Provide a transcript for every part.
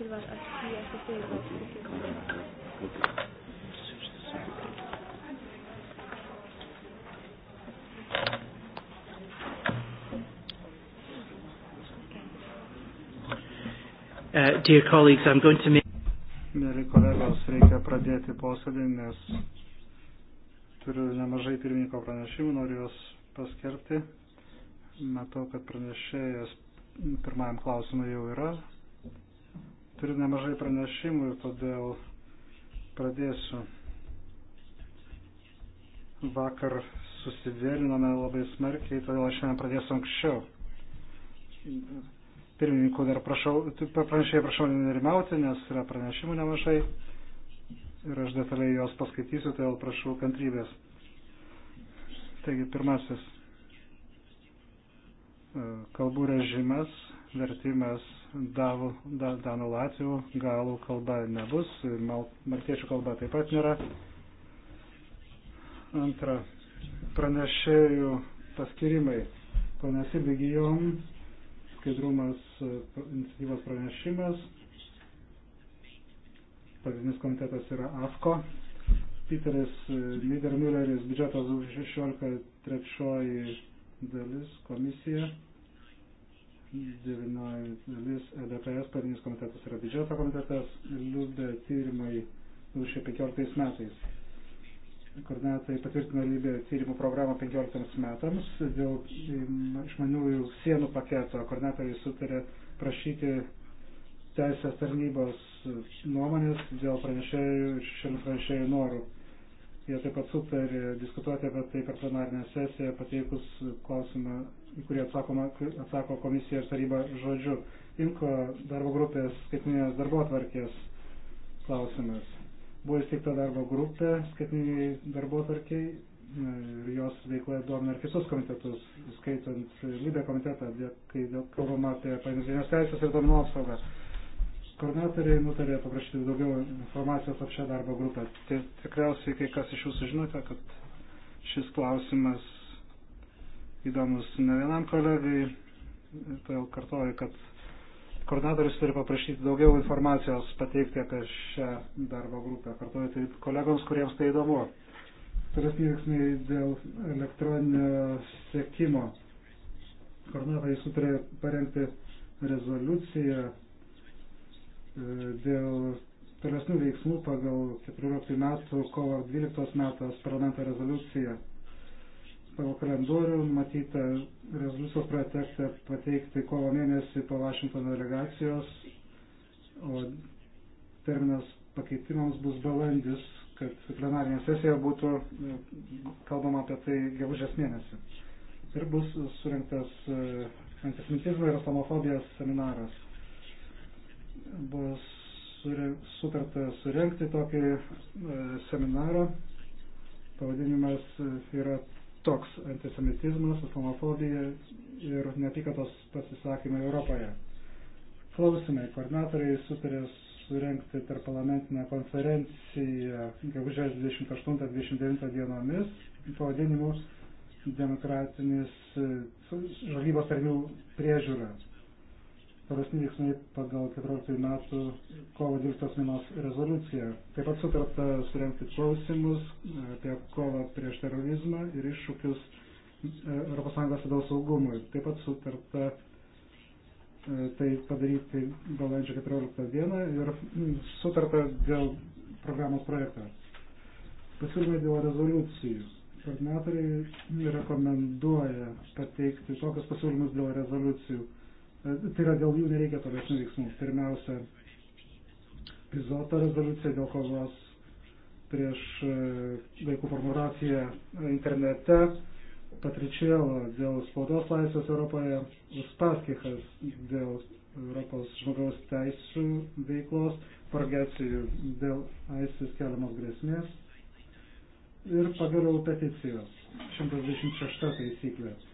qu'il va qui a sauté il va expliquer comment il va faire. Uh, dear colleagues, I'm going to make. Mėly kolegos, reikia pradėti posėdį, nes turiu nemažai pirmininko pranešimų, noriu juos paskelbti. Matau, kad pranešėjas pirmajam klausimui jau yra Turiu nemažai pranešimų ir todėl pradėsiu. Vakar susivėlinome labai smarkiai, todėl aš šiandien pradėsiu anksčiau. Pirmininkų dar prašau, pranešėjai prašau nerimauti, nes yra pranešimų nemažai ir aš detaliai juos paskaitysiu, todėl prašau kantrybės. Taigi pirmasis e, kalbų režimas vertimas davų, da, danų latvių, galų kalba nebus, mal, maltiečių kalba taip pat nėra. Antra, pranešėjų paskirimai. Panas Ibigijom, skaidrumas, iniciatyvos pranešimas. Pagrindinis komitetas yra AFKO. Peteris e, Niedermülleris, biudžetas 16, trečioji dalis, komisija. 9 dalis EDPS padinis komitetas yra biudžeto komitetas, liūdė tyrimai 2015 metais. Koordinatai patvirtino lygį tyrimų programą 15 metams dėl išmaniųjų sienų paketo. Koordinatai sutarė prašyti teisės tarnybos nuomonės dėl pranešėjų ir šešėlių pranešėjų norų. Jie taip pat sutarė diskutuoti apie tai per plenarinę sesiją, pateikus klausimą į kurį atsakoma, atsako komisija ir taryba žodžiu. Imko darbo grupės skaitinės darbo atvarkės klausimas. Buvo įsteigta darbo grupė skaitiniai darbo atvarkiai e, ir jos veikloje duomina ir kitus komitetus, skaitant lybę komitetą, kai kalbama apie pagrindinės teisės ir duomenų apsaugą. Koordinatoriai nutarė paprašyti daugiau informacijos apie šią darbo grupę. Tai tikriausiai kai kas iš jūsų žinote, kad šis klausimas įdomus ne vienam kolegai, todėl kartoju, kad koordinatorius turi paprašyti daugiau informacijos pateikti apie šią darbo grupę. Kartoju tai kolegoms, kuriems tai įdomu. Tolesni veiksmai dėl elektroninio sėkimo. Koordinatoriai sutarė parengti rezoliuciją e, dėl tolesnių veiksmų pagal 14 metų kovo 12 metų parlamento rezoliuciją pagal kalendorių matyta rezoliucijos projekte pateikti kovo mėnesį po Vašingtono delegacijos, o terminas pakeitimams bus balandis, kad plenarinė sesija būtų e, kalbama apie tai gegužės mėnesį. Ir bus surinktas e, antisemitizmo ir islamofobijos seminaras. Bus sutarta surenkti tokį e, seminarą. Pavadinimas yra toks antisemitizmas, islamofobija ir neapykatos pasisakymai Europoje. Klausimai, koordinatoriai sutarė surenkti per parlamentinę konferenciją gegužės 28-29 dienomis pavadinimu demokratinis žvalgybos tarnybų priežiūra tolesni veiksmai pagal 14 metų kovo 12 dienos rezoliuciją. Taip pat sutarta surengti klausimus e, apie kovą prieš terorizmą ir iššūkius e, ES vidaus saugumui. Taip pat sutarta e, tai padaryti balandžio 14 dieną ir sutarta dėl programos projektą. Pasiūlymai dėl rezoliucijų. Koordinatoriai rekomenduoja pateikti tokius pasiūlymus dėl rezoliucijų E, tai yra dėl jų nereikia tolesnių veiksmų. Pirmiausia, Pizoto rezoliucija dėl kovos prieš e, vaikų pornografiją internete, Patričielo dėl spaudos laisvės Europoje, Uspaskichas dėl Europos žmogaus teisų veiklos, Pargecijų dėl aisis keliamos grėsmės ir pagaliau peticijos 126 taisyklės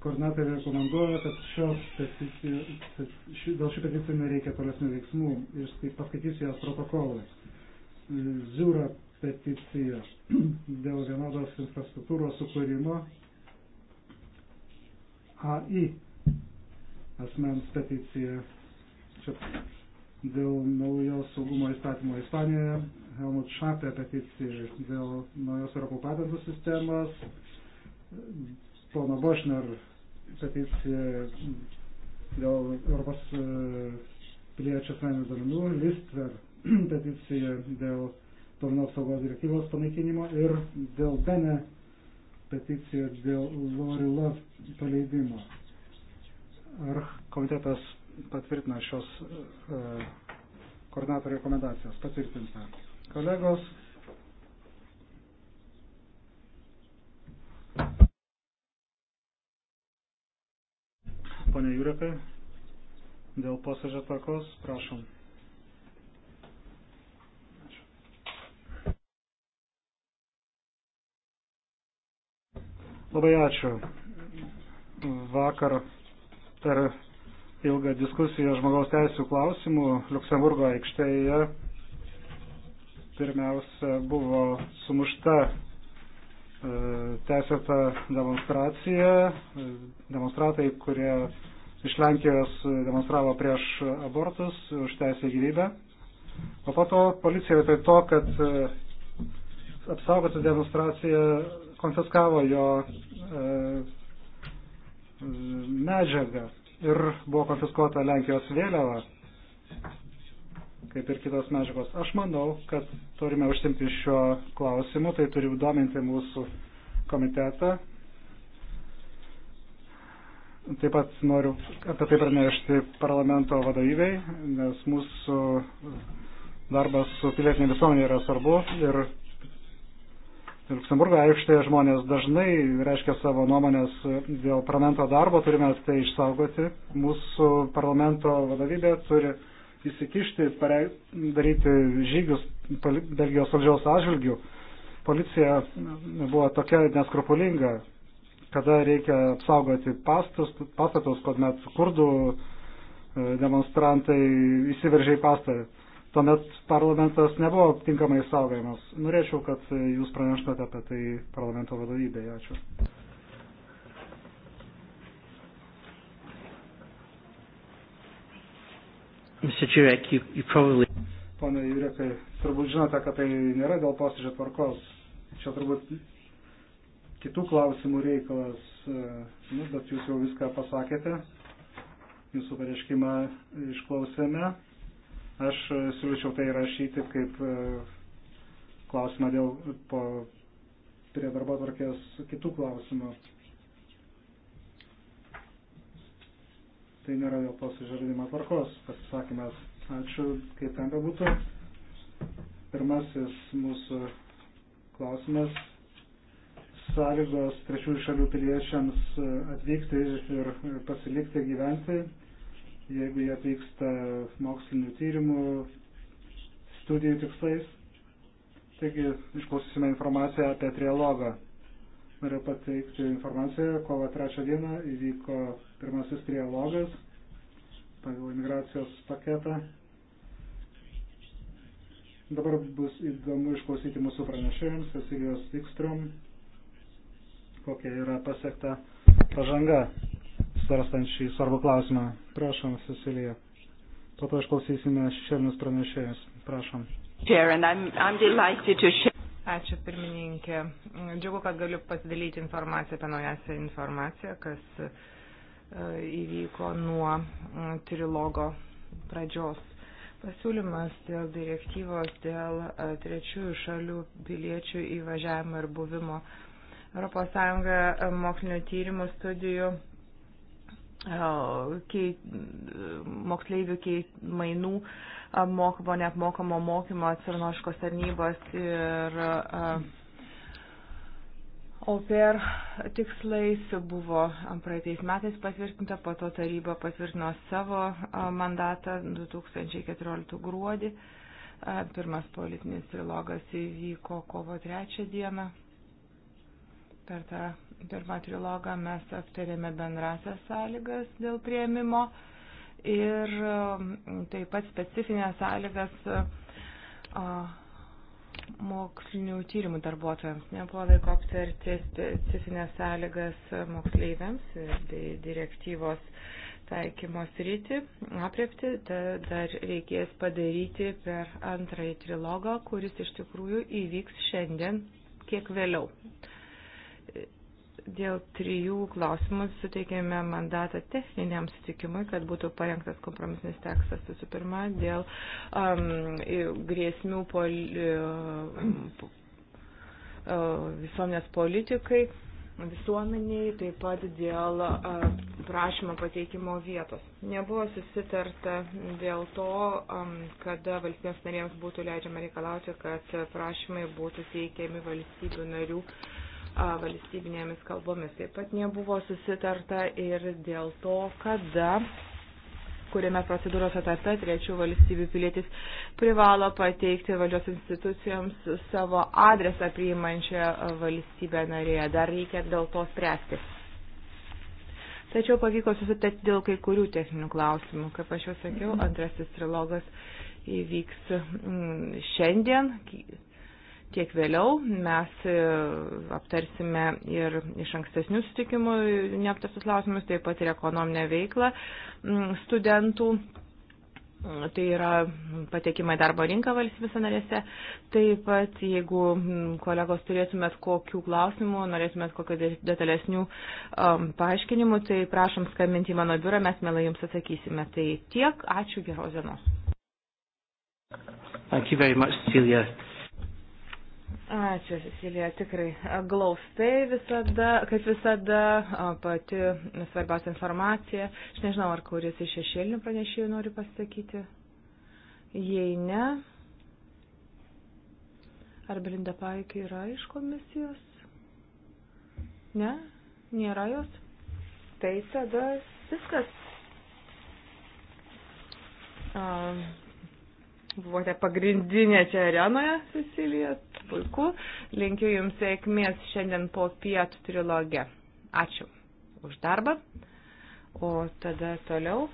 Koordinatoriai rekomenduoja, kad šios peticijos, ši, dėl šių peticijų nereikia tolesnių veiksmų ir paskaitysiu jos protokolą. Ziūra peticija dėl vienodos infrastruktūros sukūrimo AI asmens peticija čia dėl naujos saugumo įstatymo Ispanijoje, Helmut Šapė peticija dėl naujos Europų patentų sistemos, pono Bošner peticiją dėl Europos e, piliečių asmeninių duomenų, Listver peticiją dėl duomenų apsaugos direktyvos panaikinimo ir dėl Bene peticiją dėl Lori Love paleidimo. Ar komitetas patvirtina šios e, koordinatorių rekomendacijas? Patvirtinta. Kolegos, ponia Jurekai, dėl posėdžio tvarkos, prašom. Labai ačiū. Vakar per ilgą diskusiją žmogaus teisų klausimų Luksemburgo aikštėje pirmiausia buvo sumušta E, tęsėta demonstracija, e, demonstratai, kurie iš Lenkijos demonstravo prieš abortus, už teisę gyvybę. O po to policija vietoj to, kad e, apsaugotų demonstraciją, konfiskavo jo e, medžiagą ir buvo konfiskuota Lenkijos vėliava kaip ir kitos medžiagos. Aš manau, kad turime užsimti šio klausimu, tai turi dominti mūsų komitetą. Taip pat noriu apie tai pranešti parlamento vadovybei, nes mūsų darbas su pilietinė visuomenė yra svarbu ir Luksemburgo aikštėje žmonės dažnai reiškia savo nuomonės dėl parlamento darbo, turime tai išsaugoti. Mūsų parlamento vadovybė turi įsikišti, parei, daryti žygius Belgijos valdžiaus atžvilgių. Policija buvo tokia neskrupulinga, kada reikia apsaugoti pastus, pastatus, kuomet kurdų e, demonstrantai įsiveržė į pastatą. Tuomet parlamentas nebuvo tinkamai saugojamas. Norėčiau, kad jūs praneštumėte apie tai parlamento vadovybėje. Ačiū. Mr. Jurek, you, you probably... Pone Jurekai, turbūt žinote, kad tai nėra dėl posėdžio tvarkos. Čia turbūt kitų klausimų reikalas, e, nu, bet jūs jau viską pasakėte. Jūsų pareiškimą išklausėme. Aš e, siūlyčiau tai rašyti kaip e, klausimą dėl po, prie darbo tvarkės kitų klausimų. tai nėra dėl posėdžio žaidimo tvarkos pasisakymas. Ačiū, kaip ten bebūtų. Pirmasis mūsų klausimas - sąlygos trečiųjų šalių piliečiams atvykti ir pasilikti gyventi, jeigu jie atvyksta mokslinių tyrimų, studijų tikslais. Taigi, išklausysime informaciją apie trialogą. Noriu pateikti informaciją, kovo trečią dieną įvyko pirmasis trialogas pagal imigracijos paketą. Dabar bus įdomu išklausyti mūsų pranešėjams, Cecilijos Vikstrom, kokia yra pasiekta pažanga, svarstant šį svarbų klausimą. Prašom, Cecilija. Po to išklausysime šešėlinius pranešėjus. Prašom. Ačiū pirmininkė. Džiugu, kad galiu pasidalyti informaciją apie naujausią informaciją, kas E, įvyko nuo trilogo pradžios. Pasiūlymas dėl direktyvos dėl e, trečiųjų šalių piliečių įvažiavimo ir buvimo ES e, mokslinio tyrimų studijų kei, moksleivių kei, mainų apmokamo, neapmokamo mokymo atsirnoškos tarnybos ir uh, OPR tikslais buvo praeitais metais patvirtinta, po to taryba patvirtino savo mandatą 2014 gruodį. Pirmas politinis trilogas įvyko kovo trečią dieną. Per tą pirmą trilogą mes aptarėme bendrasias sąlygas dėl prieimimo ir taip pat specifinės sąlygas mokslinių tyrimų darbuotojams nebuvo laiko aptarti specifines sąlygas moksleiviams bei direktyvos taikymo sritį, apriepti, dar reikės padaryti per antrąjį trilogą, kuris iš tikrųjų įvyks šiandien kiek vėliau. Dėl trijų klausimų suteikėme mandatą techniniam sutikimui, kad būtų parengtas kompromisinis tekstas visų pirma dėl um, grėsmių poli, uh, uh, visuomenės politikai, visuomeniai, taip pat dėl uh, prašymo pateikimo vietos. Nebuvo susitarta dėl to, um, kada valstybės narėms būtų leidžiama reikalauti, kad prašymai būtų teikiami valstybių narių. Uh, valstybinėmis kalbomis. Taip pat nebuvo susitarta ir dėl to, kada kuriame procedūros etape trečių valstybių pilietis privalo pateikti valdžios institucijoms savo adresą priimančią valstybę narėje. Dar reikia dėl to spręsti. Tačiau pavyko susitarti dėl kai kurių techninių klausimų. Kaip aš jau sakiau, antrasis trilogas įvyks mm, šiandien, tiek vėliau. Mes e, aptarsime ir iš ankstesnių sutikimų neaptarsus klausimus, taip pat ir ekonominę veiklą studentų. Tai yra patekimai darbo rinką valstybėse narėse. Taip pat, jeigu kolegos turėtumėt kokių klausimų, norėtumėt kokių detalesnių um, paaiškinimų, tai prašom skambinti į mano biurą, mes mielai jums atsakysime. Tai tiek, ačiū, geros dienos. Thank you very much, Cecilia. Ačiū, Cecilija, tikrai glaustai visada, kaip visada, pati svarbiausia informacija. Aš nežinau, ar kuris iš šešėlinių pranešėjų nori pasakyti. Jei ne, ar Belinda Paikė yra iš komisijos? Ne, nėra jos. Tai tada viskas. Um buvote pagrindinė čia arenoje, Cecilija. Puiku. Linkiu Jums sėkmės šiandien po pietų trilogę. Ačiū už darbą. O tada toliau.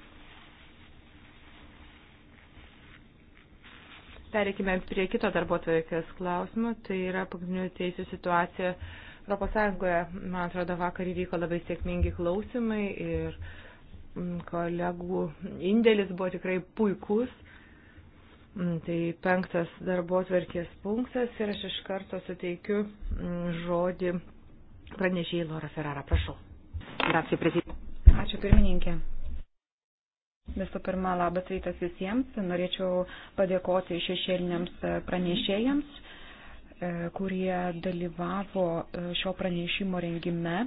Pereikime prie kito darbo tvarkės klausimo. Tai yra pagrindinių teisų situacija Europos Sąjungoje. Man atrodo, vakar įvyko labai sėkmingi klausimai ir mm, kolegų indėlis buvo tikrai puikus Mm, tai penktas darbo atverkės punktas ir aš iš karto suteikiu mm, žodį pranešėjai Laura Ferrara. Prašau. Grazie, prezidentė. Ačiū pirmininkė. Visų pirma, labas rytas visiems. Norėčiau padėkoti šešėliniams pranešėjams, e, kurie dalyvavo e, šio pranešimo rengime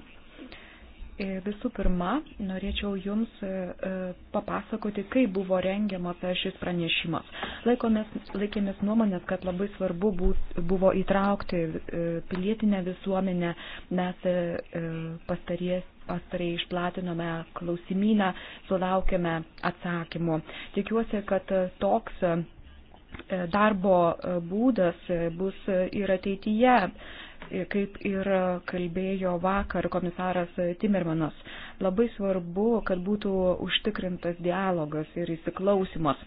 E, visų pirma, norėčiau Jums e, e, papasakoti, kaip buvo rengiamas šis pranešimas. Laikomės, laikėmės nuomonės, kad labai svarbu būt, buvo įtraukti pilietinę visuomenę. Mes pastarės pastarai išplatinome klausimyną, sulaukėme atsakymų. Tikiuosi, kad toks darbo būdas bus ir ateityje kaip ir kalbėjo vakar komisaras Timermanas. Labai svarbu, kad būtų užtikrintas dialogas ir įsiklausimas.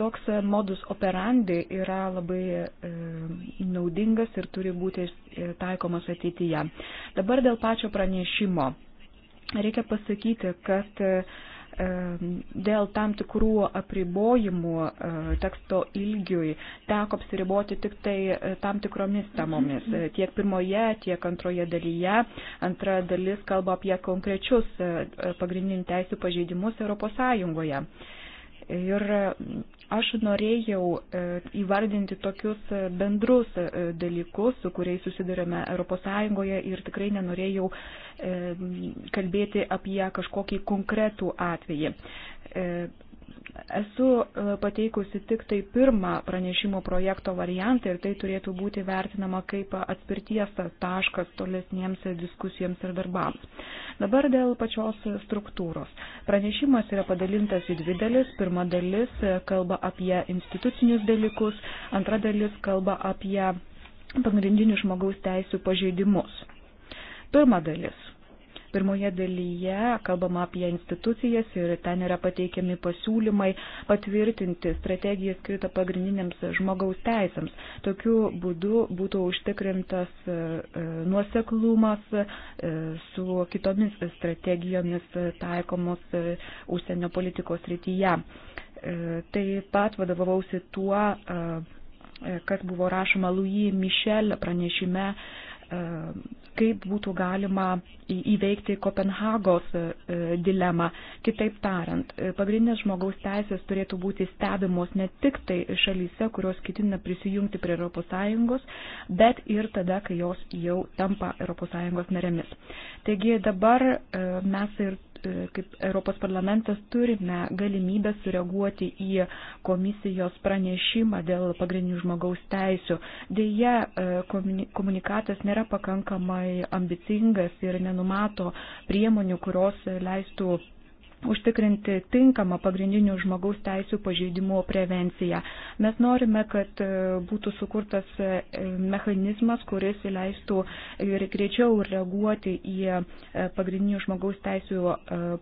Toks modus operandi yra labai e, naudingas ir turi būti e, taikomas ateityje. Dabar dėl pačio pranešimo. Reikia pasakyti, kad dėl tam tikrų apribojimų e, teksto ilgiui teko apsiriboti tik tai e, tam tikromis temomis. E, tiek pirmoje, tiek antroje dalyje. Antra dalis kalba apie konkrečius pagrindinių teisų pažeidimus ES. Ir e, aš norėjau e, įvardinti tokius e, bendrus dalykus, su kuriais susidurėme ES ir tikrai nenorėjau kalbėti apie kažkokį konkretų atvejį. Esu e, pateikusi tik tai pirmą pranešimo projekto variantą ir tai turėtų būti vertinama kaip atspirties taškas tolesniems diskusijoms ir darbams. Dabar dėl pačios struktūros. Pranešimas yra padalintas į dvi dalis. Pirma dalis kalba apie institucinius dalykus, antra dalis kalba apie pagrindinius žmogaus teisų pažeidimus. Pirma dalis Pirmoje dalyje kalbama apie institucijas ir ten yra pateikiami pasiūlymai patvirtinti strategiją skirtą pagrindiniams žmogaus teisėms. Tokiu būdu būtų užtikrintas e, nuoseklumas e, su kitomis strategijomis taikomos e, užsienio politikos rytyje. Taip pat vadovavausi tuo, kas buvo rašoma Louis Michel pranešime kaip būtų galima įveikti Kopenhagos e, e, dilemą. Kitaip tariant, e, pagrindinės žmogaus teisės turėtų būti stebimos ne tik tai šalyse, kurios ketina prisijungti prie ES, bet ir tada, kai jos jau tampa ES narėmis. Taigi dabar mes ir E, kaip Europos parlamentas turime galimybę sureaguoti į komisijos pranešimą dėl pagrindinių žmogaus teisių. Deja, e, komunikatas nėra pakankamai ambicingas ir nenumato priemonių, kurios leistų užtikrinti tinkamą pagrindinių žmogaus teisų pažeidimų prevenciją. Mes norime, kad e, būtų sukurtas e, mechanizmas, kuris leistų ir greičiau reaguoti į e, pagrindinių žmogaus teisų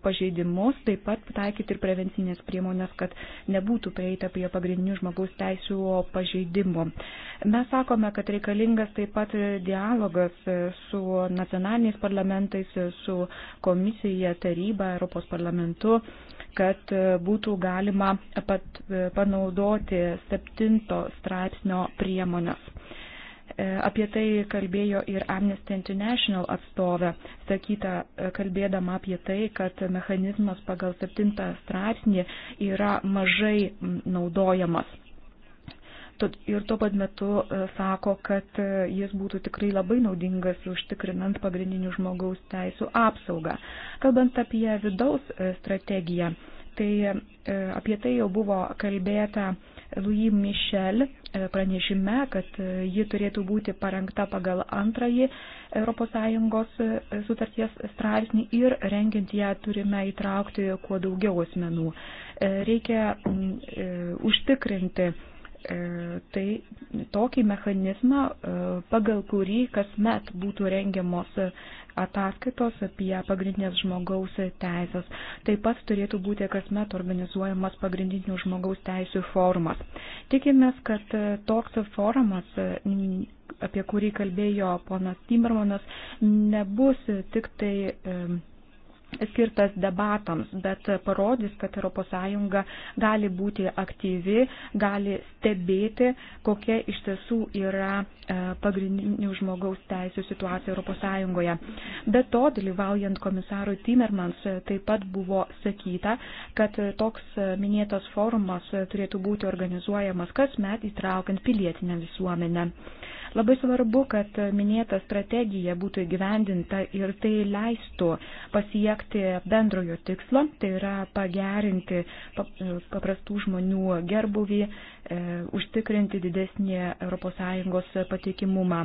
pažeidimus, taip pat taikyti ir prevencinės priemonės, kad nebūtų prieita prie pagrindinių žmogaus teisų pažeidimų. Mes sakome, kad reikalingas taip pat dialogas su nacionaliniais parlamentais, su komisija, taryba, Europos parlamentu parlamentu, kad e, būtų galima pat e, panaudoti septinto straipsnio priemonės. E, apie tai kalbėjo ir Amnesty International atstovė, sakyta, kalbėdama apie tai, kad mechanizmas pagal septintą straipsnį yra mažai naudojamas ir tuo pat metu e, sako, kad e, jis būtų tikrai labai naudingas užtikrinant pagrindinių žmogaus teisų apsaugą. Kalbant apie vidaus e, strategiją, tai apie tai jau buvo kalbėta Louis Michel pranešime, kad ji turėtų būti parengta pagal antrąjį ES sutarties straipsnį ir rengiant ją turime įtraukti kuo daugiau asmenų. Reikia užtikrinti E, tai tokį mechanizmą, e, pagal kurį kasmet būtų rengiamos ataskaitos apie pagrindinės žmogaus teisės. Taip pat turėtų būti kasmet organizuojamas pagrindinių žmogaus teisų forumas. Tikimės, kad toks forumas, apie kurį kalbėjo ponas Timmermanas, nebus tik tai skirtas debatams, bet parodys, kad ES gali būti aktyvi, gali stebėti, kokia iš tiesų yra e, pagrindinių žmogaus teisų situacija ES. Be to, dalyvaujant komisarui Timmermans, taip pat buvo sakyta, kad toks minėtas forumas turėtų būti organizuojamas kasmet įtraukiant pilietinę visuomenę. Labai svarbu, kad minėta strategija būtų įgyvendinta ir tai leistų pasiekti bendrojo tikslo, tai yra pagerinti paprastų žmonių gerbuvį, e, užtikrinti didesnį ES patikimumą.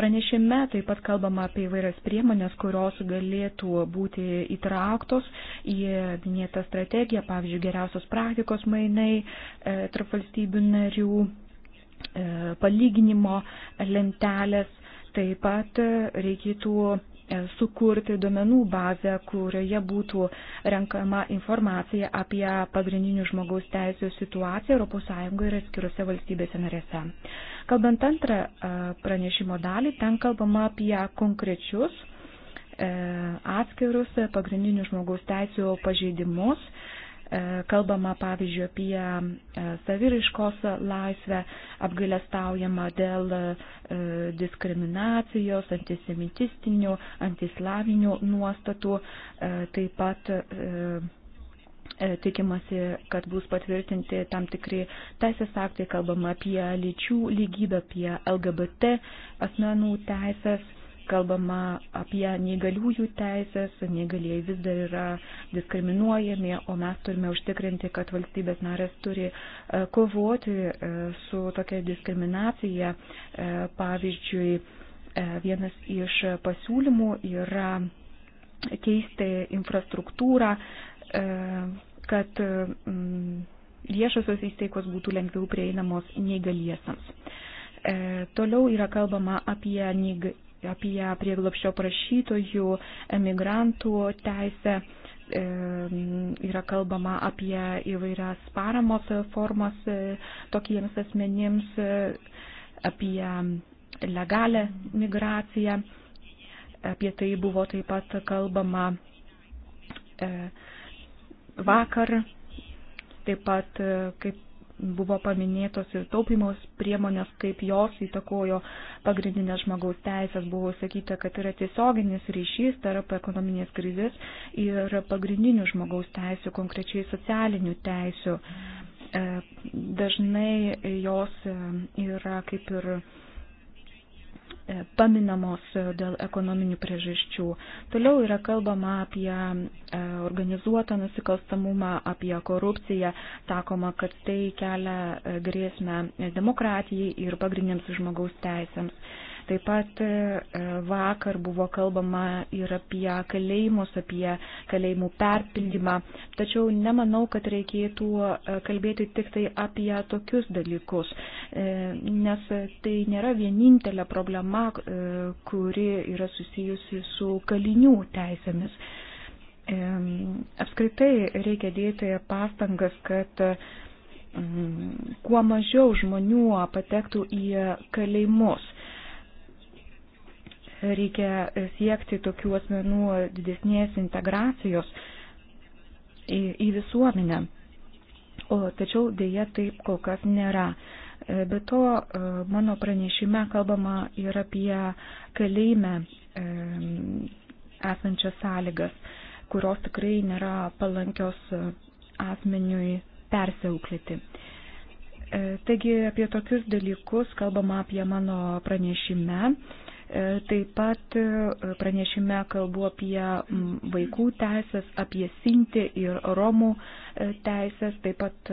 Pranešime taip pat kalbama apie įvairias priemonės, kurios galėtų būti įtrauktos į minėtą strategiją, pavyzdžiui, geriausios praktikos mainai e, tarp valstybių narių E, palyginimo lentelės. Taip pat e, reikėtų e, sukurti duomenų bazę, kurioje būtų renkama informacija apie pagrindinių žmogaus teisų situaciją ES ir atskiruose valstybėse narėse. Kalbant antrą pranešimo dalį, ten kalbama apie konkrečius atskirus pagrindinių žmogaus teisų pažeidimus E, kalbama pavyzdžiui apie e, saviriškos laisvę, apgailestaujama dėl e, diskriminacijos, antisemitistinių, antislavinių nuostatų, taip pat tikimasi, kad bus patvirtinti tam tikri teisės aktai, kalbama apie lyčių lygybę, apie LGBT asmenų teisės kalbama apie neįgaliųjų teisės, neįgalieji vis dar yra diskriminuojami, o mes turime užtikrinti, kad valstybės narės turi e, kovoti e, su tokia diskriminacija. E, pavyzdžiui, vienas iš pasiūlymų yra keisti infrastruktūrą, kad mm, viešosios įsteigos būtų lengviau prieinamos neįgaliesams. Toliau yra kalbama apie apie prieglopščio prašytojų, emigrantų teisę, yra kalbama apie įvairias paramos formas e, tokiems asmenims, e, apie legalę migraciją. Apie tai buvo taip pat kalbama e, vakar, taip pat kaip buvo paminėtos ir taupimos priemonės, kaip jos įtakojo pagrindinės žmogaus teisės. Buvo sakyta, kad yra tiesioginis ryšys tarp ekonominės krizės ir pagrindinių žmogaus teisų, konkrečiai socialinių teisų. E, dažnai jos e, yra kaip ir E, paminamos e, dėl ekonominių priežasčių. Toliau yra kalbama apie e, organizuotą nusikalstamumą, apie korupciją, sakoma, kad tai kelia grėsmę demokratijai ir pagrindiniams žmogaus teisėms. Taip pat e, vakar buvo kalbama ir apie kalėjimus, apie kalėjimų perpildymą. Tačiau nemanau, kad reikėtų e, kalbėti tik tai apie tokius dalykus, e, nes tai nėra vienintelė problema, kuri yra susijusi su kalinių teisėmis. Apskritai reikia dėti pastangas, kad mm, kuo mažiau žmonių patektų į kalėjimus. Reikia siekti tokių asmenų didesnės integracijos į, į visuomenę. O tačiau dėja taip kol kas nėra. Be to, e, mano pranešime kalbama ir apie kalėjime e, esančias sąlygas, kurios tikrai nėra palankios asmeniui persiauklėti. E, taigi apie tokius dalykus kalbama apie mano pranešime Taip pat e, pranešime kalbu apie vaikų teisės, apie Sinti ir Romų e, teisės, taip pat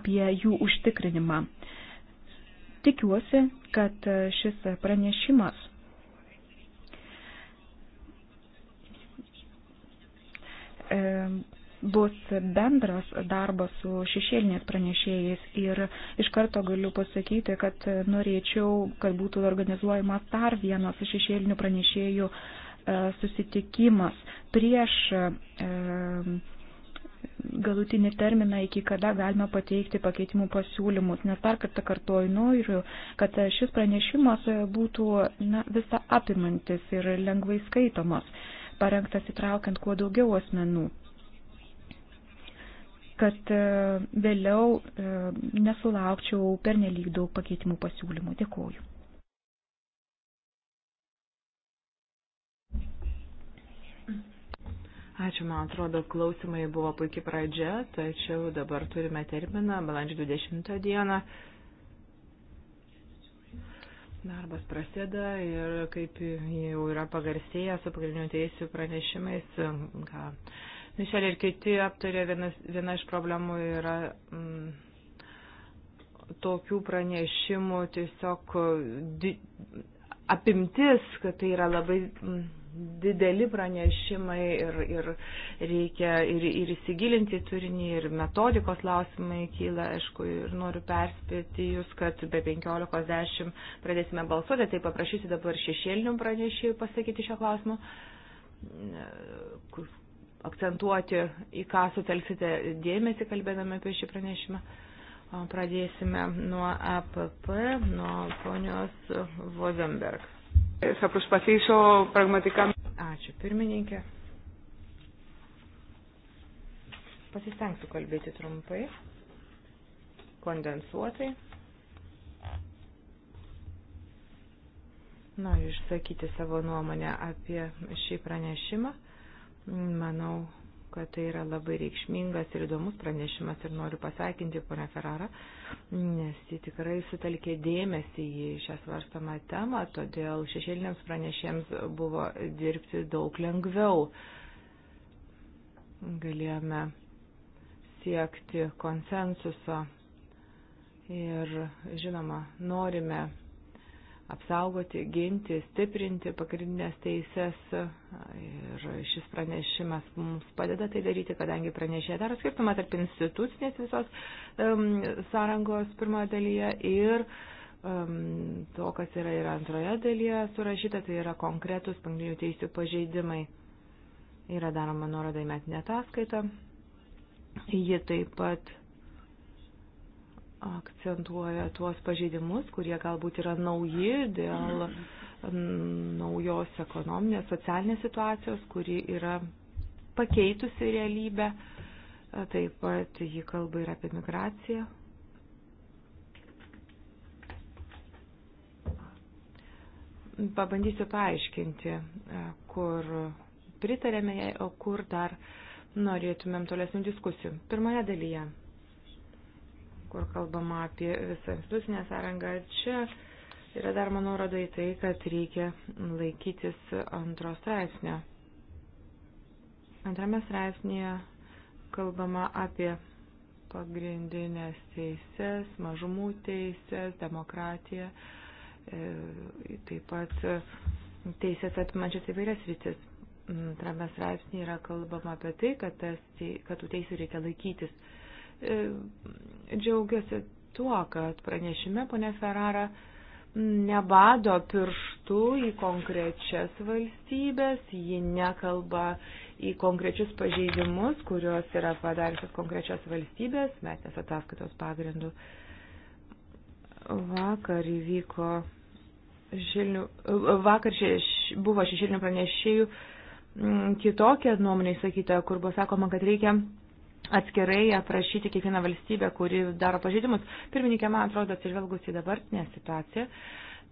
apie jų užtikrinimą. Tikiuosi, kad e, šis pranešimas bus bendras darbas su šešėlinės pranešėjais ir iš karto galiu pasakyti, kad norėčiau, kad būtų organizuojamas dar vienas šešėlinių pranešėjų e, susitikimas prieš e, galutinį terminą, iki kada galima pateikti pakeitimų pasiūlymus, nes dar kartą kartuoju noriu, kad šis pranešimas būtų na, visa apimantis ir lengvai skaitomas, parengtas įtraukiant kuo daugiau asmenų kad e, vėliau e, nesulaukčiau pernelyg daug pakeitimų pasiūlymų. Dėkuoju. Ačiū, man atrodo, klausimai buvo puikiai pradžia, tačiau dabar turime terminą, balandžio 20 dieną. Darbas prasideda ir kaip jau yra pagarsėjęs su pagrindinių teisų pranešimais, ką. Ka Mišelė ir kiti aptarė, vienas, viena iš problemų yra. Mm, tokių pranešimų tiesiog di, apimtis, kad tai yra labai mm, dideli pranešimai ir, ir reikia ir, ir įsigilinti turinį, ir metodikos klausimai kyla, aišku, ir noriu perspėti jūs, kad be 15.10 pradėsime balsuoti, tai paprašysiu dabar šešėlinių pranešėjų pasakyti šio klausimo akcentuoti, į ką sutelksite dėmesį, kalbėdami apie šį pranešimą. Pradėsime nuo APP, nuo ponios Vozenberg. Ačiū, pirmininkė. Pasistengsiu kalbėti trumpai, kondensuotai. Noriu išsakyti savo nuomonę apie šį pranešimą. Manau, kad tai yra labai reikšmingas ir įdomus pranešimas ir noriu pasakinti ponę Ferrarą, nes ji tikrai sutelkė dėmesį į šią svarstamą temą, todėl šešėliniams pranešėms buvo dirbti daug lengviau. Galėjome siekti konsensuso ir, žinoma, norime apsaugoti, ginti, stiprinti pagrindinės teises. Ir šis pranešimas mums padeda tai daryti, kadangi pranešė dar skirtumą tarp institucinės visos um, sąrangos pirmoje dalyje ir um, to, kas yra ir antroje dalyje surašyta, tai yra konkretus pagrindinių teisių pažeidimai. Yra daroma nuoroda į metinę ataskaitą. Ji taip pat akcentuoja tuos pažeidimus, kurie galbūt yra nauji dėl naujos ekonominės, socialinės situacijos, kuri yra pakeitusi realybę. Taip pat ji kalba ir apie migraciją. Pabandysiu paaiškinti, e, kur pritarėme jai, e, o kur dar norėtumėm tolesnių diskusijų. Pirmoje dalyje kur kalbama apie visą institucinę sąrangą. Čia yra dar, manau, rada į tai, kad reikia laikytis antro straipsnio. Antrame straipsnėje kalbama apie pagrindinės teises, mažumų teises, demokratiją, e, taip pat teisės apimančias įvairias rytis. Antrame straipsnėje yra kalbama apie tai, kad, tas, kad tų teisų reikia laikytis. E, džiaugiuosi tuo, kad pranešime ponė Ferrara nebado pirštų į konkrečias valstybės, ji nekalba į konkrečius pažeidimus, kuriuos yra padariusios konkrečias valstybės, metės ataskaitos pagrindų. Vakar įvyko žilnių, vakar šeš, buvo šešėlinių pranešėjų kitokia nuomonė įsakyta, kur buvo sakoma, kad reikia atskirai aprašyti kiekvieną valstybę, kuri daro pažeidimus. Pirmininkė, man atrodo, atsižvelgus į dabartinę situaciją,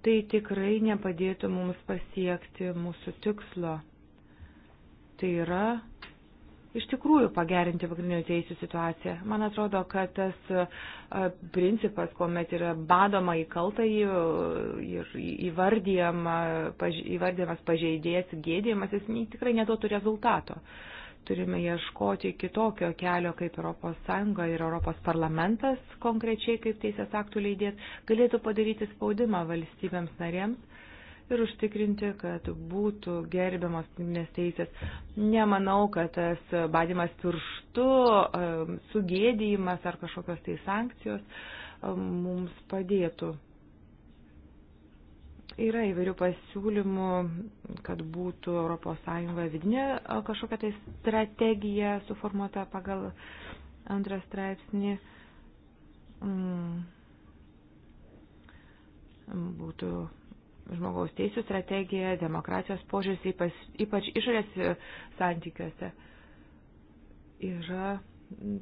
tai tikrai nepadėtų mums pasiekti mūsų tikslo. Tai yra iš tikrųjų pagerinti pagrindinių teisų situaciją. Man atrodo, kad tas principas, kuomet yra badoma į kaltąjį ir įvardyjama, įvardyjamas pažeidėjas, gėdėjimas, jis tikrai neduotų rezultato. Uh, turime ieškoti kitokio kelio, kaip ES ir ES konkrečiai, kaip teisės aktų leidėt, galėtų padaryti spaudimą valstybėms narėms ir užtikrinti, kad būtų gerbiamas pagrindinės teisės. Nemanau, kad tas badimas pirštu, sugėdėjimas ar kažkokios tai sankcijos mums padėtų. Yra įvairių pasiūlymų, kad būtų ES vidinė kažkokia tai strategija suformuota pagal antrą straipsnį. Mm. Būtų žmogaus teisų strategija, demokratijos požiūris, ypač, ypač išorės santykiuose. Yra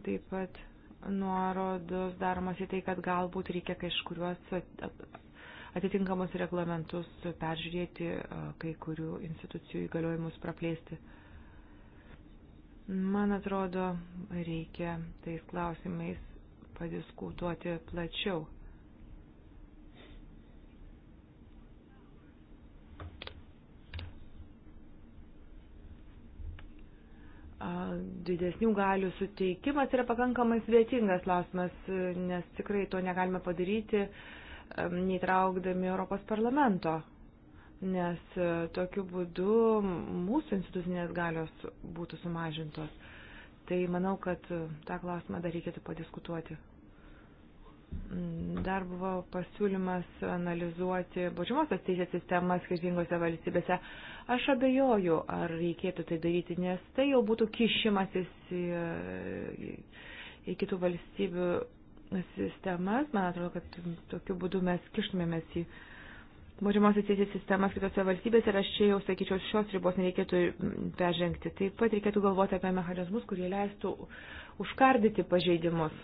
taip pat nuorodos daromas į tai, kad galbūt reikia kažkuriuos atitinkamus reglamentus, peržiūrėti kai kurių institucijų įgaliojimus praplėsti. Man atrodo, reikia tais klausimais padiskutuoti plačiau. didesnių galių suteikimas yra pakankamai sudėtingas klausimas, nes tikrai to negalime padaryti neįtraukdami Europos parlamento, nes e, tokiu būdu mūsų institucinės galios būtų sumažintos. Tai manau, kad e, tą klausimą dar reikėtų padiskutuoti. Dar buvo pasiūlymas analizuoti baudžiamosios teisės sistemą skirtingose valstybėse. Aš abejoju, ar reikėtų tai daryti, nes tai jau būtų kišimasis į, į kitų valstybių sistemas. Man atrodo, kad tokiu būdu mes kištumėmės į baudžiamosios teisės sistemas kitose valstybėse ir aš čia jau sakyčiau, šios ribos nereikėtų peržengti. Taip pat reikėtų galvoti apie mechanizmus, kurie leistų užkardyti pažeidimus.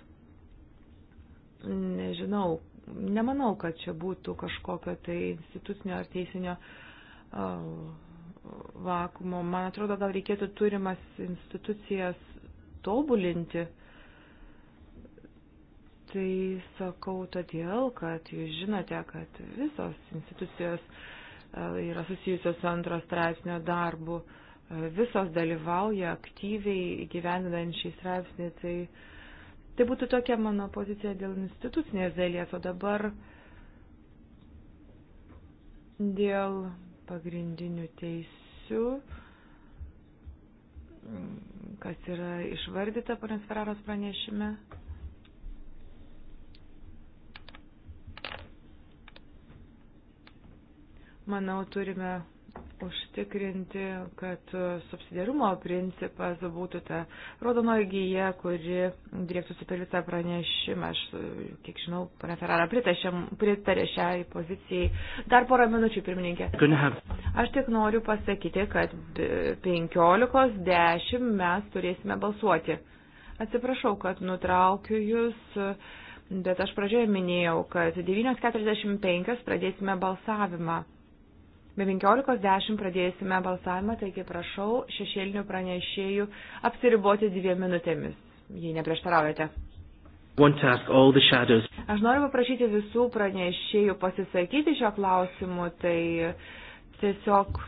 Nežinau, nemanau, kad čia būtų kažkokio tai institucinio ar teisinio vakumo. Man atrodo, gal reikėtų turimas institucijas tobulinti Tai sakau todėl, kad jūs žinote, kad visos institucijos e, yra susijusios su antro straipsnio darbu, e, visos dalyvauja aktyviai gyvendinant šį straipsnį. Tai, tai būtų tokia mano pozicija dėl institucinės dalies, o dabar dėl pagrindinių teisių kas yra išvardyta ponios Ferraros pranešime. Manau, turime užtikrinti, kad subsidiarumo principas būtų ta raudonoji gyja, kuri direktųsi per visą pranešimą. Aš, kiek žinau, pana Ferrara pritarė šiai pozicijai. Dar porą minučių, pirmininkė. Aš tik noriu pasakyti, kad 15.10 mes turėsime balsuoti. Atsiprašau, kad nutraukiu jūs. Bet aš pradžioje minėjau, kad 9.45 pradėsime balsavimą. Be 15.10 pradėsime balsavimą, taigi prašau šešėlinių pranešėjų apsiriboti dviem minutėmis, jei neprieštaraujate. Aš noriu paprašyti visų pranešėjų pasisakyti šio klausimu, tai tiesiog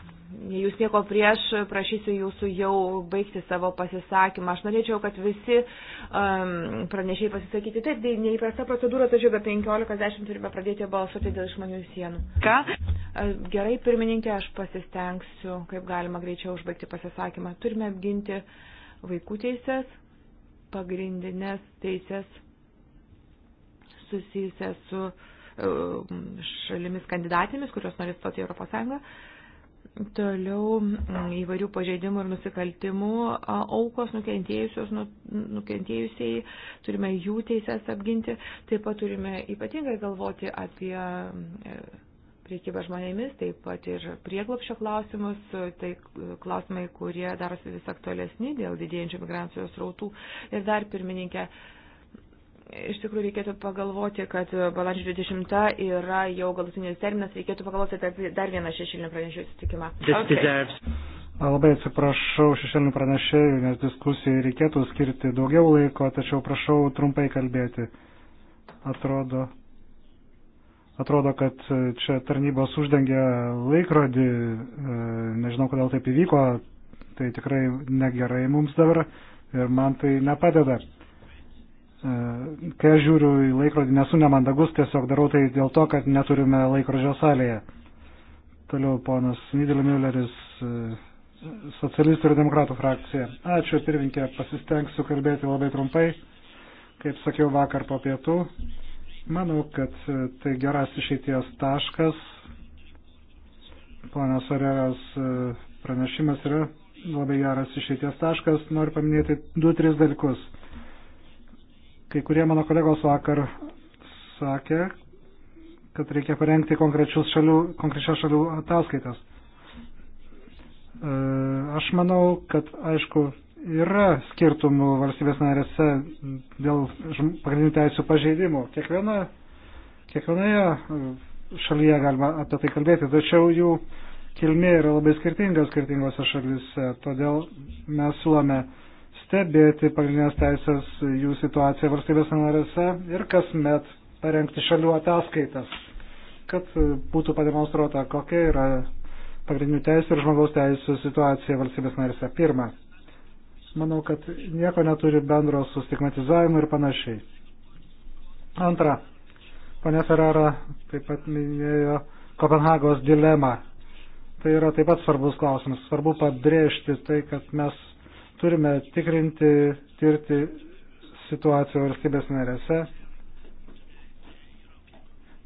Jei jūs nieko prieš, prašysiu jūsų jau baigti savo pasisakymą. Aš norėčiau, kad visi um, pranešiai pasisakyti. Taip, tai neįprasta procedūra, tačiau be 15.10 turime pradėti balsuoti dėl išmanių sienų. Ką? Gerai, pirmininkė, aš pasistengsiu, kaip galima greičiau užbaigti pasisakymą. Turime apginti vaikų teises, pagrindinės teises susijusias su um, šalimis kandidatėmis, kurios nori stoti į Europos Sąjungą. Toliau mm, įvairių pažeidimų ir nusikaltimų aukos nukentėjusios, nukentėjusiai, turime jų teises apginti, taip pat turime ypatingai galvoti apie e, priekybą žmonėmis, taip pat ir prieglopšio klausimus, tai klausimai, kurie darosi vis aktualesni dėl didėjančių migracijos rautų. Ir dar pirmininkė, iš tikrųjų reikėtų pagalvoti, kad balandžio 20 yra jau galutinis terminas, reikėtų pagalvoti apie dar vieną šešėlinį pranešėjų sutikimą. Okay. Labai atsiprašau šešėlinių pranešėjų, nes diskusijai reikėtų skirti daugiau laiko, tačiau prašau trumpai kalbėti. Atrodo, atrodo kad čia tarnybos uždengia laikrodį, e, nežinau, kodėl taip įvyko, tai tikrai negerai mums dabar ir man tai nepadeda. E, kai aš žiūriu į laikrodį, nesu nemandagus, tiesiog darau tai dėl to, kad neturime laikrodžio salėje. Toliau ponas Nidelmilleris, e, socialistų ir demokratų frakcija. Ačiū, pirminkė, pasistengsiu kalbėti labai trumpai. Kaip sakiau vakar po pietų, manau, kad e, tai geras išeities taškas. Ponas Oreras pranešimas yra labai geras išeities taškas. Noriu paminėti du, tris dalykus Kai kurie mano kolegos vakar sakė, kad reikia parengti šalių, konkrečias šalių ataskaitas. E, aš manau, kad aišku, yra skirtumų valstybės narėse dėl pagrindinių teisų pažeidimų. Kiekviena, kiekvienoje e, šalyje galima apie tai kalbėti, tačiau jų kilmė yra labai skirtinga skirtingose šalyse. Todėl mes siūlome uh, stebėti pagrindinės teisės jų situaciją valstybės narėse ir kasmet parengti šalių ataskaitas, kad būtų pademonstruota, kokia yra pagrindinių teisų ir žmogaus teisų situacija valstybės narėse. Pirma, manau, kad nieko neturi bendro su stigmatizavimu ir panašiai. Antra, ponė Ferrara taip pat minėjo Kopenhagos dilemą. Tai yra taip pat svarbus klausimas. Svarbu pabrėžti tai, kad mes Turime tikrinti, tirti situaciją valstybės narėse.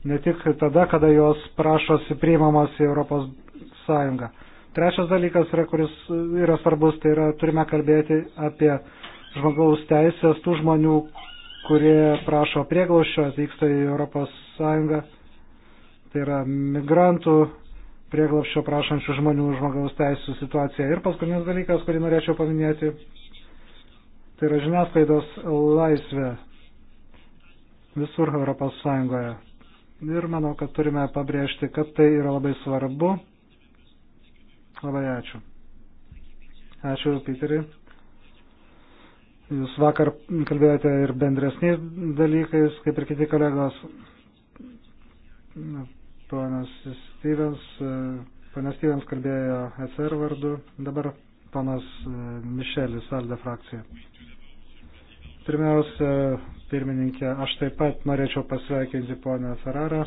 Ne tik tada, kada jos prašosi priimamos į Europos Sąjungą. Trečias dalykas, yra, kuris yra svarbus, tai yra turime kalbėti apie žmogaus teisės tų žmonių, kurie prašo prieglaušio, atvyksta į Europos Sąjungą. Tai yra migrantų prieglapščio prašančių žmonių žmogaus teisų situaciją. Ir paskutinis dalykas, kurį norėčiau paminėti, tai yra žiniasklaidos laisvė visur Europos Sąjungoje. Ir manau, kad turime pabrėžti, kad tai yra labai svarbu. Labai ačiū. Ačiū, Piteri. Jūs vakar kalbėjote ir bendresniais dalykais, kaip ir kiti kolegos Ponas Stevens, e, ponas Stevens kalbėjo ECR vardu, dabar ponas e, Mišelis, Alde frakcija. Pirmiausia, pirmininkė, aš taip pat norėčiau pasveikinti ponę Ferrarą.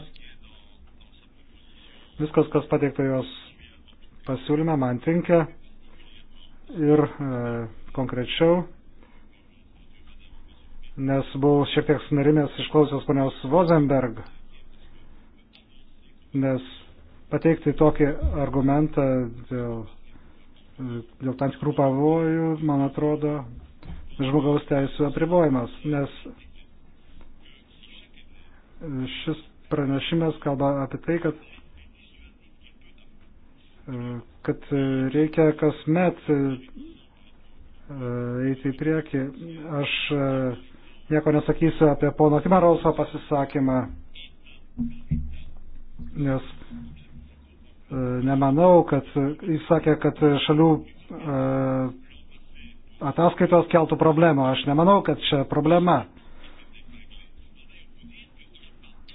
Viskas, kas pateikta jos pasiūlyme, man tinka ir e, konkrečiau, nes buvau šiek tiek sunerimęs išklausęs ponios Vozenberg nes pateikti tokį argumentą dėl, dėl tam tikrų pavojų, man atrodo, žmogaus teisų apribojimas, nes šis pranešimas kalba apie tai, kad kad reikia kasmet eiti į priekį. Aš nieko nesakysiu apie pono Timaroso pasisakymą nes e, nemanau, kad jis sakė, kad šalių e, ataskaitos keltų problemų. Aš nemanau, kad čia problema.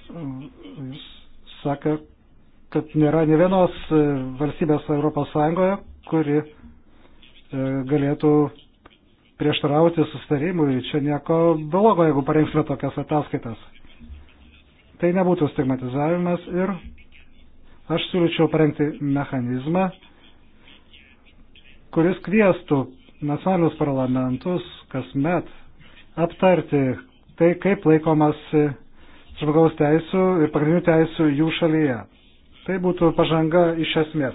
E, jis sakė, kad nėra ne vienos valstybės Europos Sąjungoje, kuri galėtų prieštarauti sustarimui. Čia nieko blogo, jeigu parengsime tokias ataskaitas tai nebūtų stigmatizavimas ir aš siūlyčiau parengti mechanizmą, kuris kvieštų nacionalinius parlamentus kasmet aptarti tai, kaip laikomasi žmogaus teisų ir pagrindinių teisų jų šalyje. Tai būtų pažanga iš esmės.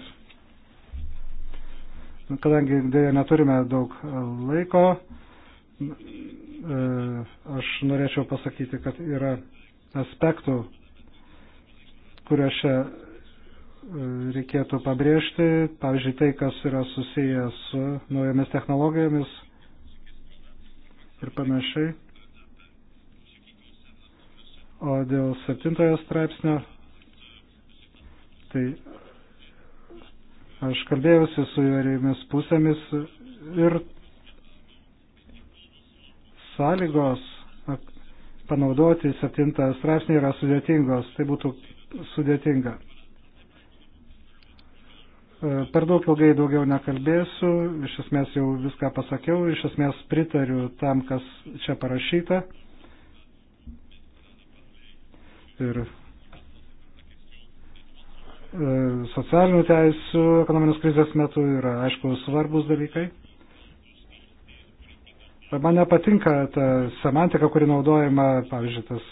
Kadangi dėja neturime daug laiko, e, aš norėčiau pasakyti, kad yra aspektų, kuriuose e, reikėtų pabrėžti, pavyzdžiui, tai, kas yra susiję su naujomis technologijomis ir panašiai. O dėl septintojo straipsnio, tai aš kalbėjausi su įvairiomis pusėmis ir sąlygos panaudoti septintą straipsnį yra sudėtingos, tai būtų sudėtinga. E, per daug ilgai daugiau nekalbėsiu, iš esmės jau viską pasakiau, iš esmės pritariu tam, kas čia parašyta. Ir e, socialinių teisų ekonominės krizės metu yra, aišku, svarbus dalykai. Man nepatinka ta semantika, kuri naudojama, pavyzdžiui, tas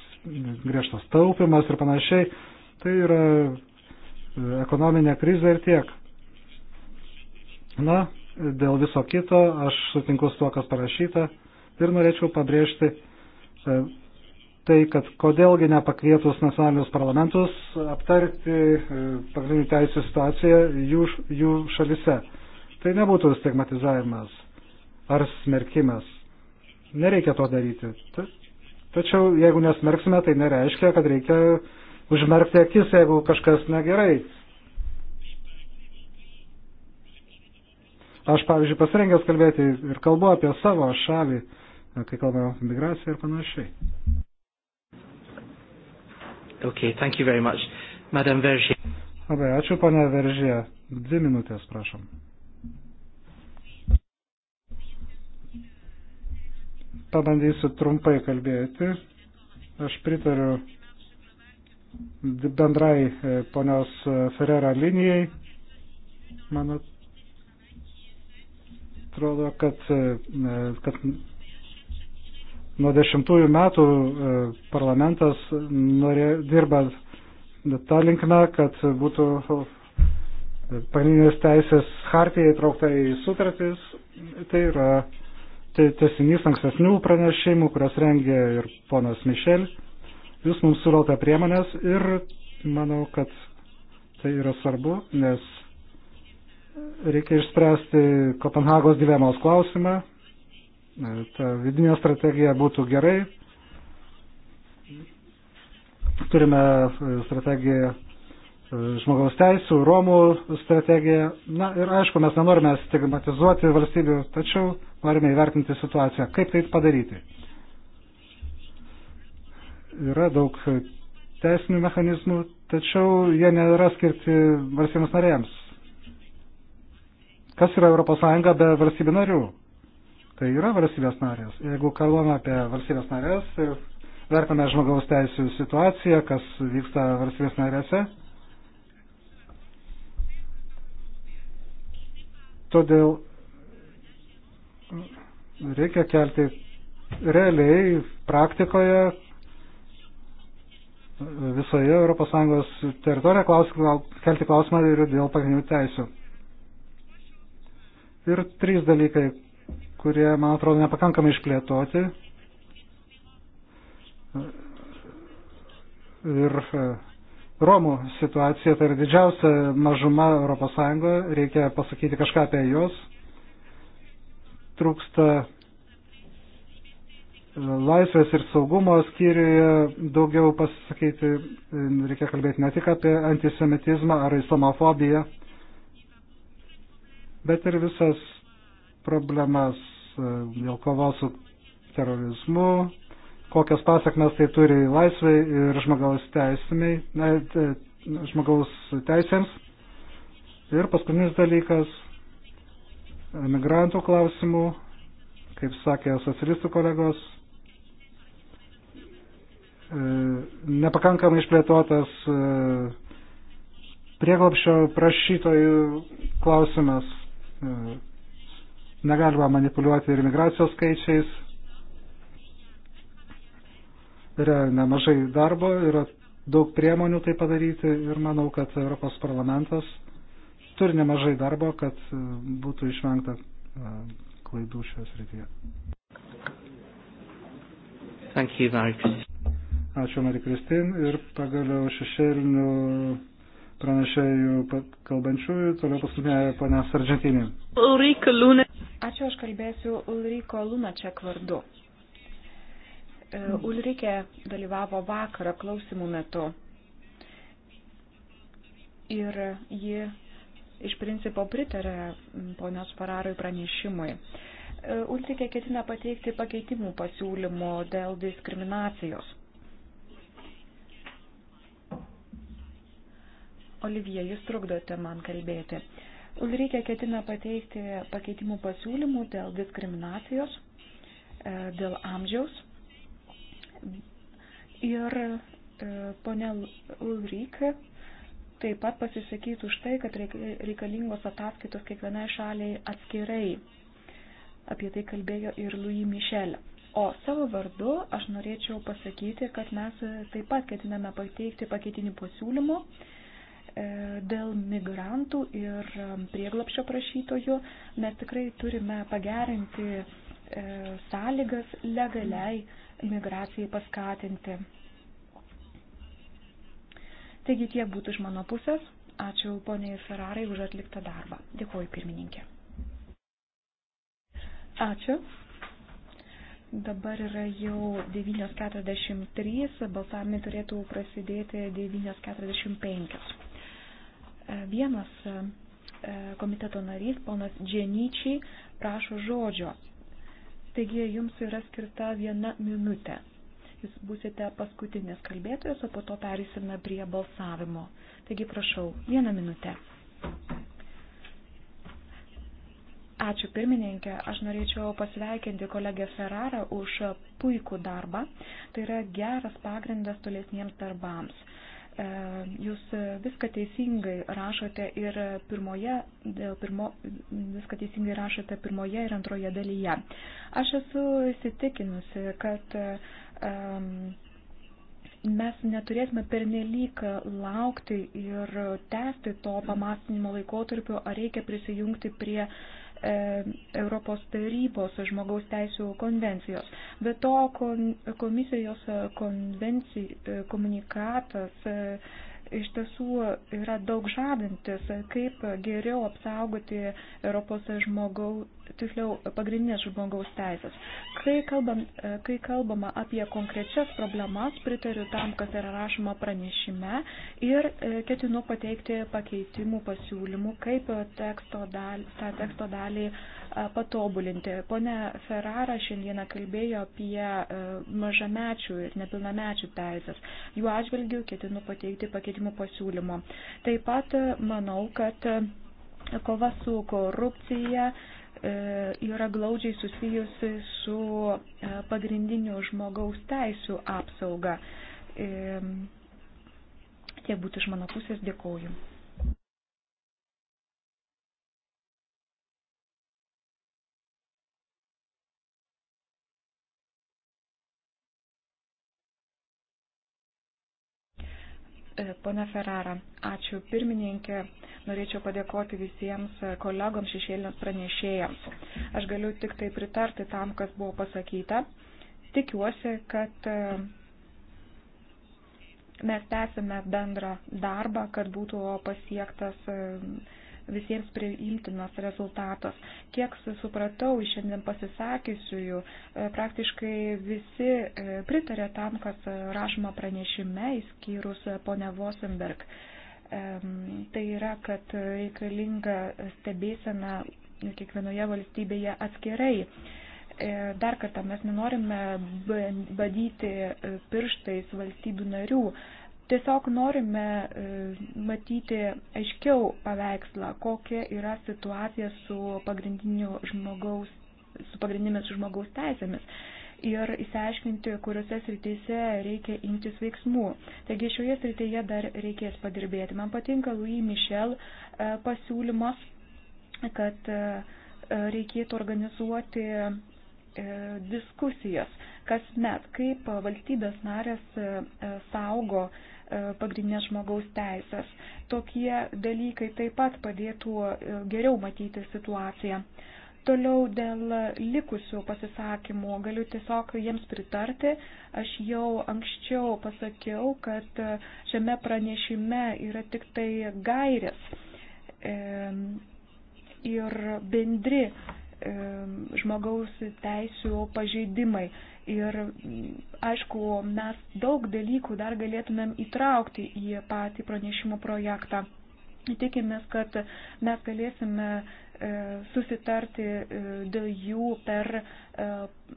griežtas taupimas ir panašiai. Tai yra e, ekonominė krizė ir tiek. Na, dėl viso kito aš sutinku su to, kas parašyta ir norėčiau pabrėžti e, tai, kad kodėlgi nepakvietus nacionalinius parlamentus aptarti e, pagrindinių teisų situaciją jų, jų šalise. Tai nebūtų stigmatizavimas ar smerkimas. Nereikia to daryti. Tačiau jeigu nesmerksime, tai nereiškia, kad reikia užmerkti akis, jeigu kažkas negerai. Aš, pavyzdžiui, pasirengęs kalbėti ir kalbu apie savo šalį, kai kalbame apie migraciją ir panašiai. Okay, thank you very much. Madam Veržė. Labai ačiū, ponia Veržė. Dvi minutės, prašom. pabandysiu trumpai kalbėti. Aš pritariu bendrai e, ponios Ferrera linijai. Man atrodo, kad, e, kad nuo dešimtųjų metų e, parlamentas norė, dirba tą linkmę, kad būtų pagrindinės teisės hartija įtraukta į sutartis. Tai yra tesinys tai ankstesnių pranešimų, kurios rengė ir ponas Mišel. Jūs mums siūlote priemonės ir manau, kad tai yra svarbu, nes reikia išspręsti Kopenhagos dilemos klausimą. Ta vidinė strategija būtų gerai. Turime strategiją žmogaus teisų, Romų strategija. Na ir aišku, mes nenorime stigmatizuoti valstybių, tačiau norime įvertinti situaciją. Kaip tai padaryti? Yra daug teisinių mechanizmų, tačiau jie nėra skirti valstybėms narėms. Kas yra ES be valstybių narių? Tai yra valstybės narės. Jeigu kalbame apie valstybės narės ir vertame žmogaus teisų situaciją, kas vyksta valstybės narėse, Todėl reikia kelti realiai praktikoje visoje ES teritorijoje klausimą, kelti klausimą ir dėl pagrindinių teisių. Ir trys dalykai, kurie, man atrodo, nepakankamai išplėtoti. Ir Romų situacija, tai yra didžiausia mažuma ES, reikia pasakyti kažką apie juos. Trūksta e, laisvės ir saugumo skyriuje daugiau pasakyti, e, reikia kalbėti ne tik apie antisemitizmą ar islamofobiją, bet ir visas problemas e, dėl kovos su terorizmu, kokias pasakmes tai turi laisvai ir žmogaus, teismei, ne, te, žmogaus teisėms. Ir paskutinis dalykas - migrantų klausimų, kaip sakė socialistų kolegos, e, nepakankamai išplėtotas e, prieglapšio prašytojų klausimas. E, negalima manipuliuoti ir migracijos skaičiais, yra nemažai darbo, yra daug priemonių tai padaryti ir manau, kad Europos parlamentas turi nemažai darbo, kad e, būtų išvengta e, klaidų šioje srityje. Ačiū, Mari Kristin. Ir pagaliau šešėlinių pranešėjų kalbančiųjų, toliau paskutinė ponia Sargentinė. Ačiū, aš kalbėsiu Ulriko Lunaček vardu. E, Ulrike dalyvavo vakarą klausimų metu ir ji iš principo pritarė ponios Fararui pranešimui. E, Ulrike ketina pateikti pakeitimų pasiūlymo dėl diskriminacijos. Olivija, jūs trukdote man kalbėti. Ulrike ketina pateikti pakeitimų pasiūlymų dėl diskriminacijos, e, dėl amžiaus Ir e, ponė Ulrike taip pat pasisakys už tai, kad reikalingos ataskaitos kiekvienai šaliai atskirai. Apie tai kalbėjo ir Louis Michel. O savo vardu aš norėčiau pasakyti, kad mes taip pat ketiname pateikti pakeitinį pasiūlymų e, dėl migrantų ir e, prieglapščio prašytojų. Mes tikrai turime pagerinti sąlygas legaliai imigracijai paskatinti. Taigi tiek būtų iš mano pusės. Ačiū poniai Ferrarai už atliktą darbą. Dėkuoju pirmininkė. Ačiū. Dabar yra jau 9.43, balsavimai turėtų prasidėti 9.45. Vienas e, komiteto narys, ponas Dženyčiai, prašo žodžio Taigi jums yra skirta viena minutė. Jūs būsite paskutinis kalbėtojas, o po to perėsime prie balsavimo. Taigi prašau, vieną minutę. Ačiū pirmininkė, aš norėčiau pasveikinti kolegę Ferrarą už puikų darbą. Tai yra geras pagrindas tolesniems darbams. E, jūs viską teisingai rašote ir pirmoje, dėl pirmo, viską teisingai rašote pirmoje ir antroje dalyje. Aš esu įsitikinusi, kad um, mes neturėsime pernelyg laukti ir tęsti to pamastymimo laikotarpio, ar reikia prisijungti prie uh, E, Europos tarybos žmogaus teisų konvencijos. Be to, komisijos konvencijos e, komunikatas e, iš tiesų yra daug žadantis, kaip geriau apsaugoti Europos žmogaus, tiksliau, pagrindinės žmogaus teisės. Kai, kalbam, kai kalbama apie konkrečias problemas, pritariu tam, kas yra rašoma pranešime ir e, ketinu pateikti pakeitimų pasiūlymų, kaip e, teksto dal, tą teksto dalį patobulinti. Pone Ferrara šiandieną kalbėjo apie e, mažamečių ir nepilnamečių teisės. Jų atžvilgių ketinu pateikti pakeitimų pasiūlymo. Taip pat e, manau, kad e, kova su korupcija yra glaudžiai susijusi su pagrindiniu žmogaus teisų apsauga. Tiek būtų iš mano pusės, dėkoju. E, pone Ferrara, ačiū pirmininkė. Norėčiau padėkoti visiems e, kolegoms šešėlinės pranešėjams. Aš galiu tik tai pritarti tam, kas buvo pasakyta. Tikiuosi, kad e, mes tęsime bendrą darbą, kad būtų pasiektas visiems priimtinas rezultatas. Kiek supratau iš šiandien pasisakysiųjų, e, praktiškai visi e, pritarė tam, kas rašoma pranešime, įskyrus ponę Vosenberg. Tai yra, kad reikalinga stebėsena kiekvienoje valstybėje atskirai e, dar kartą mes nenorime badyti pirštais valstybių narių, Tiesiog norime e, matyti aiškiau paveikslą, kokia yra situacija su, žmogaus, su pagrindinėmis žmogaus teisėmis ir įsiaiškinti, kuriuose srityse reikia imtis veiksmų. Taigi šioje srityje dar reikės padirbėti. Man patinka Louis Michel e, pasiūlymas, kad e, reikėtų organizuoti diskusijas kasmet, kaip valstybės narės saugo E, pagrindinės žmogaus teisės. Tokie dalykai taip pat padėtų e, geriau matyti situaciją. Toliau dėl likusių pasisakymų galiu tiesiog jiems pritarti. Aš jau anksčiau pasakiau, kad šiame pranešime yra tik tai gairės e, ir bendri žmogaus teisų pažeidimai. Ir mm, aišku, mes daug dalykų dar galėtumėm įtraukti į patį pranešimo projektą. Tikimės, kad mes galėsime e, susitarti e, dėl jų per e,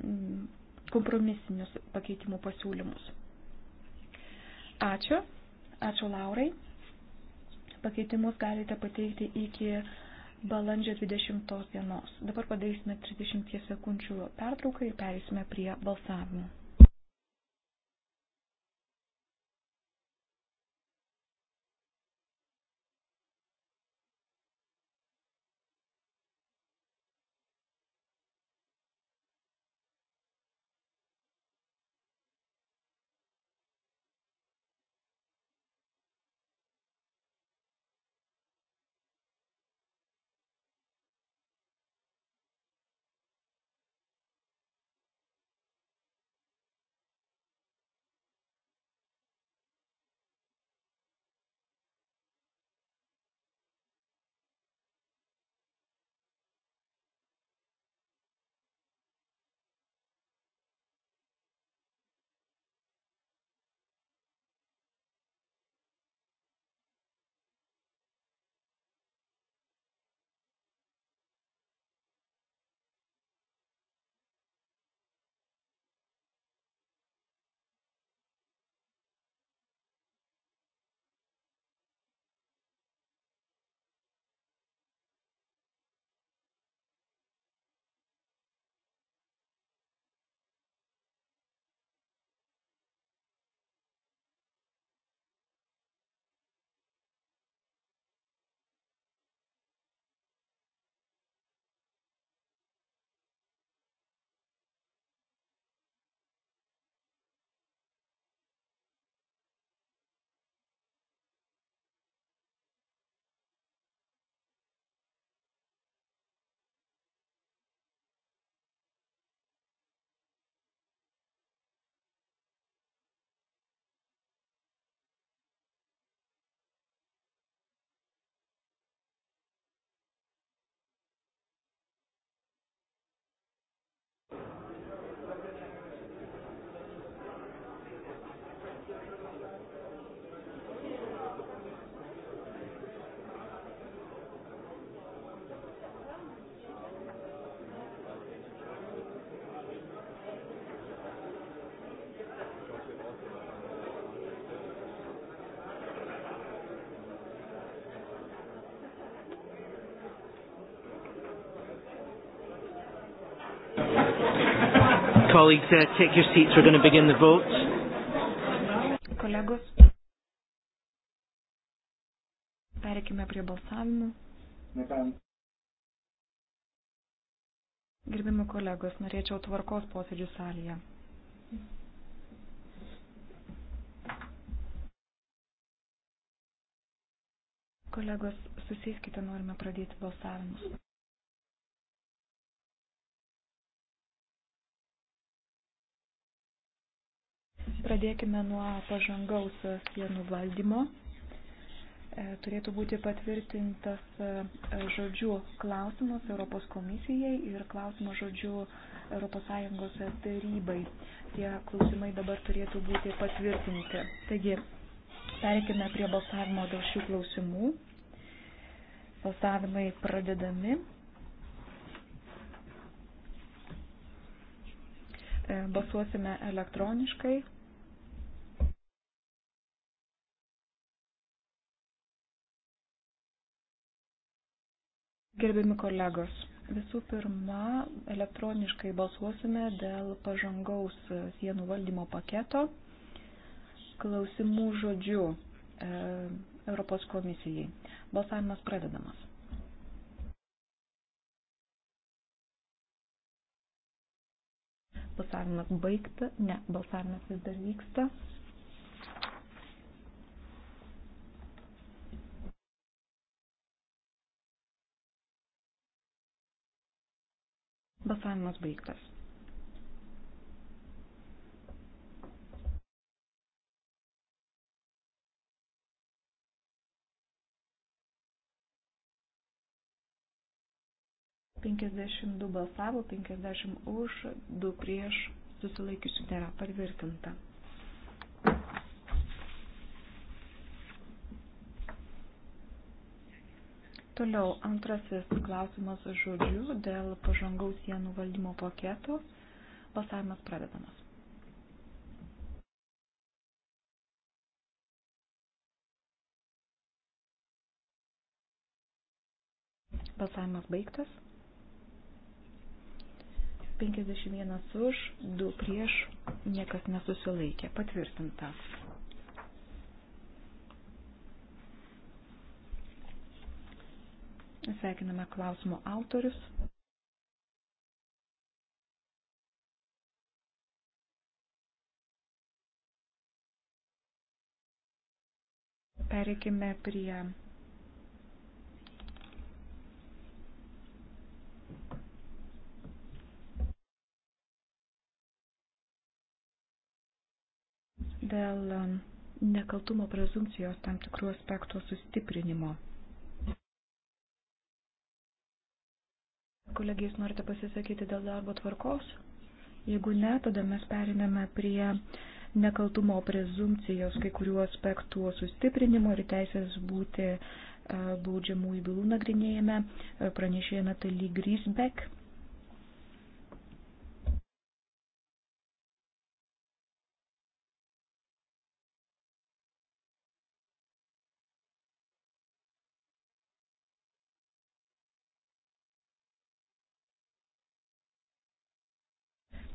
mm, kompromisinius pakeitimų pasiūlymus. Ačiū. Ačiū Laurai. Pakeitimus galite pateikti iki balandžio 20 dienos. Dabar padarysime 30 sekundžių pertrauką ir perėsime prie balsavimo. Colleagues, uh, take your seats. We're going to begin the vote. Kolegos, pereikime prie balsavimų. Gerbimi kolegos, norėčiau tvarkos posėdžių salėje. Kolegos, susėskite, norime pradėti balsavimus. Pradėkime nuo pažangaus sienų valdymo. E, turėtų būti patvirtintas e, žodžių klausimas Europos komisijai ir klausimas žodžių ES tarybai. Tie klausimai dabar turėtų būti patvirtinti. Taigi, perikime prie balsavimo dėl šių klausimų. Balsavimai pradedami. E, balsuosime elektroniškai. Gerbiami kolegos, visų pirma, elektroniškai balsuosime dėl pažangaus sienų valdymo paketo klausimų žodžių e, Europos komisijai. Balsavimas pradedamas. Balsavimas baigta, ne, balsavimas vis dar vyksta. Balsavimas baigtas. Penkiasdešimt du balsavo, penkiasdešimt už, du prieš, susilaikiusių nėra patvirtinta. Toliau antrasis klausimas žodžiu dėl pažangaus sienų valdymo paketo. Balsavimas pradedamas. Balsavimas baigtas. 51 už, 2 prieš, niekas nesusilaikė. Patvirtinta. Sveikiname klausimo autorius. Pereikime prie dėl nekaltumo prezumcijos tam tikrų aspektų sustiprinimo. kolegijas norite pasisakyti dėl darbo tvarkos? Jeigu ne, tada mes periname prie nekaltumo prezumcijos kai kurių aspektų sustiprinimo ir teisės būti e, baudžiamųjų bylų nagrinėjame. E, Pranešėjame Natalį Grisbek.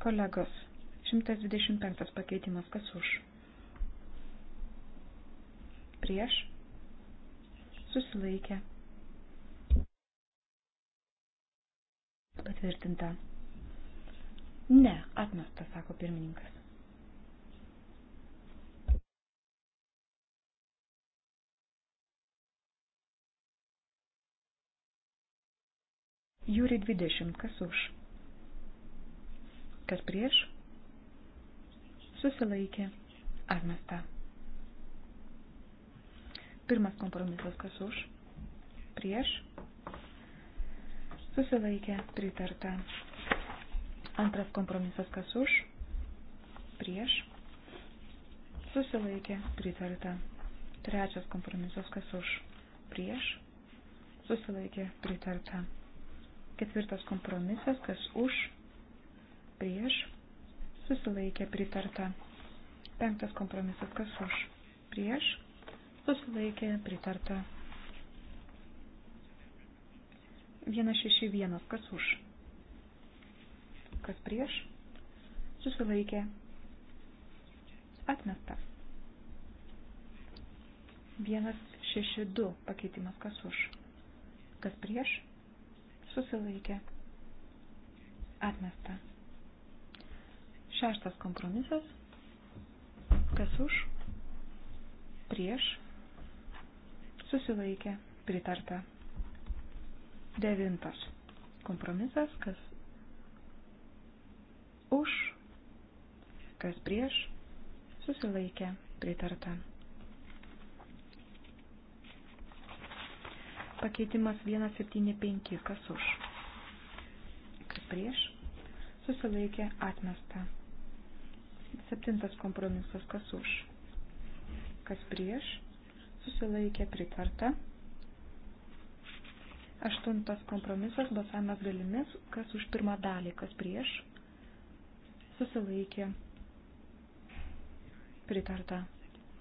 Kolegos, 125 pakeitimas kas už? Prieš? Susilaikė. Patvirtinta. Ne, atmesta, sako pirmininkas. Jūri 20, kas už? kas prieš, susilaikė, atmesta. Pirmas kompromisas, kas už, prieš, susilaikė, pritarta. Antras kompromisas, kas už, prieš, susilaikė, pritarta. Trečias kompromisas, kas už, prieš, susilaikė, pritarta. Ketvirtas kompromisas, kas už, prieš prieš, susilaikė pritarta. Penktas kompromisas, kas už, prieš, susilaikė pritarta. 161, kas už, kas prieš, susilaikė atmesta. 162 pakeitimas, kas už, kas prieš, susilaikė atmesta. Šeštas kompromisas. Kas už? Prieš. Susilaikė. Pritarta. Devintas kompromisas. Kas už? Kas prieš? Susilaikė. Pritarta. Pakeitimas 175. Kas už? Kas prieš? Susilaikė. Atmesta. Septintas kompromisas, kas už, kas prieš, susilaikė pritarta. Aštuntas kompromisas, balsavimas dalimis, kas už pirmą dalį, kas prieš, susilaikė pritarta.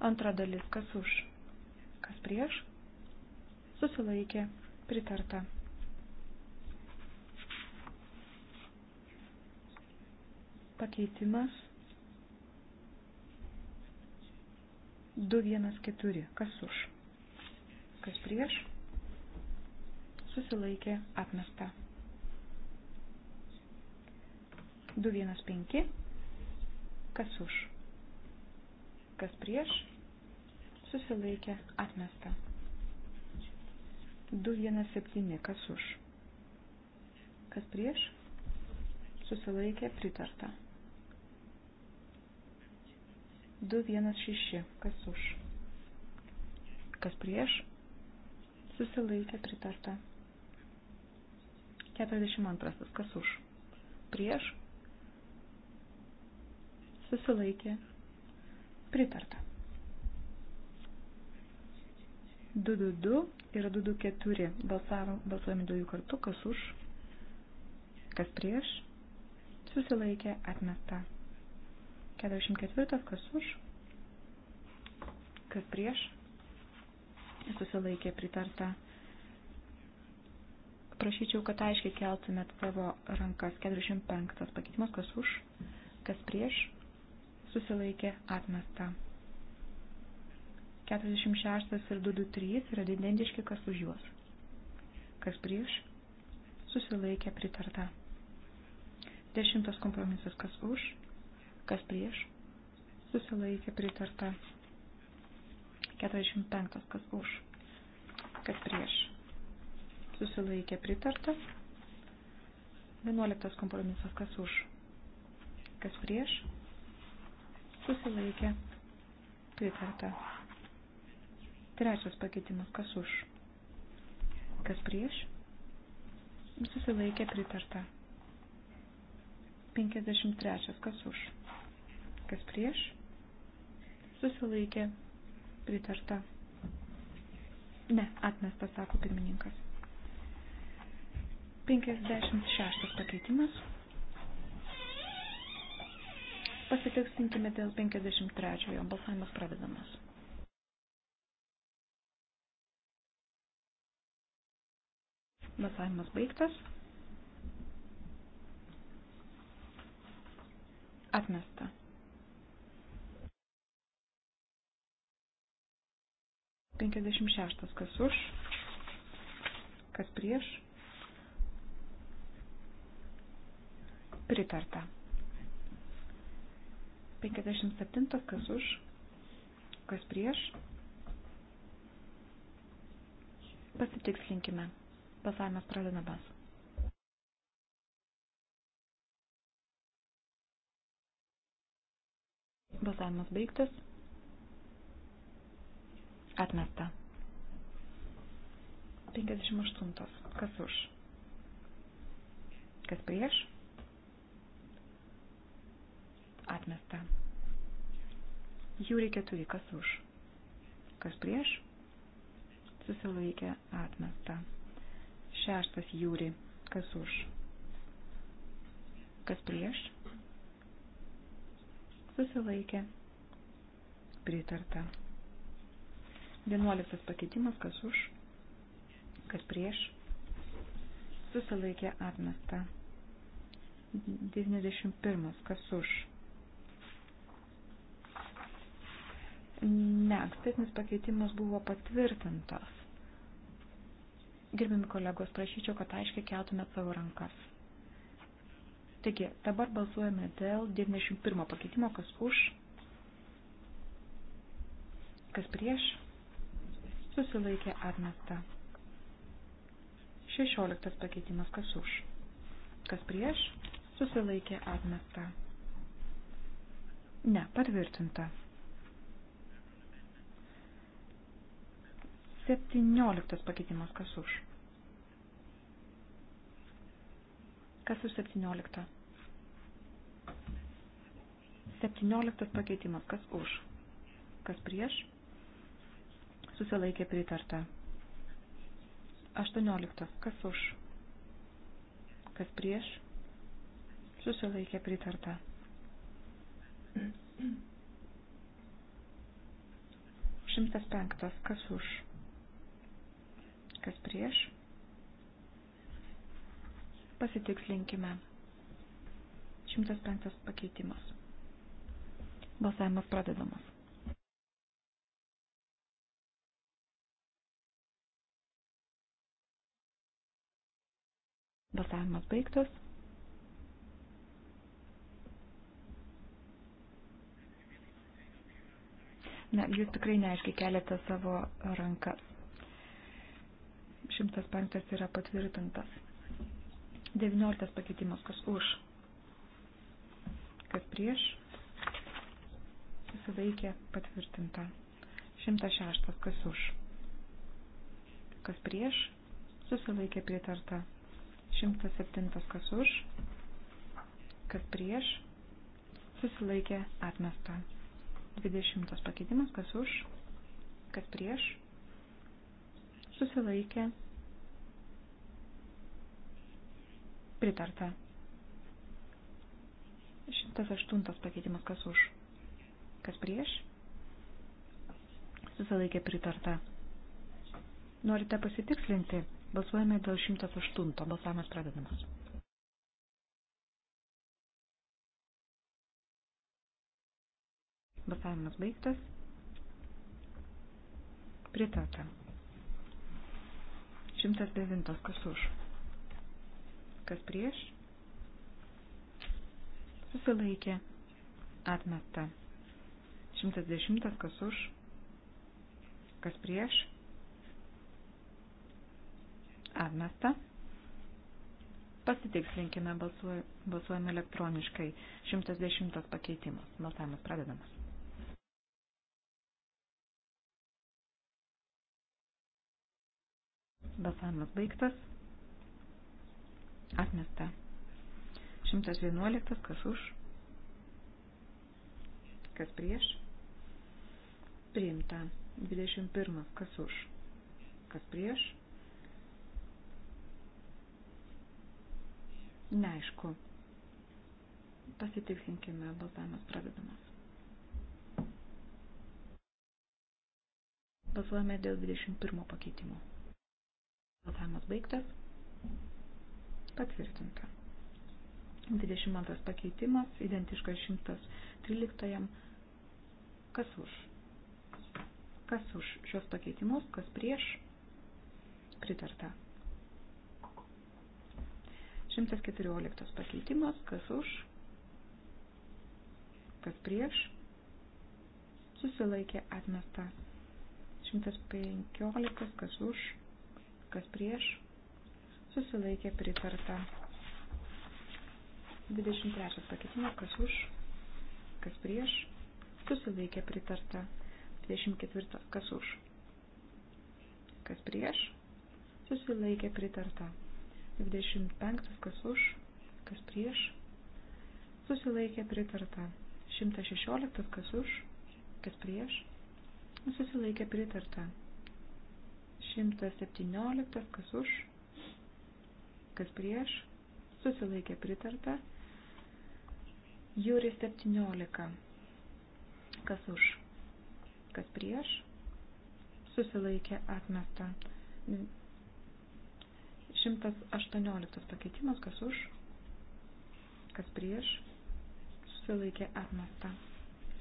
Antra dalis, kas už, kas prieš, susilaikė pritarta. Pakeitimas 214. Kas už? Kas prieš? Susilaikė atmesta. 215. Kas už? Kas prieš? Susilaikė atmesta. 217. Kas už? Kas prieš? Susilaikė pritarta. 216. Kas už? Kas prieš? Susilaikė pritarta. 42. Kas už? Prieš? Susilaikė pritarta. 222 ir 224 balsuojami dujų kartu, kas už, kas prieš, susilaikė atmesta. 44. Kas už? Kas prieš? Susilaikė pritarta. Prašyčiau, kad aiškiai keltumėt savo rankas. 45. Pakeitimas. Kas už? Kas prieš? Susilaikė atmesta. 46 ir 223 yra identiški, kas už juos. Kas prieš? Susilaikė pritarta. Dešimtas kompromisas, kas už, Kas prieš? Susilaikė pritarta. 45. Kas už? Kas prieš? Susilaikė pritarta. 11. Kompromisas. Kas už? Kas prieš? Susilaikė pritarta. Trečias pakeitimas. Kas už? Kas prieš? Susilaikė pritarta. 53. Kas už? kas prieš, susilaikė, pritarta. Ne, atmestas, sako pirmininkas. 56 pakeitimas. Pasitiksinkime dėl 53. Balsavimas pradedamas. Balsavimas baigtas. Atmesta. 156. Kas už? Kas prieš? Pritarta. 57. Kas už? Kas prieš? Pasitikslinkime. Pasavimas pradedamas. Balsavimas baigtas. Atmesta. 58. Kas už? Kas prieš? Atmesta. Jūri 4. Kas už? Kas prieš? Susilaikė atmesta. Šeštas jūri. Kas už? Kas prieš? Susilaikė. Pritarta. 11 pakeitimas, kas už, kas prieš, susilaikė atmesta. 91, kas už. Ne, ankstesnis pakeitimas buvo patvirtintas. Gerbiami kolegos, prašyčiau, kad aiškiai keltumėt savo rankas. Taigi, dabar balsuojame dėl 91 pakeitimo, kas už, kas prieš, susilaikė atmesta. 16 pakeitimas kas už, kas prieš, susilaikė atmesta. Ne, patvirtinta. 17 pakeitimas kas už. Kas už 17? 17 pakeitimas kas už, kas prieš, susilaikė pritarta. 18. Kas už? Kas prieš? Susilaikė pritarta. Šimtas penktas. Kas už? Kas prieš? Pasitikslinkime. Šimtas penktas pakeitimas. Balsavimas pradedamas. Balsavimas baigtas. Na, jūs tikrai neaiškiai keliate savo rankas. 105 yra patvirtintas. 19 pakeitimas, kas už, kas prieš, susilaikė patvirtinta. 106, kas už, kas prieš, susilaikė pritarta. 107 kas už, kas prieš, susilaikė atmesta. 20 pakeitimas kas už, kas prieš, susilaikė pritarta. 108 pakeitimas kas už, kas prieš, susilaikė pritarta. Norite pasitikslinti? Balsuojame dėl 108. Balsavimas pradedamas. Balsavimas baigtas. Pritarta. 109. Kas už? Kas prieš? Susilaikė. Atmesta. 110. Kas už? Kas prieš? Atmesta. Pasitikslinkime, balsuojame elektroniškai. 110 pakeitimas. Balsavimas pradedamas. Balsavimas baigtas. Atmesta. 111. Kas už? Kas prieš? Priimta. 21. Kas už? Kas prieš? neaišku. Pasitiksinkime, balsavimas pradedamas. Balsuojame dėl 21 pakeitimo. Balsavimas baigtas. Patvirtinta. 22 pakeitimas, identiškas 113. Kas už? Kas už šios pakeitimus, kas prieš? Pritarta. 114 pakeitimas, kas už, kas prieš, susilaikė atmesta. 115, kas už, kas prieš, susilaikė pritarta. 23 pakeitimas, kas už, kas prieš, susilaikė pritarta. 24, kas už, kas prieš, susilaikė pritarta. 25 kas už, kas prieš, susilaikė pritarta. 116 kas už, kas prieš, susilaikė pritarta. 117 kas už, kas prieš, susilaikė pritarta. Jūri 17 kas už, kas prieš, susilaikė atmesta. 118 pakeitimas, kas už, kas prieš, susilaikė atmesta.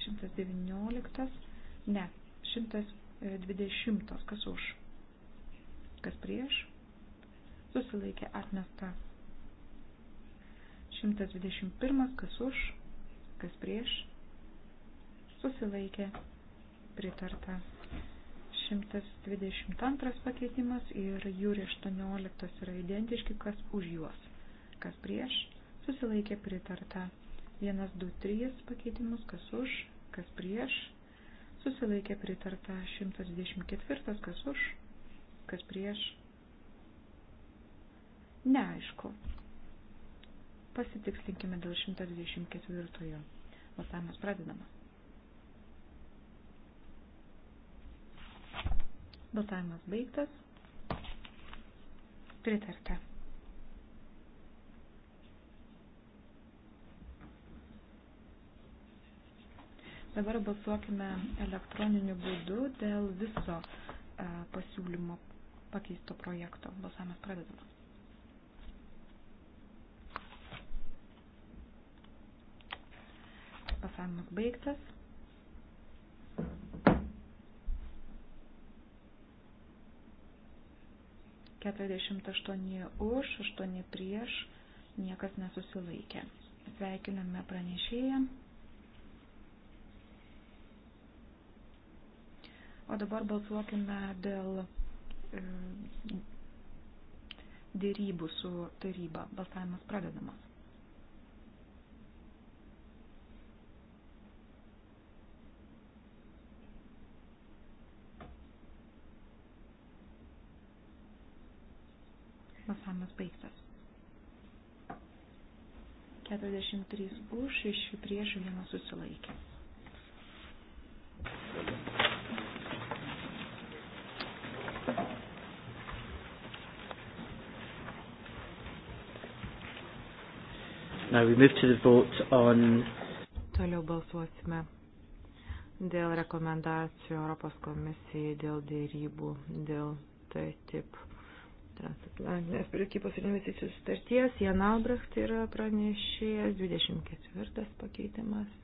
119, ne, 120, kas už, kas prieš, susilaikė atmesta. 121, kas už, kas prieš, susilaikė pritarta. 122 pakeitimas ir jūri 18 yra identiški, kas už juos, kas prieš, susilaikė pritarta. 1, 2, 3 pakeitimus, kas už, kas prieš, susilaikė pritarta. 124, kas už, kas prieš. Neaišku. Pasitikslinkime dėl 124. Balsavimas pradedamas. Balsavimas baigtas. Pritarta. Dabar balsuokime elektroniniu būdu dėl viso e, pasiūlymo pakeisto projekto. Balsavimas pradedamas. Balsavimas baigtas. 48 už, 8 prieš, niekas nesusilaikė. Sveikiname pranešėją. O dabar balsuokime dėl e, dėrybų su taryba. Balsavimas pradedamas. Balsavimas baigtas. 43 už, 6 prieš, 1 susilaikė. Now we move to the vote on Toliau balsuosime dėl rekomendacijų Europos komisijai dėl dėrybų, dėl tai tip transatlantinės prekybos ir investicijų sutarties. Jan Albrecht yra pranešėjas, 24 pakeitimas.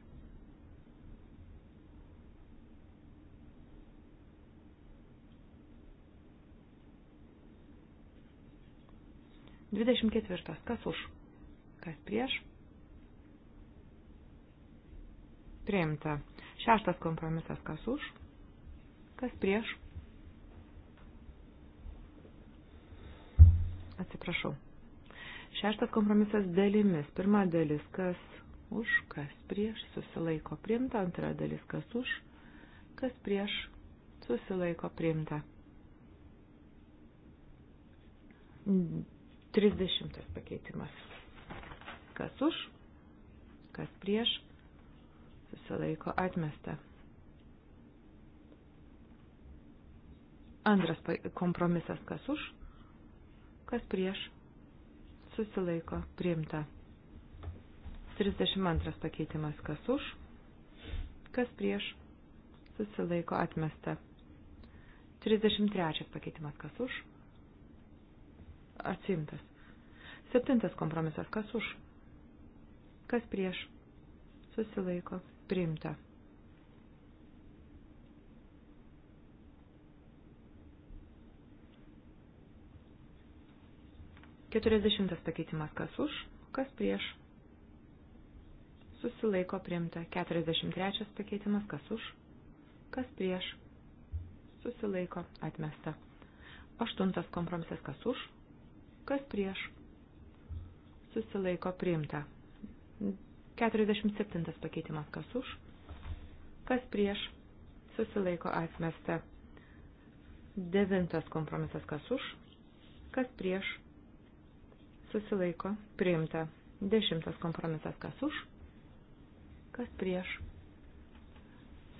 Dvidešimt ketvirtas. Kas už? Kas prieš? Priimta. Šeštas kompromisas. Kas už? Kas prieš? Atsiprašau. Šeštas kompromisas dalimis. Pirma dalis, kas už, kas prieš, susilaiko primta. Antra dalis, kas už, kas prieš, susilaiko primta. 30 pakeitimas. Kas už, kas prieš, susilaiko atmesta. Antras kompromisas, kas už, kas prieš, susilaiko, priimta. 32 pakeitimas, kas už, kas prieš, susilaiko, atmesta. 33 pakeitimas, kas už, atsimtas. 7 kompromisas, kas už, kas prieš, susilaiko, priimta. 40 pakeitimas kas už, kas prieš. Susilaiko priimta. 43 pakeitimas kas už, kas prieš. Susilaiko atmesta. 8 kompromisas kas už, kas prieš. Susilaiko priimta. 47 pakeitimas kas už, kas prieš. Susilaiko atmesta. Devintas kompromisas kas už, kas prieš susilaiko priimta. Dešimtas kompromisas kas už, kas prieš,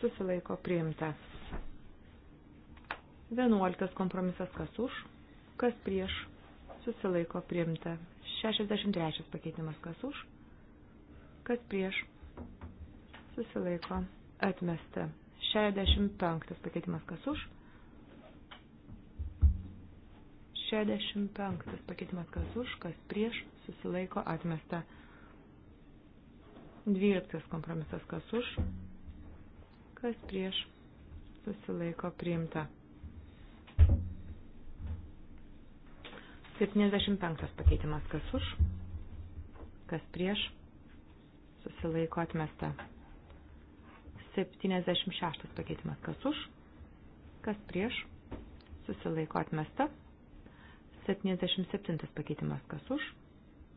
susilaiko priimta. Vienuoliktas kompromisas kas už, kas prieš, susilaiko priimta. 63 pakeitimas kas už, kas prieš, susilaiko atmesta. 65 pakeitimas kas už, 65 pakeitimas kas už, kas prieš, susilaiko atmesta. 12 kompromisas kas už, kas prieš, susilaiko priimta. 75 pakeitimas kas už, kas prieš, susilaiko atmesta. 76 pakeitimas kas už, kas prieš, susilaiko atmesta. 77 pakeitimas kas už,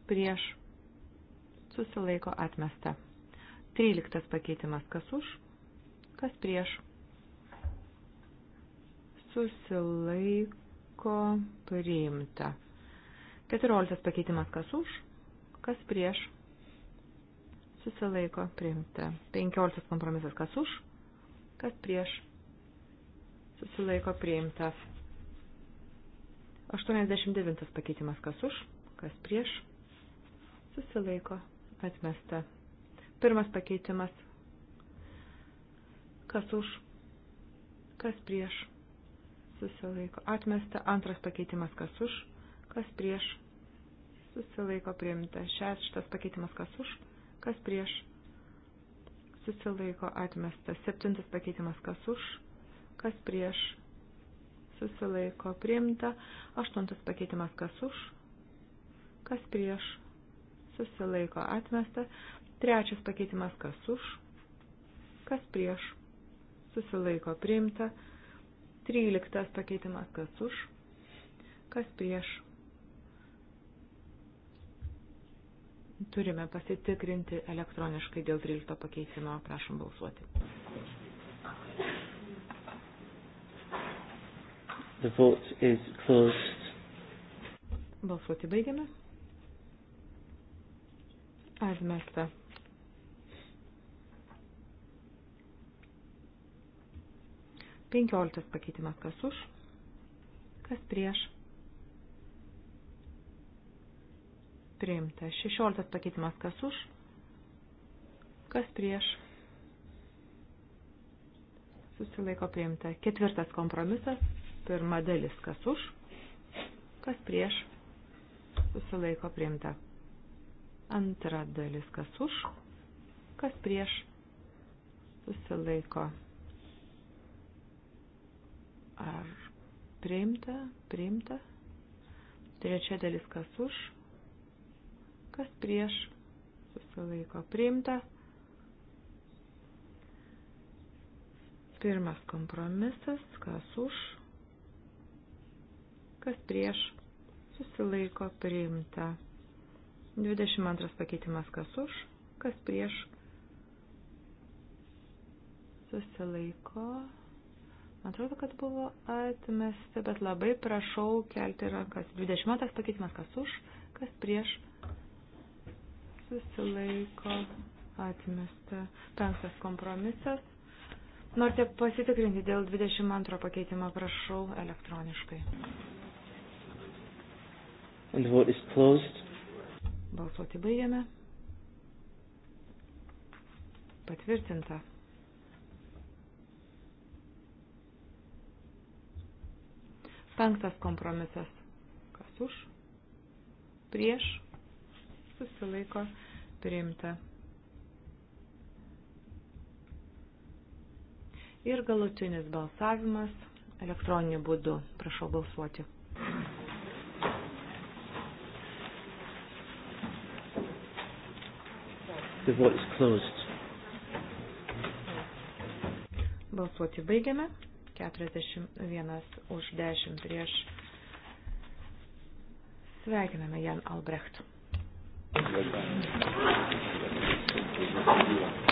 prieš, susilaiko atmesta. 13 pakeitimas kas už, kas prieš, susilaiko priimta. 14 pakeitimas kas už, kas prieš, susilaiko priimta. 15 kompromisas kas už, kas prieš, susilaiko priimtas. 89 pakeitimas kas už, kas prieš, susilaiko, atmesta. Pirmas pakeitimas, kas už, kas prieš, susilaiko, atmesta. Antras pakeitimas, kas už, kas prieš, susilaiko, priimta. Šeštas pakeitimas, kas už, kas prieš, susilaiko, atmesta. Septintas pakeitimas, kas už, kas prieš, susilaiko priimta, aštuntas pakeitimas kas už, kas prieš, susilaiko atmesta, trečias pakeitimas kas už, kas prieš, susilaiko priimta, tryliktas pakeitimas kas už, kas prieš. Turime pasitikrinti elektroniškai dėl 13 pakeitimo. Prašom balsuoti. The vote is closed. Balsuoti baigiame. Atmesta. Penkioliktas pakeitimas kas už, kas prieš. Priimta. Šešioliktas pakeitimas kas už, kas prieš. Susilaiko priimta. Ketvirtas kompromisas Pirma dalis, kas už, kas prieš, susilaiko priimta. Antra dalis, kas už, kas prieš, susilaiko. Ar priimta, priimta. Trečia dalis, kas už, kas prieš, susilaiko priimta. Pirmas kompromisas, kas už, kas prieš, susilaiko priimta. 22 pakeitimas kas už, kas prieš, susilaiko. Man atrodo, kad buvo atmesta, bet labai prašau kelti rankas. 22 pakeitimas kas už, kas prieš, susilaiko, atmesta. Penktas kompromisas. Norite pasitikrinti dėl 22 pakeitimo, prašau, elektroniškai. And the vote is closed. Balsuoti baigiame. Patvirtinta. Penktas kompromisas. Kas už? Prieš? Susilaiko priimta. Ir galutinis balsavimas elektroniniu būdu. Prašau balsuoti. The vote is closed. Balsuoti baigiame. 41 už 10 prieš. Sveikiname Jan Albrecht. Thank you.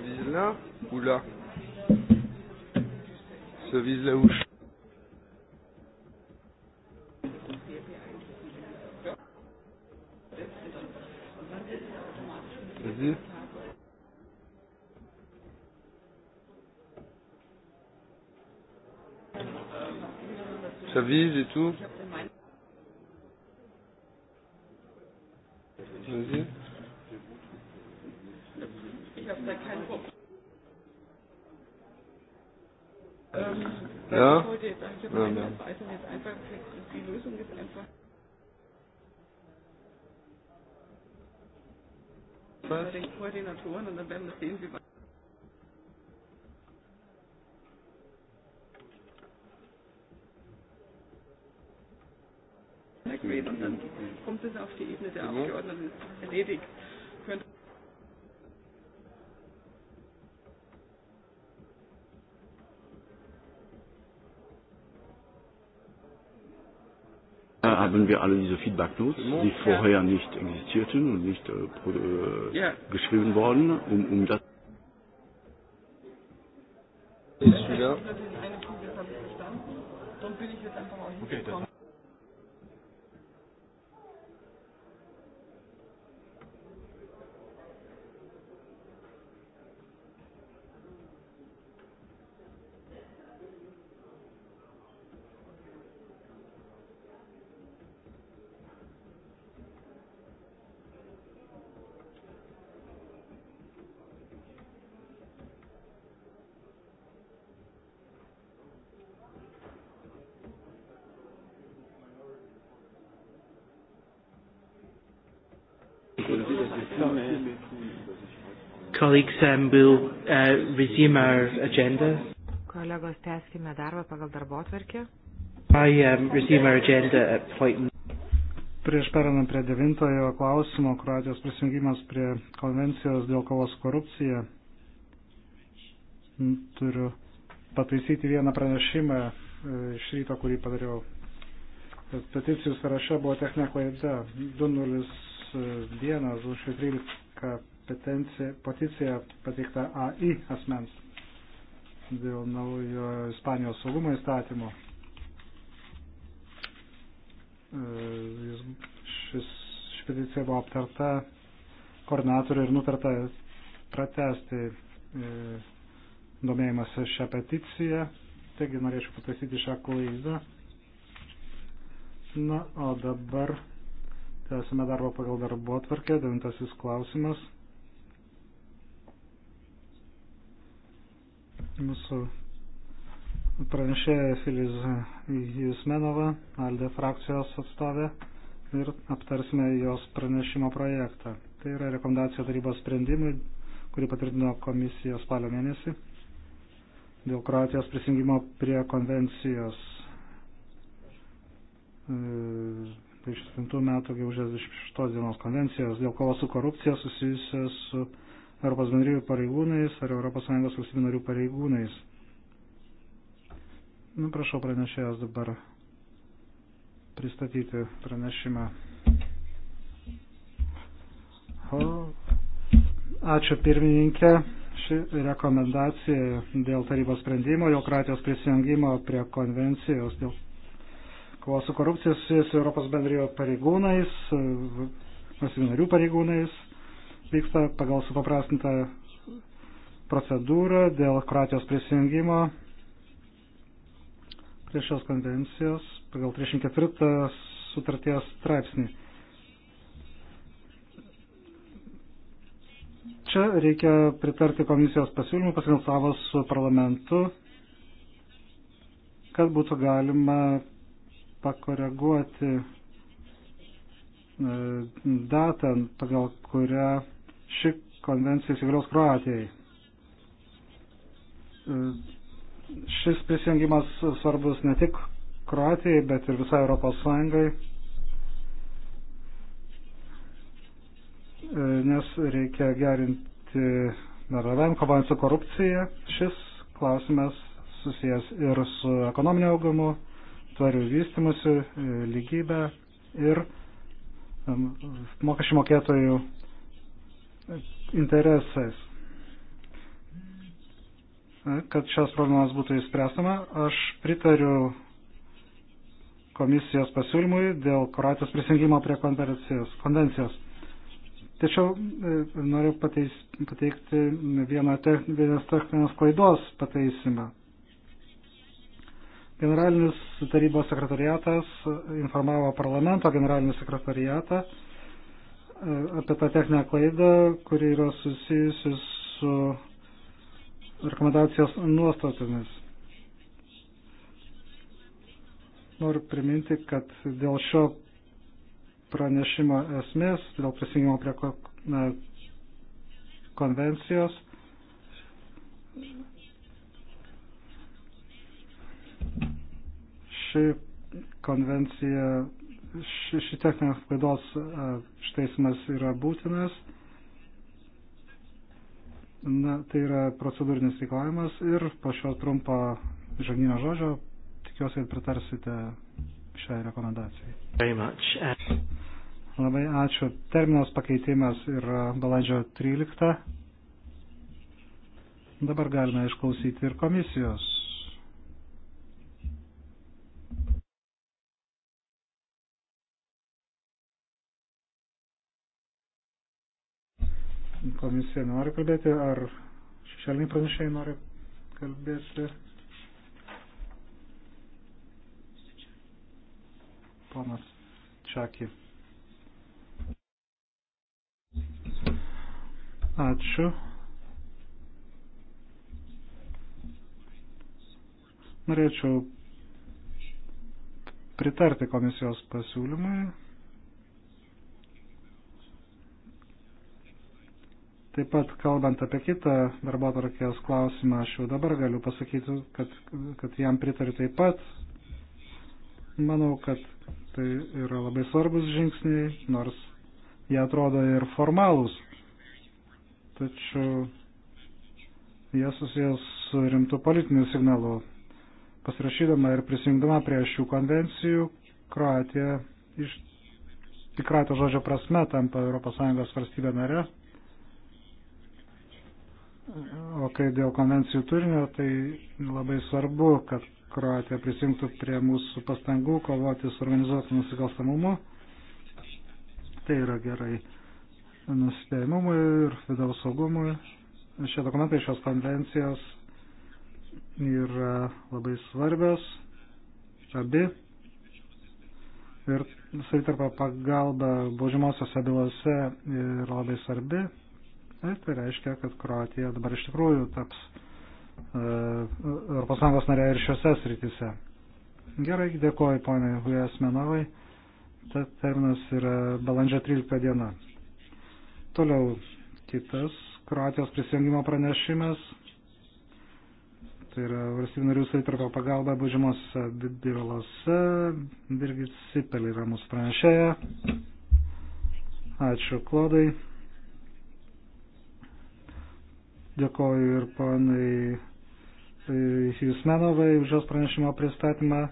vise là ou là Ça vise là où je... Vas-y. Ça vise et tout Koordinatoren und dann werden wir sehen, wie wir. Und dann kommt es auf die Ebene der mhm. Abgeordneten erledigt. haben wir alle diese Feedback Notes, die vorher nicht existierten und nicht äh, pro, äh, yeah. geschrieben wurden, um, um das. Ist wieder. Okay, das Colleagues, um, we'll uh, resume our agenda. Kolegos, tęskime darbą pagal darbo atverkę. I um, resume our agenda at point. Prieš perinant prie devintojo klausimo, Kroatijos prisijungimas prie konvencijos dėl kovos korupcija, turiu pataisyti vieną pranešimą e, iš ryto, kurį padariau. Peticijų sąraše buvo techninė klaida 201 e, už 13 peticija pateikta AI asmens dėl naujo Ispanijos saugumo įstatymo. E, jis, šis, ši peticija buvo aptarta koordinatorių ir nutarta pratesti e, domėjimąsi šią peticiją. Taigi norėčiau pataisyti šią klaidą. Na, o dabar tęsime darbą pagal darbo atvarkę. Devintasis klausimas. Mūsų pranešėja Filiz Jusmenova, Alde frakcijos atstovė, ir aptarsime jos pranešimo projektą. Tai yra rekomendacija tarybos sprendimui, kurį patvirtino komisija spalio mėnesį dėl Kroatijos prisijungimo prie konvencijos 2007 e, metų gegužės 26 dienos konvencijos dėl kovos su korupcija susijusios su Europos bendrijų pareigūnais ar ES valstybių narių pareigūnais. Nu, prašau pranešėjas dabar pristatyti pranešimą. O, ačiū pirmininkė. Ši rekomendacija dėl tarybos sprendimo, dėl kratijos prisijungimo prie konvencijos, dėl kovos su korupcija susijęs Europos bendrijo pareigūnais, valstybių narių pareigūnais, vyksta pagal supaprastintą procedūrą dėl Kroatijos prisijungimo prie šios konvencijos pagal 34 sutarties straipsnį. Čia reikia pritarti komisijos pasiūlymų, pasikonsultavus su parlamentu, kad būtų galima pakoreguoti e, datą, pagal kurią Ši konvencija įsigalios Kroatijai. E, šis prisijungimas svarbus ne tik Kroatijai, bet ir visai Europos Sąjungai, e, nes reikia gerinti bendravimą, kovojant su korupcija. Šis klausimas susijęs ir su ekonominio augimu, tvariu vystimusi, e, lygybę ir mokesčių mokėtojų interesais. Kad šios problemas būtų įspręstama, aš pritariu komisijos pasiūlymui dėl Kroatijos prisijungimo prie konvencijos. Tačiau e, noriu pateis, pateikti vieną techninės techninės klaidos pateisimą. Generalinis tarybos sekretariatas informavo parlamento generalinį sekretariatą apie tą techninę klaidą, kuri yra susijusi su rekomendacijos nuostatomis. Noriu priminti, kad dėl šio pranešimo esmės, dėl prisijungimo prie na, konvencijos, ši konvencija šis techninės klaidos ištaisimas e, yra būtinas. Na, tai yra procedūrinis reikalavimas ir po šio trumpo žanginio žodžio tikiuosi, kad pritarsite šiai rekomendacijai. Labai ačiū. Terminas pakeitimas yra balandžio 13. Dabar galime išklausyti ir komisijos. Komisija nori kalbėti, ar šešėliniai pranešėjai nori kalbėti? Ponas Čakį. Ačiū. Norėčiau pritarti komisijos pasiūlymui Taip pat, kalbant apie kitą darbo tvarkės klausimą, aš jau dabar galiu pasakyti, kad, kad jam pritariu taip pat. Manau, kad tai yra labai svarbus žingsniai, nors jie atrodo ir formalūs. Tačiau jie susijęs su rimtu politiniu signalu. Pasirašydama ir prisijungdama prie šių konvencijų, Kroatija iš tikrato žodžio prasme tampa ES valstybė nare O kai dėl konvencijų turinio, tai labai svarbu, kad Kroatija prisijungtų prie mūsų pastangų kovoti su organizuotu nusikalstamumu. Tai yra gerai nuspėjimumui ir vidaus saugumui. Šie dokumentai, šios konvencijos yra labai svarbios, abi. Ir savitarpa pagalba baudžiamosiose bylose yra labai svarbi. Ir tai reiškia, kad Kroatija dabar iš tikrųjų taps e, Europos Sąjungos narė ir šiuose srityse. Gerai, dėkoju poniai Hujas Menovai. Ta terminas yra balandžio 13 diena. Toliau kitas Kroatijos prisijungimo pranešimas. Tai yra valstybių narių savitarpio pagalba būžimos bylose. Birgit Sipel yra mūsų pranešėja. Ačiū, Klodai. Dėkoju ir panai Jusmenovai e, už jos pranešimo pristatymą.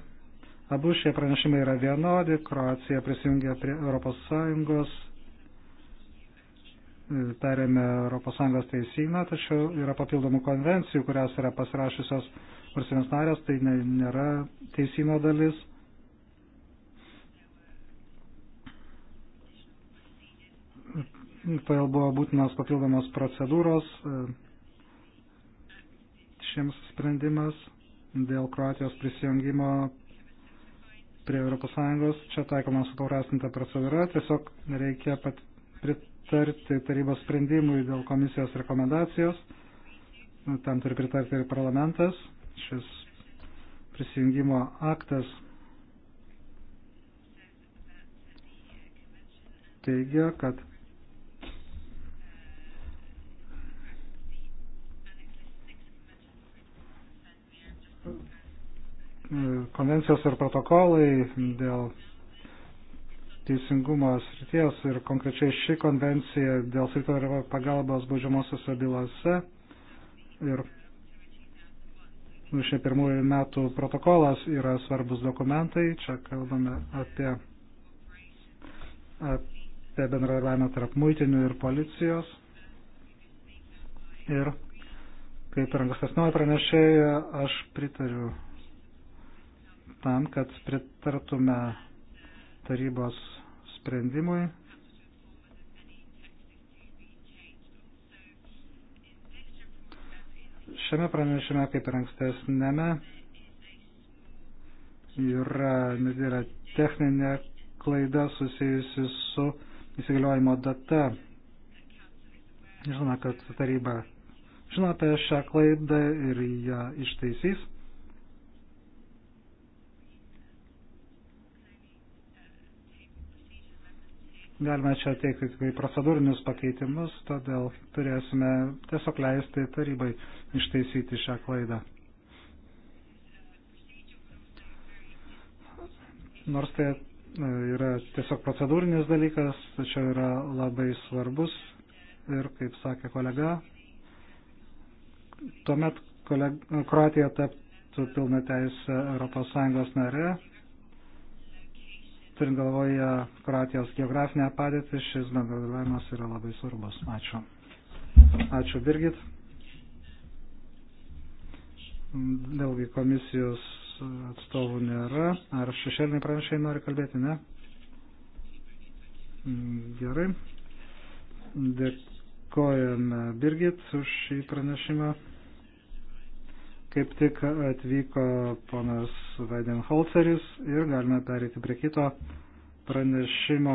Abu šie pranešimai yra vienodi. Kroacija prisijungia prie ES, e, perėmė ES teisyną, tačiau yra papildomų konvencijų, kurias yra pasirašysios valstybės narės, tai nėra teisyno dalis. Todėl tai buvo būtinos papildomos procedūros, e, šiems sprendimas dėl Kroatijos prisijungimo prie ES. Čia taikoma supaprastinta procedūra, tiesiog reikia pat pritarti tarybos sprendimui dėl komisijos rekomendacijos. Tam turi pritarti ir parlamentas. Šis prisijungimo aktas teigia, kad konvencijos ir protokolai dėl teisingumo srities ir konkrečiai ši konvencija dėl savitarpio pagalbos baudžiamosiose bylose ir 2001 metų protokolas yra svarbus dokumentai. Čia kalbame apie, apie bendradarbiavimą tarp muitinių ir policijos. Ir kaip ir ankstesnioje pranešėje, aš pritariu tam, kad pritartume tarybos sprendimui. Šiame pranešime, kaip ir ankstesnėme, yra nedidelė techninė klaida susijusi su įsigaliojimo data. Žinoma, kad taryba žino apie šią klaidą ir ją ištaisys. Galime čia teikti tik procedūrinius pakeitimus, todėl turėsime tiesiog leisti tarybai ištaisyti šią klaidą. Nors tai e, yra tiesiog procedūrinis dalykas, tačiau yra labai svarbus ir, kaip sakė kolega, tuomet koleg... Kroatija taptų pilna teisė ES nare turint galvoje Kroatijos geografinę padėtį, šis bendradarbiavimas yra labai svarbus. Ačiū. Ačiū, Birgit. Vėlgi komisijos atstovų nėra. Ar šešėliniai pranešėjai nori kalbėti? Ne. Gerai. Dėkojame Birgit už šį pranešimą. Kaip tik atvyko ponas Weidenholzeris ir galime perėti prie kito pranešimo.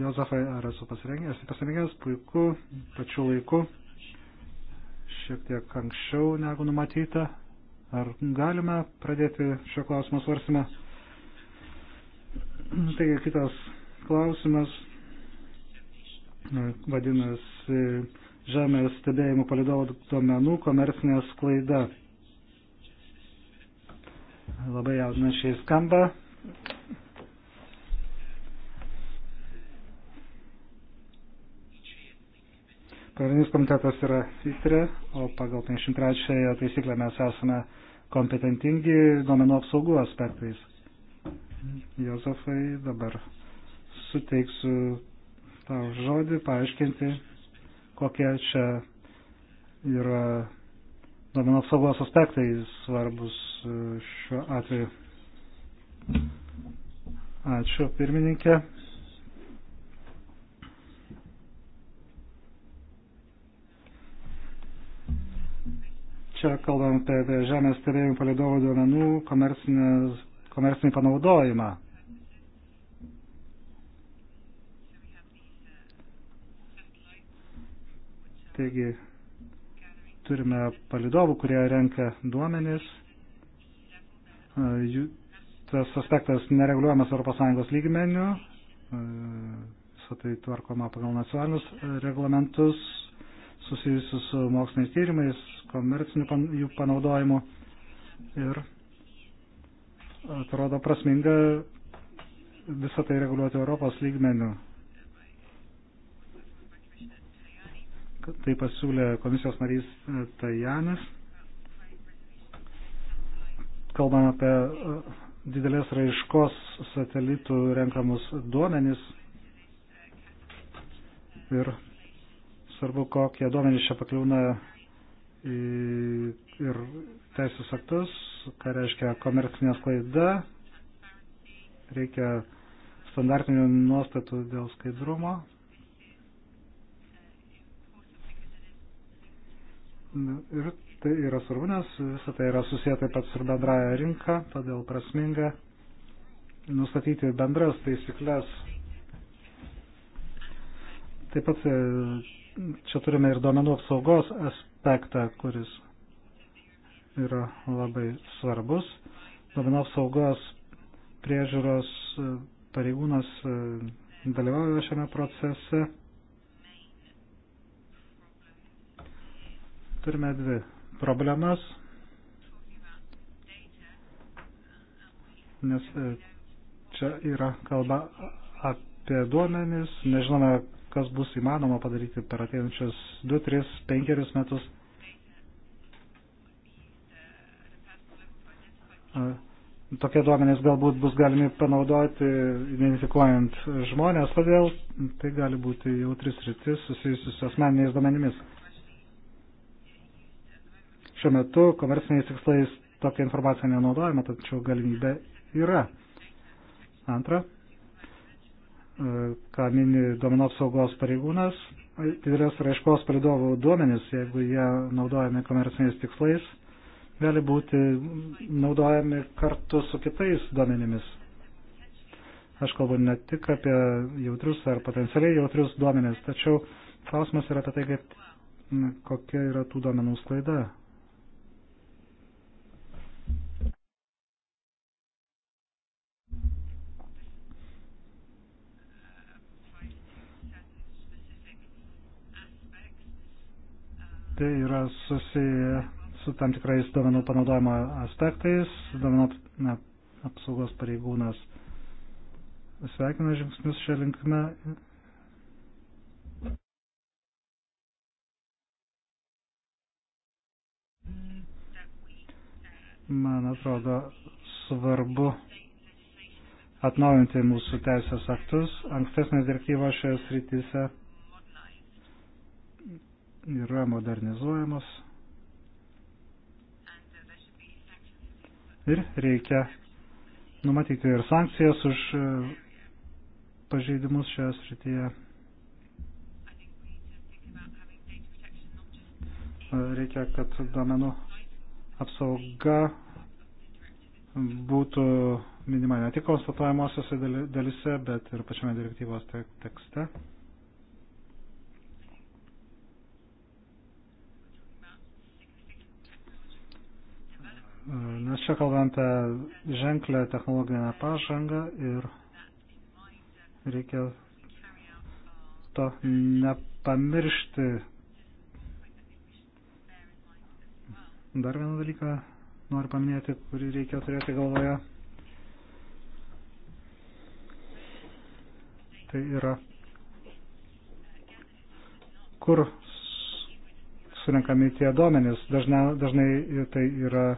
Jozefai, ar esu pasirengęs? Pasirengęs, puiku, pačiu laiku, šiek tiek anksčiau negu numatyta. Ar galime pradėti šio klausimo svarstymą? Taigi kitas klausimas vadinasi žemės stebėjimų palidovų duomenų komercinė sklaida. Labai jaudinačiai skamba. Pagrindinis komitetas yra FITRE, o pagal 53 taisyklę mes esame kompetentingi duomenų apsaugų aspektais. Jozefai, dabar suteiksiu tau žodį paaiškinti kokie čia yra duomenų apsaugos aspektai svarbus e, šiuo atveju. Ačiū, pirmininkė. Čia kalbam apie žemės stebėjimų palidovų duomenų komercinį panaudojimą. Taigi turime palidovų, kurie renka duomenis. Tas aspektas nereguliuojamas ES lygmenių, visą tai tvarkoma pagal nacionalinius reglamentus susijusius su moksliniais tyrimais, komerciniu jų panaudojimu. Ir atrodo prasminga visą tai reguliuoti Europos lygmenių. tai pasiūlė komisijos narys e, Tajanis. Kalbame apie e, didelės raiškos satelitų renkamus duomenis ir svarbu, kokie duomenys čia pakliūna ir teisės aktus, ką reiškia komercinė sklaida, reikia standartinių nuostatų dėl skaidrumo, Ir tai yra svarbu, nes visą tai yra susiję taip pat su bendraja rinka, todėl prasminga nustatyti bendras taisyklės. Taip pat e, čia turime ir duomenų apsaugos aspektą, kuris yra labai svarbus. Duomenų apsaugos priežiūros e, pareigūnas e, dalyvauja šiame procese Turime dvi problemas, nes e, čia yra kalba apie duomenis, nežinome, kas bus įmanoma padaryti per ateinančius 2, 3, 5 metus. E, tokie duomenys galbūt bus galimi panaudoti, identifikuojant žmonės, todėl tai gali būti jautris rytis susijusius su asmeniniais duomenimis. Šiuo metu komerciniais tikslais tokia informacija nenaudojama, tačiau galimybė yra. Antra, e, ką mini duomenų apsaugos pareigūnas, didelės raiškos palidovų duomenys, jeigu jie naudojami komerciniais tikslais, gali būti naudojami kartu su kitais duomenimis. Aš kalbu ne tik apie jautrius ar potencialiai jautrius duomenis, tačiau klausimas yra apie tai, kaip, kokia yra tų duomenų sklaida. tai yra susiję su tam tikrais duomenų panaudojimo aspektais. Duomenų na, apsaugos pareigūnas sveikina žingsnius šią linkmę. Man atrodo svarbu atnaujinti mūsų teisės aktus. Ankstesnės direktyvos šioje srityse yra modernizuojamos ir reikia numatyti ir sankcijas už e, pažeidimus šioje srityje. E, reikia, kad domenų apsauga būtų minima ne tik konstatuojamosiose dalise, bet ir pačiame direktyvos tekste. Nes čia kalbame apie ženklę technologinę pažangą ir reikia to nepamiršti. Dar vieną dalyką noriu paminėti, kurį reikia turėti galvoje. Tai yra, kur surinkami tie duomenys. Dažna, dažnai tai yra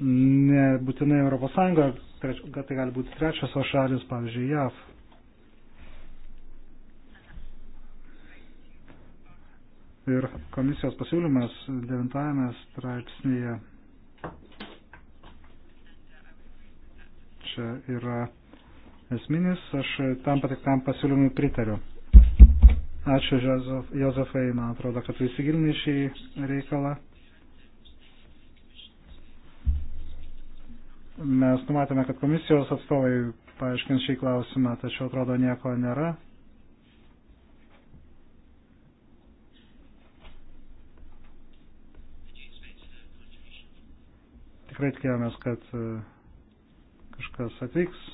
nebūtinai Europos Sąjunga, kad tai gali būti trečiosios šalis, pavyzdžiui, JAV. Ir komisijos pasiūlymas devintame straipsnėje čia yra esminis, aš tam patiktam pasiūlymui pritariu. Ačiū Jozefai, man atrodo, kad tu įsigilinai šį reikalą. Mes numatome, kad komisijos atstovai paaiškins šį klausimą, tačiau atrodo nieko nėra. Tikrai tikėjomės, kad e, kažkas atvyks.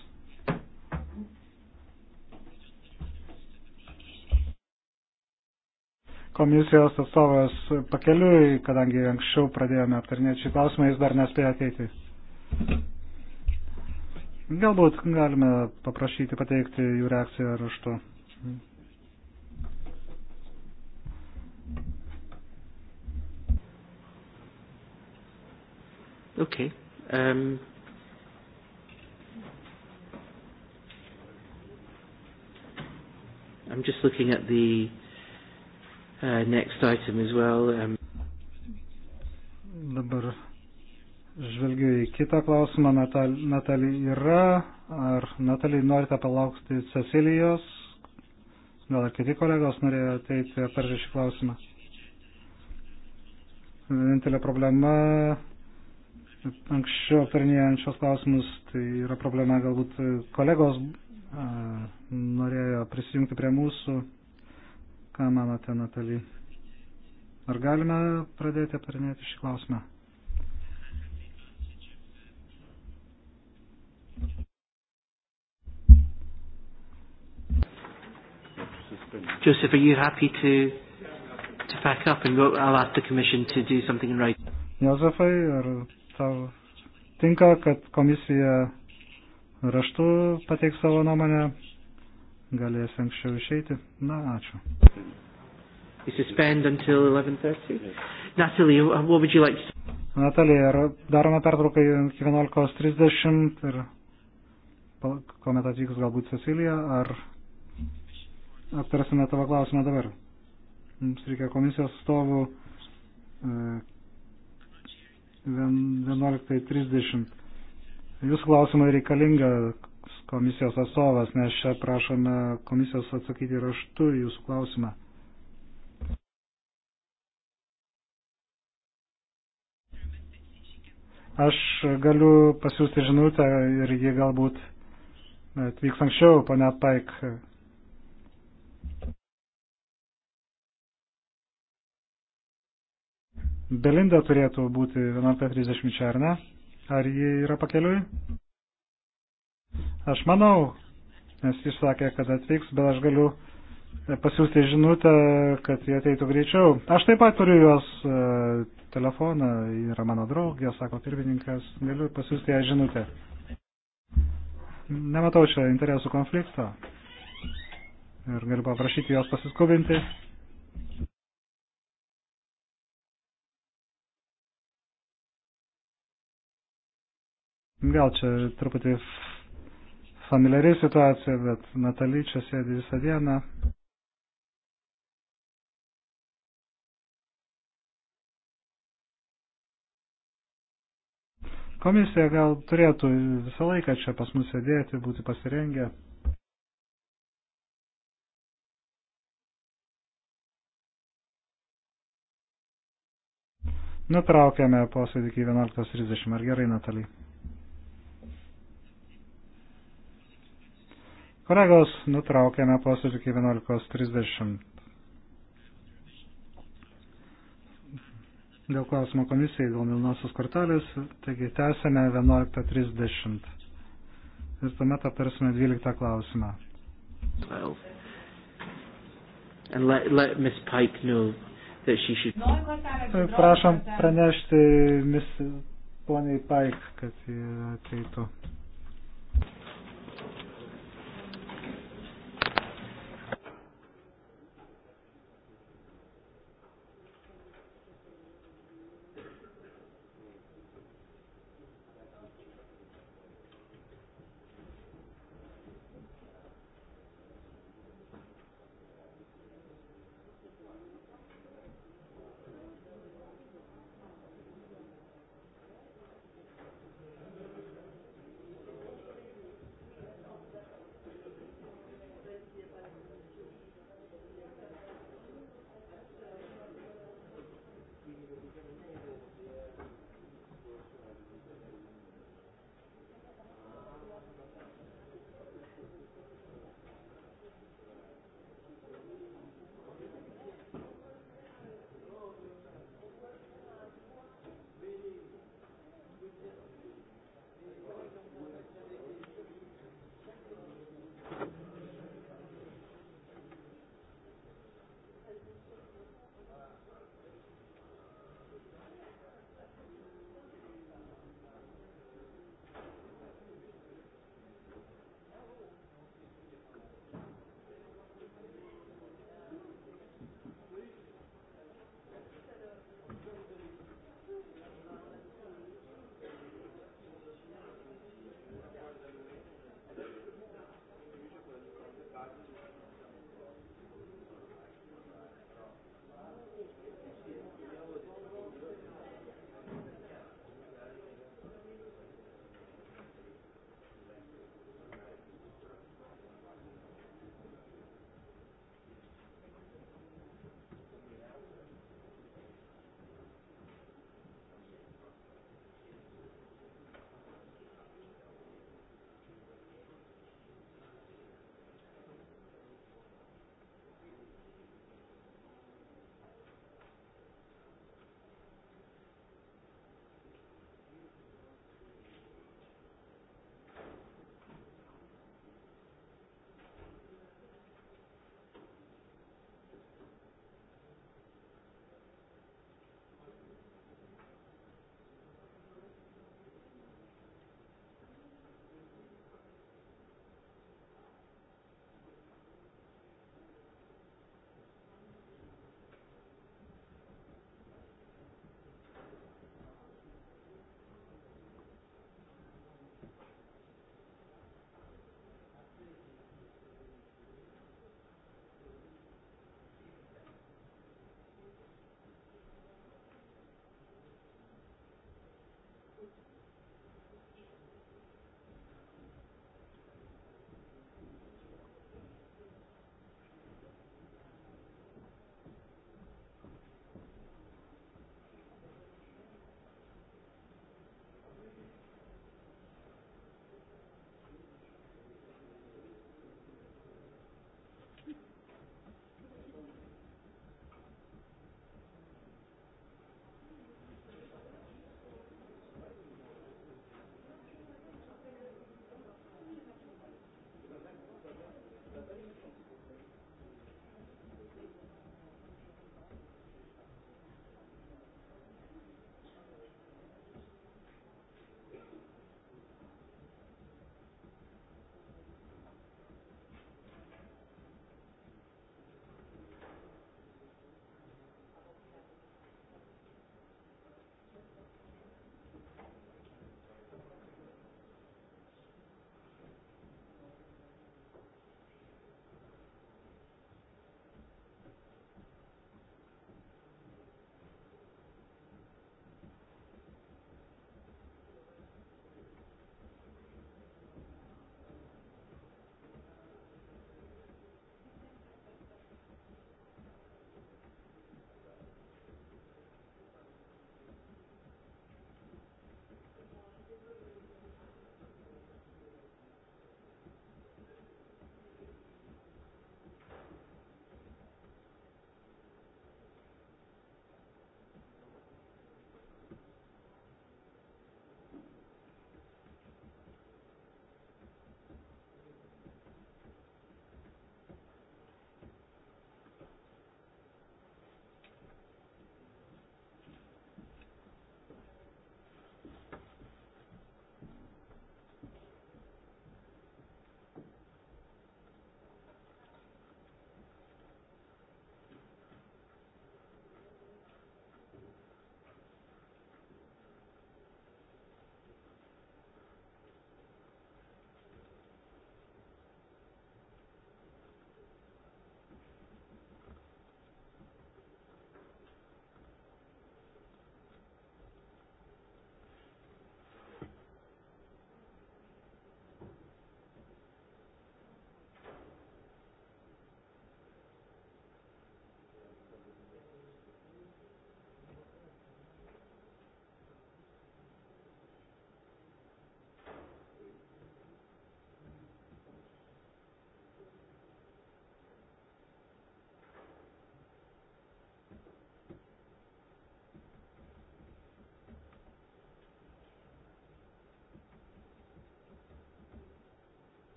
Komisijos atstovas pakeliui, kadangi anksčiau pradėjome aptarinėti šį klausimą, jis dar nespėjo ateiti. Galbūt galime paprašyti pateikti jų reakciją raštu. Okay. Um, I'm just looking at the uh, next item as well. Um, Dabar žvelgiu į kitą klausimą. Natalį yra. Ar Natalį norite palaukti Cecilijos? Gal ir kiti kolegos norėjo ateiti aptarti šį klausimą. Vienintelė problema anksčiau aptarinėjančios klausimus, tai yra problema galbūt kolegos a, norėjo prisijungti prie mūsų. Ką manote, Natalį? Ar galime pradėti aptarinėti šį klausimą? Joseph, are you happy to to pack up and go? I'll ask the Commission to do something in writing. Josefai, ar tau tinka, kad komisija raštu pateiks savo nuomonę, galės anksčiau išeiti? Na, ačiū. We suspend until 11.30. Natalie, what would you like to... Natalija, ar darome pertrauką iki 11.30 ir kuomet atvyks galbūt Cecilija, ar aptarsime tavo klausimą dabar. Mums reikia komisijos stovų 11.30. E, jūsų klausimai reikalinga komisijos atstovas, nes čia prašome komisijos atsakyti raštu jūsų klausimą. Aš galiu pasiūsti žinutę ir ji galbūt e, atvyks anksčiau, pane Paik, Belinda turėtų būti 11.30 čia, ar ne? Ar ji yra pakeliui? Aš manau, nes jis sakė, kad atvyks, bet aš galiu pasiūsti žinutę, kad jie ateitų greičiau. Aš taip pat turiu jos e, telefoną, ji yra mano draugė, sako pirmininkas, galiu pasiūsti ją žinutę. Nematau čia interesų konflikto ir galiu paprašyti jos pasiskubinti. Gal čia truputį familiariai situacija, bet Natalie čia sėdi visą dieną. Komisija gal turėtų visą laiką čia pas mus sėdėti, būti pasirengę. Nutraukėme posėdį iki 11.30. Ar gerai, Natalie? Kolegos, nutraukėme posėdį iki 11.30. Dėl klausimo komisijai, dėl Milnosios kortelės, taigi tęsėme 11.30. Ir tuomet aptarsime 12 klausimą. Well. And let, let Miss Pike know that she should... Tai prašom pranešti Miss Poniai Pike, kad jie ateitų.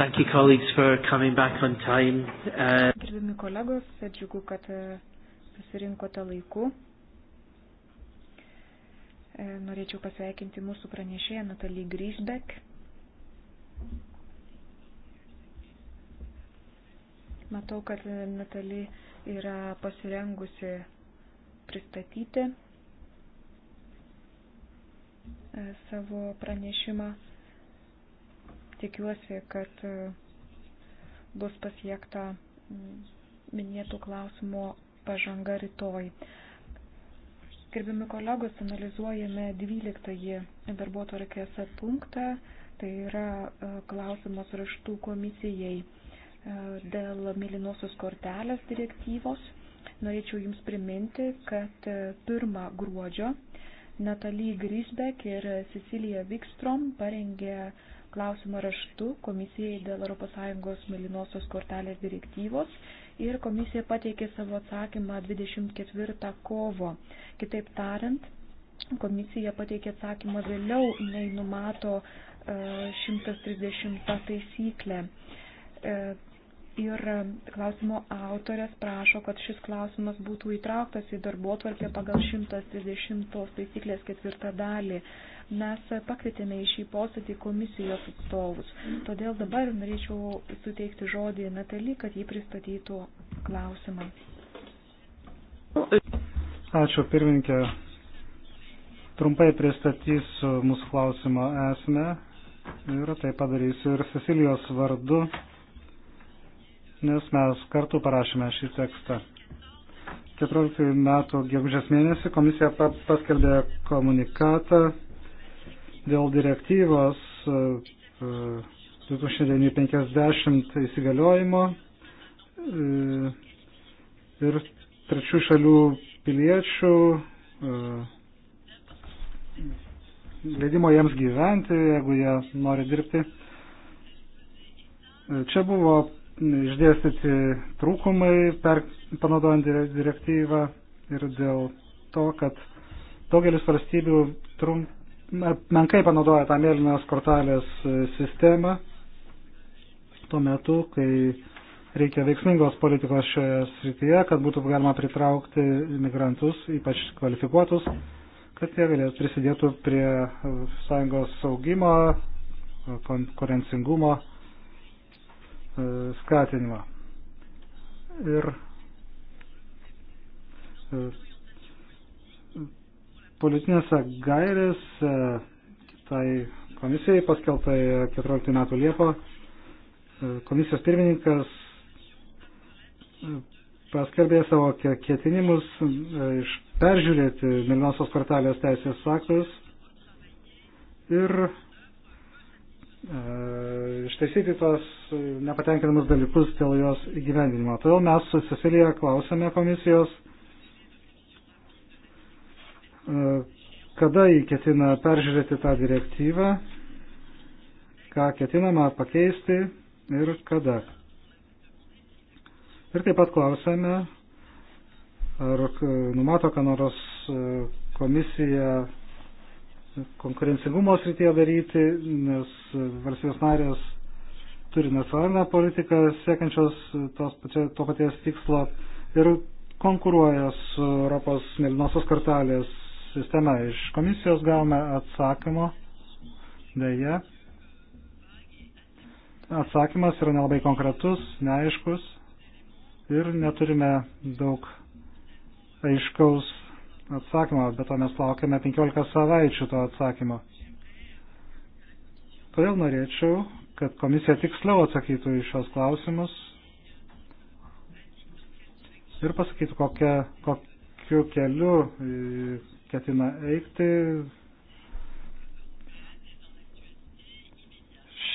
Thank you, colleagues, for coming back on time. Uh... Gerbimi kolegos, džiugu, kad susirinkote e, laiku. E, norėčiau pasveikinti mūsų pranešėją Natalį Grįžbek. Matau, kad Natalį yra pasirengusi pristatyti e, savo pranešimą Tikiuosi, kad e, bus pasiekta mm, minėtų klausimų pažanga rytoj. Gerbiami kolegos, analizuojame 12 darbo tvarkės punktą, tai yra e, klausimas raštų komisijai e, dėl Milinosios kortelės direktyvos. Norėčiau Jums priminti, kad 1 gruodžio Natalie Grisbeck ir Cecilija Wikstrom parengė klausimą raštu komisijai dėl ES melinosios kortelės direktyvos ir komisija pateikė savo atsakymą 24 kovo. Kitaip tariant, komisija pateikė atsakymą vėliau, nei numato 130 e, taisyklė. E, ir klausimo autorės prašo, kad šis klausimas būtų įtrauktas į darbo tvarkę pagal 130 taisyklės ketvirtą dalį mes pakvietėme į šį posėdį komisijos atstovus. Todėl dabar norėčiau suteikti žodį Natalį, kad jį pristatytų klausimą. Ačiū pirmininkė. Trumpai pristatysiu mūsų klausimo esmę ir tai padarysiu ir Cecilijos vardu, nes mes kartu parašėme šį tekstą. 14 metų gegužės mėnesį komisija paskelbė komunikatą dėl direktyvos 2950 e, e, įsigaliojimo e, ir trečių šalių piliečių leidimo jiems gyventi, jeigu jie nori dirbti. Čia buvo išdėstyti trūkumai, per, panaudojant direktyvą ir dėl to, kad daugelis valstybių trump, menkai panaudoja tą mėlynos kortelės e, sistemą tuo metu, kai reikia veiksmingos politikos šioje srityje, kad būtų galima pritraukti migrantus, ypač kvalifikuotus, kad jie galėtų prisidėtų prie e, sąjungos saugimo, e, konkurencingumo skatinimo. Ir politinėse gairės e, tai komisijai paskeltai 14 metų Liepo e, komisijos pirmininkas e, paskelbė savo ketinimus iš peržiūrėti Milinosios kortelės teisės aktus ir e, ištaisyti tos nepatenkinamus dalykus dėl jos įgyvendinimo. Todėl mes su Cecilija klausėme komisijos kada jį ketina peržiūrėti tą direktyvą, ką ketinama pakeisti ir kada. Ir taip pat klausėme, ar numato kanoros e, komisija konkurencingumo srityje daryti, nes valstybės narės turi nacionalinę politiką siekiančios tos, to paties tikslo ir konkuruoja su Europos mėlynosios kartelės sistema. Iš komisijos gavome atsakymo, dėje. Atsakymas yra nelabai konkretus, neaiškus ir neturime daug aiškaus atsakymo, bet to mes laukiame 15 savaičių to atsakymo. Todėl norėčiau, kad komisija tiksliau atsakytų į šios klausimus ir pasakytų, kokia, kokiu keliu ketina eikti.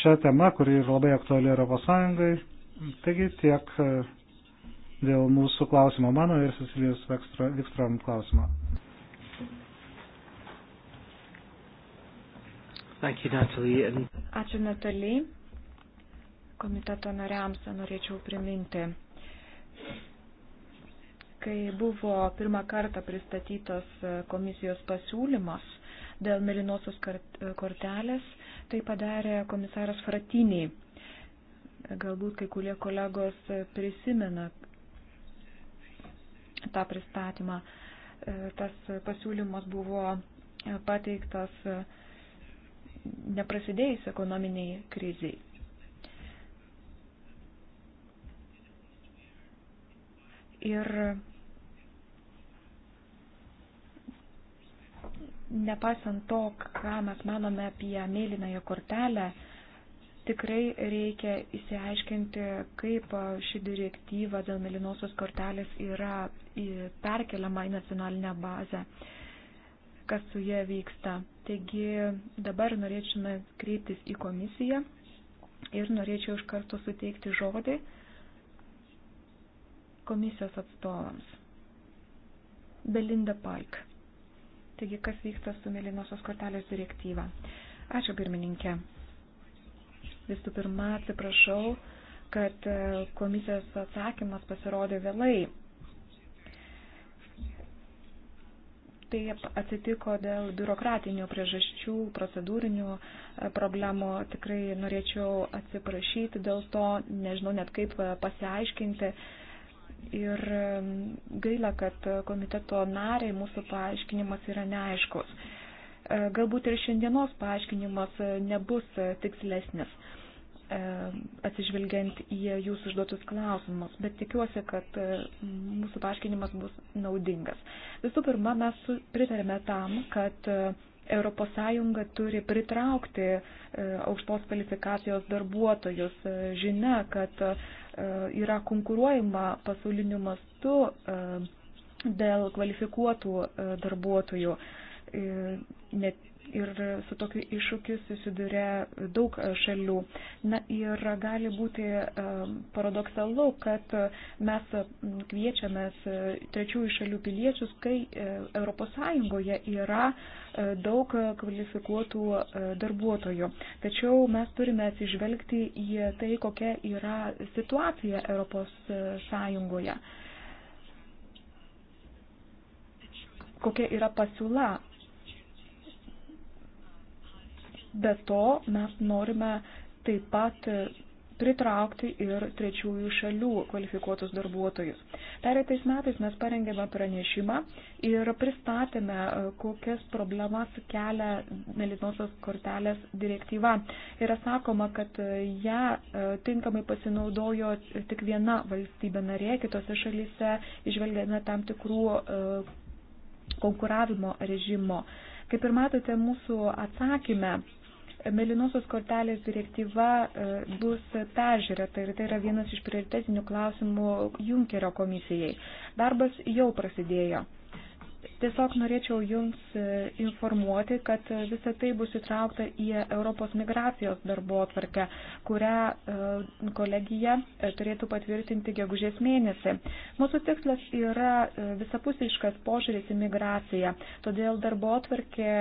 Šią temą, kuri yra labai aktuali Europos Sąjungai. Taigi tiek e, dėl mūsų klausimo mano ir Cecilijos Vikstrom klausimo. Ačiū Natalijai. Ačiū Natalijai. Komiteto nariams norėčiau priminti kai buvo pirmą kartą pristatytas e, komisijos pasiūlymas dėl melinosios e, kortelės, tai padarė komisaras Fratiniai. Galbūt kai kurie kolegos e, prisimena tą pristatymą. Tas pasiūlymas buvo pateiktas neprasidėjus ekonominiai kriziai. Ir nepaisant to, ką mes manome apie mėlynąją kortelę, tikrai reikia įsiaiškinti, kaip ši direktyva dėl mėlynosios kortelės yra perkeliama į nacionalinę bazę, kas su jie vyksta. Taigi dabar norėčiau kreiptis į komisiją ir norėčiau iš karto suteikti žodį komisijos atstovams. Belinda Pike. Taigi, kas vyksta su mėlynosios kortelės direktyva? Ačiū, pirmininkė. Visų pirma, atsiprašau, kad e, komisijos atsakymas pasirodė vėlai. Tai atsitiko dėl biurokratinių priežasčių, procedūrinių e, problemų. Tikrai norėčiau atsiprašyti dėl to, nežinau net kaip e, pasiaiškinti Ir gaila, kad komiteto nariai mūsų paaiškinimas yra neaiškus. E, galbūt ir šiandienos paaiškinimas e, nebus e, tikslesnis, atsižvelgiant į jūsų užduotus klausimus, bet tikiuosi, kad mūsų paaiškinimas bus naudingas. Visų pirma, mes pritarėme tam, kad ES turi pritraukti aukštos kvalifikacijos darbuotojus. Žinia, kad E, yra konkuruojama pasauliniu mastu e, dėl kvalifikuotų e, darbuotojų. Net Ir su tokiu iššūkiu susiduria daug šalių. Na ir gali būti e, paradoksalu, kad mes kviečiame trečiųjų šalių piliečius, kai ES yra e, daug kvalifikuotų e, darbuotojų. Tačiau mes turime atsižvelgti į tai, kokia yra situacija ES. Kokia yra pasiūla Be to, mes norime taip pat pritraukti ir trečiųjų šalių kvalifikuotus darbuotojus. Pereitais metais mes parengėme pranešimą ir pristatėme, e, kokias problemas kelia melinosios kortelės direktyva. Yra sakoma, kad e, ją e, tinkamai pasinaudojo tik viena valstybė narė, kitose šalyse išvelgėme tam tikrų konkuravimo režimo. Kaip ir matote mūsų atsakymę, Melinosios kortelės direktyva e, bus peržiūrėta ir tai yra vienas iš prioritetinių klausimų Junkerio komisijai. Darbas jau prasidėjo. Tiesiog norėčiau Jums e, informuoti, kad e, visa tai bus įtraukta į Europos migracijos darbo atvarkę, kurią e, kolegija turėtų patvirtinti gegužės mėnesį. Mūsų tikslas yra visapusiškas požiūris į migraciją, todėl darbo atvarkė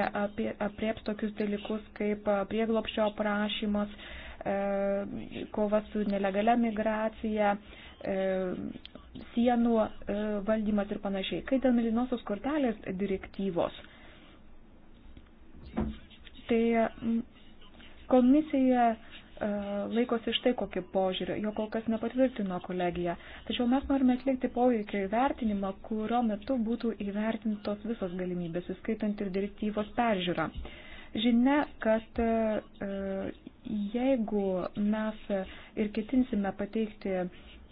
aprieps tokius dalykus kaip prieglopščio prašymas, kova su nelegalia migracija, E, sienų e, valdymas ir panašiai. Kai dėl melinosios kortelės direktyvos, tai komisija e, laikosi štai kokį požiūrį, jo kol kas nepatvirtino kolegija. Tačiau mes norime atlikti poveikio įvertinimą, kurio metu būtų įvertintos visos galimybės, įskaitant ir direktyvos peržiūrą. Žinia, kad jeigu mes ir ketinsime pateikti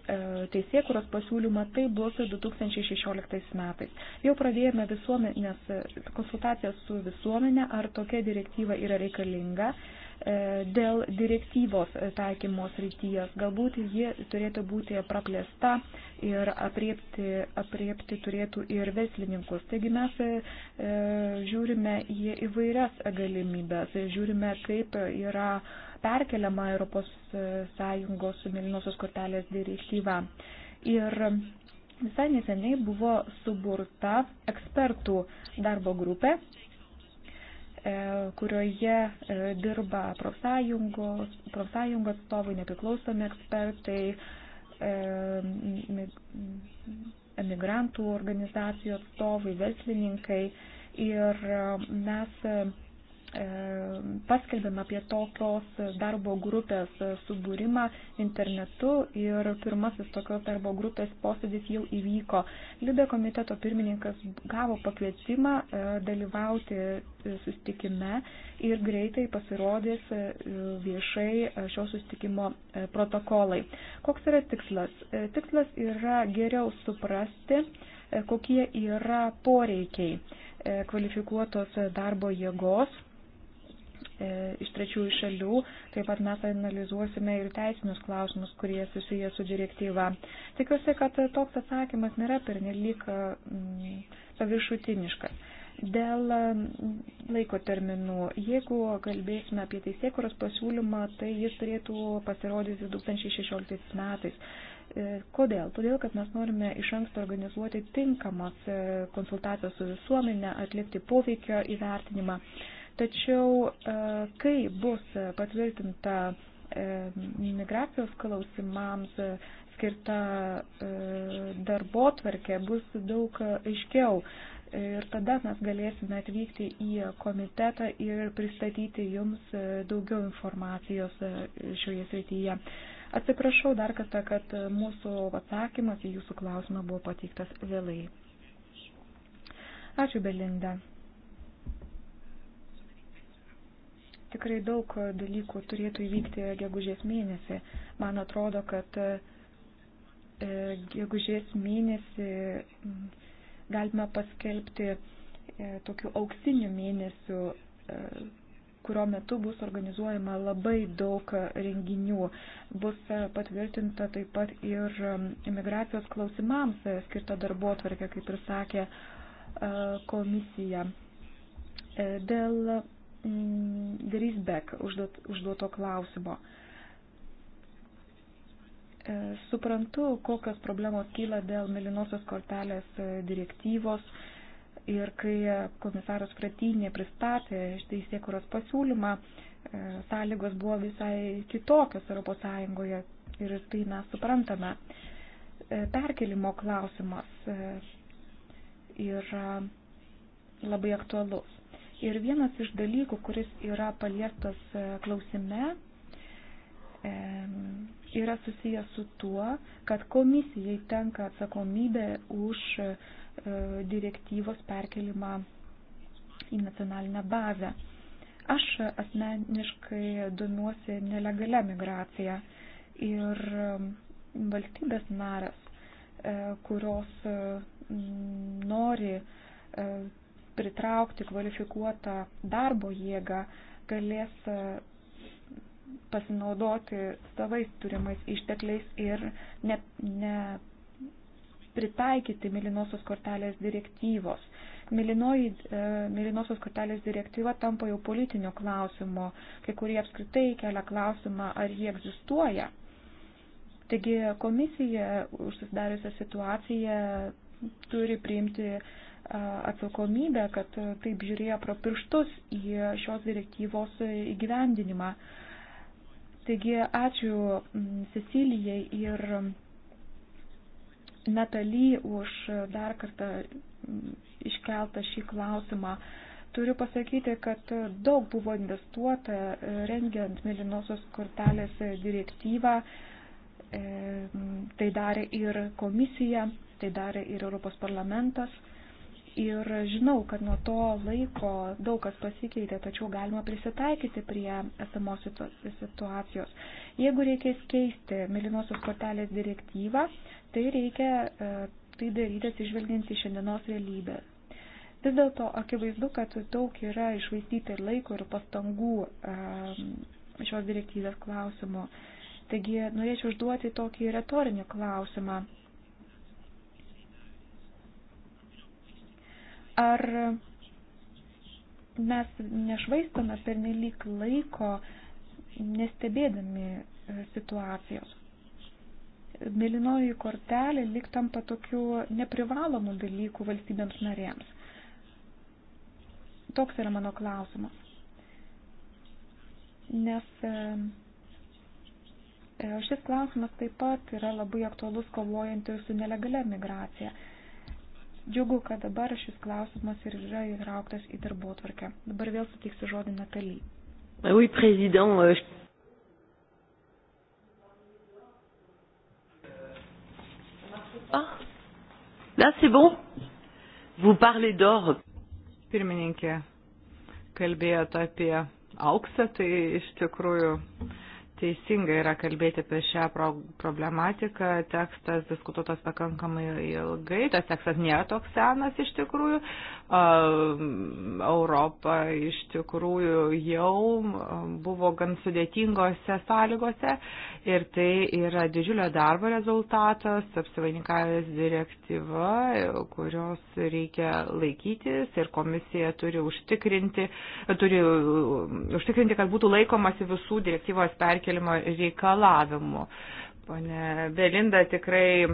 E, teisėkuros pasiūlymą, tai bus 2016 metais. Jau pradėjome visuomenės e, konsultacijas su visuomenė, ar tokia direktyva yra reikalinga. E, dėl direktyvos taikymos ryties galbūt ji turėtų būti praplėsta ir apriepti, apriepti turėtų ir veslininkus. Taigi mes žiūrime į įvairias galimybės, žiūrime kaip yra perkeliama ES mėlynosios kortelės direktyva. Ir visai neseniai buvo suburta ekspertų darbo grupė, e, kurioje e, dirba profsąjungos, profsąjungos atstovai, nepriklausomi ekspertai, e, emigrantų organizacijų atstovai, verslininkai. Ir mes E, paskelbėme apie tokios darbo grupės subūrimą internetu ir pirmasis tokios darbo grupės posėdis jau įvyko. Libe komiteto pirmininkas gavo pakvietimą e, dalyvauti e, sustikime ir greitai pasirodys viešai šio sustikimo protokolai. Koks yra tikslas? Tikslas yra geriau suprasti, kokie yra poreikiai kvalifikuotos darbo jėgos E, iš trečiųjų šalių. Taip pat mes analizuosime ir teisinius klausimus, kurie susiję su direktyva. Tikiuosi, kad toks atsakymas nėra pernelyg mm, paviršutiniškas. Dėl mm, laiko terminų, jeigu kalbėsime apie teisėkuros pasiūlymą, tai jis turėtų pasirodyti 2016 metais. E, kodėl? Todėl, kad mes norime iš anksto organizuoti tinkamas e, konsultacijas su visuomenė, atlikti poveikio įvertinimą. Tačiau, e, kai bus patvirtinta e, migracijos klausimams e, skirta darbo tvarkė, bus daug aiškiau. Ir tada mes galėsime atvykti į komitetą ir pristatyti jums daugiau informacijos šioje srityje. Atsiprašau dar kartą, kad mūsų atsakymas į jūsų klausimą buvo pateiktas vėlai. Ačiū, Belinda. Tikrai daug dalykų turėtų įvykti gegužės mėnesį. Man atrodo, kad e, gegužės mėnesį mm, galima paskelbti e, tokiu auksiniu mėnesiu, e, kurio metu bus organizuojama labai daug renginių. Bus patvirtinta taip pat ir imigracijos klausimams skirta darbo atvarkė, kaip ir sakė komisija. Dėl Mm, Grisbek užduoto klausimo. E, suprantu, kokios problemos kyla dėl Melinosios kortelės e, direktyvos ir kai komisaras Fratinė pristatė teisėkuros pasiūlymą, e, sąlygos buvo visai kitokios ES ir tai mes suprantame. Perkelimo klausimas yra labai aktualus Ir vienas iš dalykų, kuris yra paliestas e, klausime, e, yra susijęs su tuo, kad komisijai tenka atsakomybė už e, direktyvos perkelimą į nacionalinę bazę. Aš asmeniškai domiuosi nelegalia migracija ir valstybės narės, kurios nori pritraukti kvalifikuotą darbo jėgą, galės e, pasinaudoti savais turimais ištekliais ir ne, ne pritaikyti Milinosios kortelės direktyvos. Milinoji, e, Milinosios kortelės direktyva tampa jau politinio klausimo, kai kurie apskritai kelia klausimą, ar jie egzistuoja. Taigi komisija užsidariusią situaciją turi priimti atsakomybę, kad taip žiūrėjo pro pirštus į šios direktyvos įgyvendinimą. Taigi ačiū Cecilijai ir Nataly už dar kartą iškeltą šį klausimą. Turiu pasakyti, kad daug buvo investuota e, rengiant Melinosios kortelės direktyvą. E, tai darė ir komisija, tai darė ir Europos parlamentas. Ir žinau, kad nuo to laiko daug kas pasikeitė, tačiau galima prisitaikyti prie esamos situacijos. Jeigu reikės keisti Milinosios kortelės direktyvą, tai reikia e, tai daryti atsižvelgiant į šiandienos realybę. Vis dėlto akivaizdu, kad daug yra išvaistyti ir laiko, ir pastangų e, šios direktyvės klausimų. Taigi norėčiau užduoti tokį retorinį klausimą. Ar mes nešvaistome pernelyg laiko nestebėdami e, situacijos? Mėlynoji kortelė lik tampa tokių neprivalomų dalykų valstybėms narėms. Toks yra mano klausimas. Nes e, e, šis klausimas taip pat yra labai aktualus kovojant ir su nelegalia migracija. Džiugu, kad dabar šis klausimas ir yra įtrauktas į darbo tvarkę. Dabar vėl sutiksiu žodį Natalijai. Oui, président. Euh, ah, là c'est bon. Vous parlez d'or. Pirmininkė, kalbėjote apie auksą, tai iš tikrųjų teisinga yra kalbėti apie šią pro problematiką. Tekstas diskutuotas pakankamai ilgai, tas tekstas nėra toks senas iš tikrųjų. Ehm, Europa iš tikrųjų jau ehm, buvo gan sudėtingose sąlygose ir tai yra didžiulio darbo rezultatas, apsivainikavęs direktyva, kurios reikia laikytis ir komisija turi užtikrinti, turi ehm, užtikrinti kad būtų laikomasi visų direktyvos perkelimo reikalavimų. Pane Belinda tikrai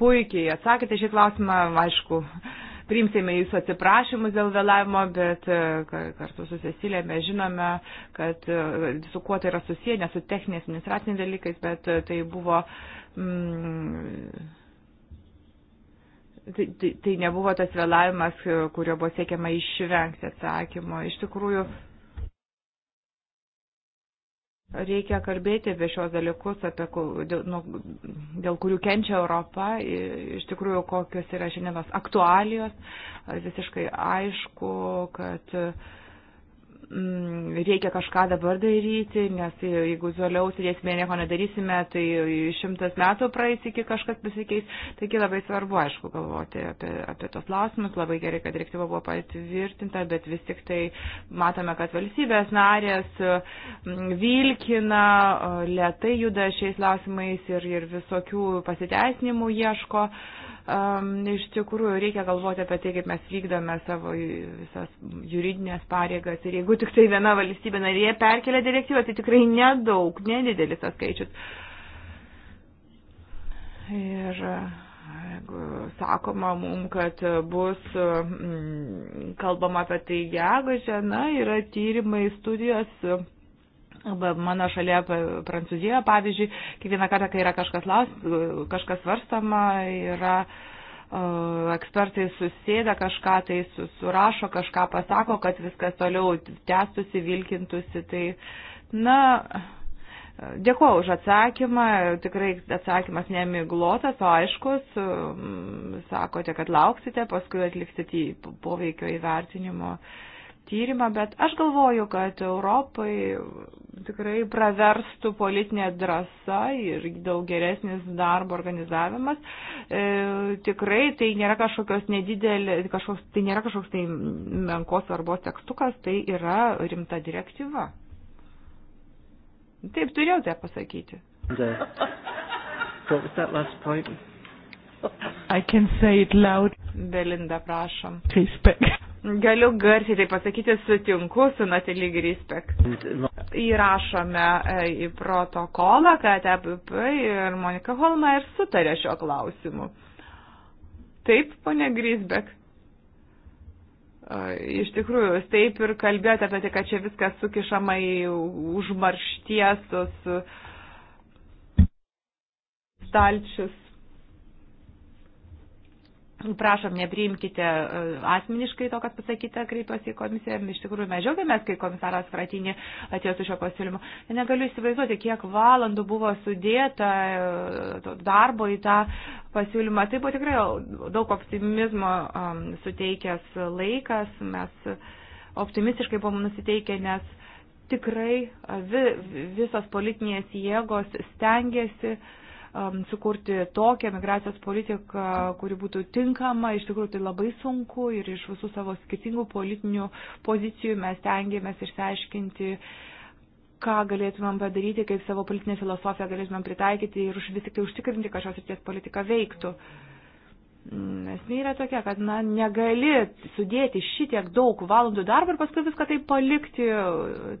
puikiai atsakėte šį klausimą, aišku, priimsime jūsų atsiprašymus dėl vėlavimo, bet e, kartu su Cecilė mes žinome, kad e, su kuo tai yra susiję, ne su techniniais administraciniais dalykais, bet e, tai buvo. Mm, Tai, tai, tai nebuvo tas vėlavimas, kurio buvo siekiama išvengti atsakymo. Iš tikrųjų, Reikia kalbėti apie šios dalykus, apie, dėl, nu, dėl kurių kenčia Europa, iš tikrųjų kokios yra šiandienos aktualijos. Visiškai aišku, kad uh, Mm, reikia kažką dabar daryti, nes jeigu toliau sėdėsime ir nieko nedarysime, tai šimtas metų praeis iki kažkas pasikeis. Taigi labai svarbu, aišku, galvoti apie, apie tos klausimus. Labai gerai, kad direktyva buvo patvirtinta, bet vis tik tai matome, kad valstybės narės mm, vilkina, lietai juda šiais klausimais ir, ir visokių pasiteisinimų ieško. Uh, um, iš tikrųjų reikia galvoti apie tai, kaip mes vykdome savo visas juridinės pareigas. Ir jeigu tik tai viena valstybė narė perkelia direktyvą, tai tikrai nedaug, nedidelis tas skaičius. Ir jeigu sakoma mum, kad bus mm, kalbama apie tai gegužę, na, yra tyrimai, studijos Mano šalia Prancūzijoje, pavyzdžiui, kiekvieną kartą, kai yra kažkas, laus, kažkas svarstama, yra ekspertai susėda kažką, tai surašo, kažką pasako, kad viskas toliau tęstusi, vilkintusi. Tai, na, dėkuoju už atsakymą, tikrai atsakymas nemiglotas, o aiškus, sakote, kad lauksite, paskui atliksite į poveikio įvertinimo uh, tyrimą, bet aš galvoju, kad Europai tikrai praverstų politinė drąsa ir daug geresnis darbo organizavimas. E, tikrai tai nėra kažkokios nedidelės, kažkoks, tai nėra kažkoks tai menkos svarbos tekstukas, tai yra rimta direktyva. Taip, turėjau tai pasakyti. Uh, I can say it loud. Belinda, prašom. Respect. Galiu garsiai tai pasakyti, sutinku su Natalie Grispek. Įrašome e, į protokolą, kad EPP ir Monika Holma ir sutarė šio klausimu. Taip, ponė Grisbek. E, iš tikrųjų, jūs taip ir kalbėjote apie tai, kad čia viskas sukišama į užmarštiesus e, stalčius Prašom, nepriimkite e, asmeniškai to, kas pasakyta, kreipiuosi į komisiją. Iš tikrųjų, mes džiaugiamės, kai komisaras Fratinė atėjo su šio pasiūlymu. Negaliu įsivaizduoti, kiek valandų buvo sudėta e, darbo į tą pasiūlymą. Tai buvo tikrai daug optimizmo suteikęs laikas. Mes optimistiškai buvom nusiteikę, nes tikrai vi, visos politinės jėgos stengiasi uh, um, sukurti tokią migracijos politiką, kuri būtų tinkama. Iš tikrųjų, tai labai sunku ir iš visų savo skirtingų politinių pozicijų mes tengiamės išsiaiškinti ką galėtumėm padaryti, kaip savo politinę filosofiją galėtumėm pritaikyti ir už vis tik tai užtikrinti, kad šios ryties politika veiktų. Uh, Mm, esmė yra tokia, kad na, negali sudėti šitiek daug valandų darbo ir paskui viską tai palikti,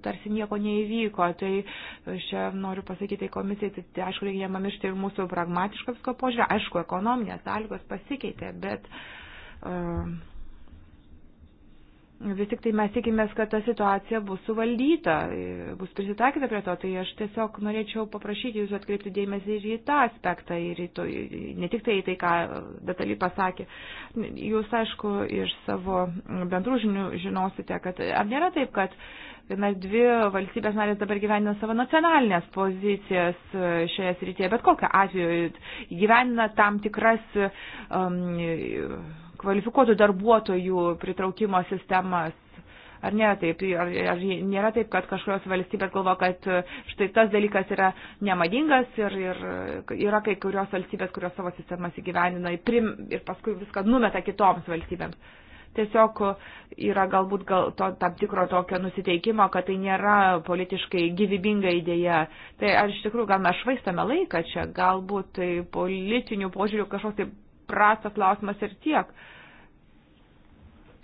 tarsi nieko neįvyko. Tai čia noriu pasakyti komisijai, tai, tai aišku, reikia nepamiršti ir mūsų pragmatišką visko požiūrį. Aišku, ekonominės sąlygos pasikeitė, bet. Uh, vis tik tai mes tikimės, kad ta situacija bus suvaldyta, bus prisitaikyta prie to. Tai aš tiesiog norėčiau paprašyti jūsų atkreipti dėmesį ir į tą aspektą, ir į to, ne tik tai į tai, ką detaliai pasakė. Jūs, aišku, iš savo bendrų žinių žinosite, kad ar nėra taip, kad mes dvi valstybės narės dabar gyvenina savo nacionalinės pozicijas e, šioje srityje, bet kokią atveju gyvenina tam tikras. Um, kvalifikuotų darbuotojų pritraukimo sistemas. Ar nėra taip, ar, ar nėra taip, kad kažkurios valstybės galvo, kad štai tas dalykas yra nemadingas ir, ir yra kai kurios valstybės, kurios savo sistemas įgyvenina prim, ir paskui viską numeta kitoms valstybėms. Tiesiog yra galbūt gal to, tam tikro tokio nusiteikimo, kad tai nėra politiškai gyvybinga idėja. Tai ar iš tikrųjų gal mes švaistame laiką čia, galbūt tai politinių požiūrių kažkoks tai prastas klausimas ir tiek. Uh,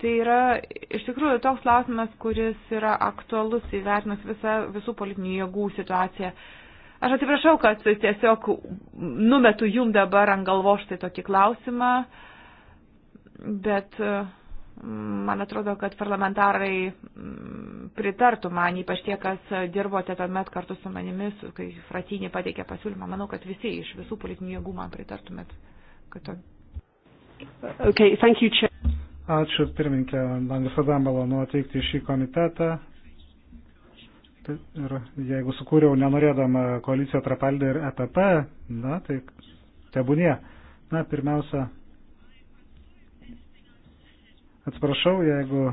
Tai yra iš tikrųjų toks klausimas, kuris yra aktualus įvertinus visą, visų politinių jėgų situaciją. Aš atsiprašau, kad tiesiog numetu jum dabar ant galvos štai tokį klausimą, bet mm, man atrodo, kad parlamentarai mm, pritartų man, ypač tie, kas dirbote tuomet kartu su manimis, kai Fratinį pateikė pasiūlymą. Manau, kad visi iš visų politinių jėgų man pritartumėt. To... Okay, thank you, Chair. Ačiū pirminkė, man visada malonu atvykti į šį komitetą. Tai ir jeigu sukūriau nenorėdama koaliciją Trapaldė ir EPP, na, tai tebūnie. Na, pirmiausia, atsiprašau, jeigu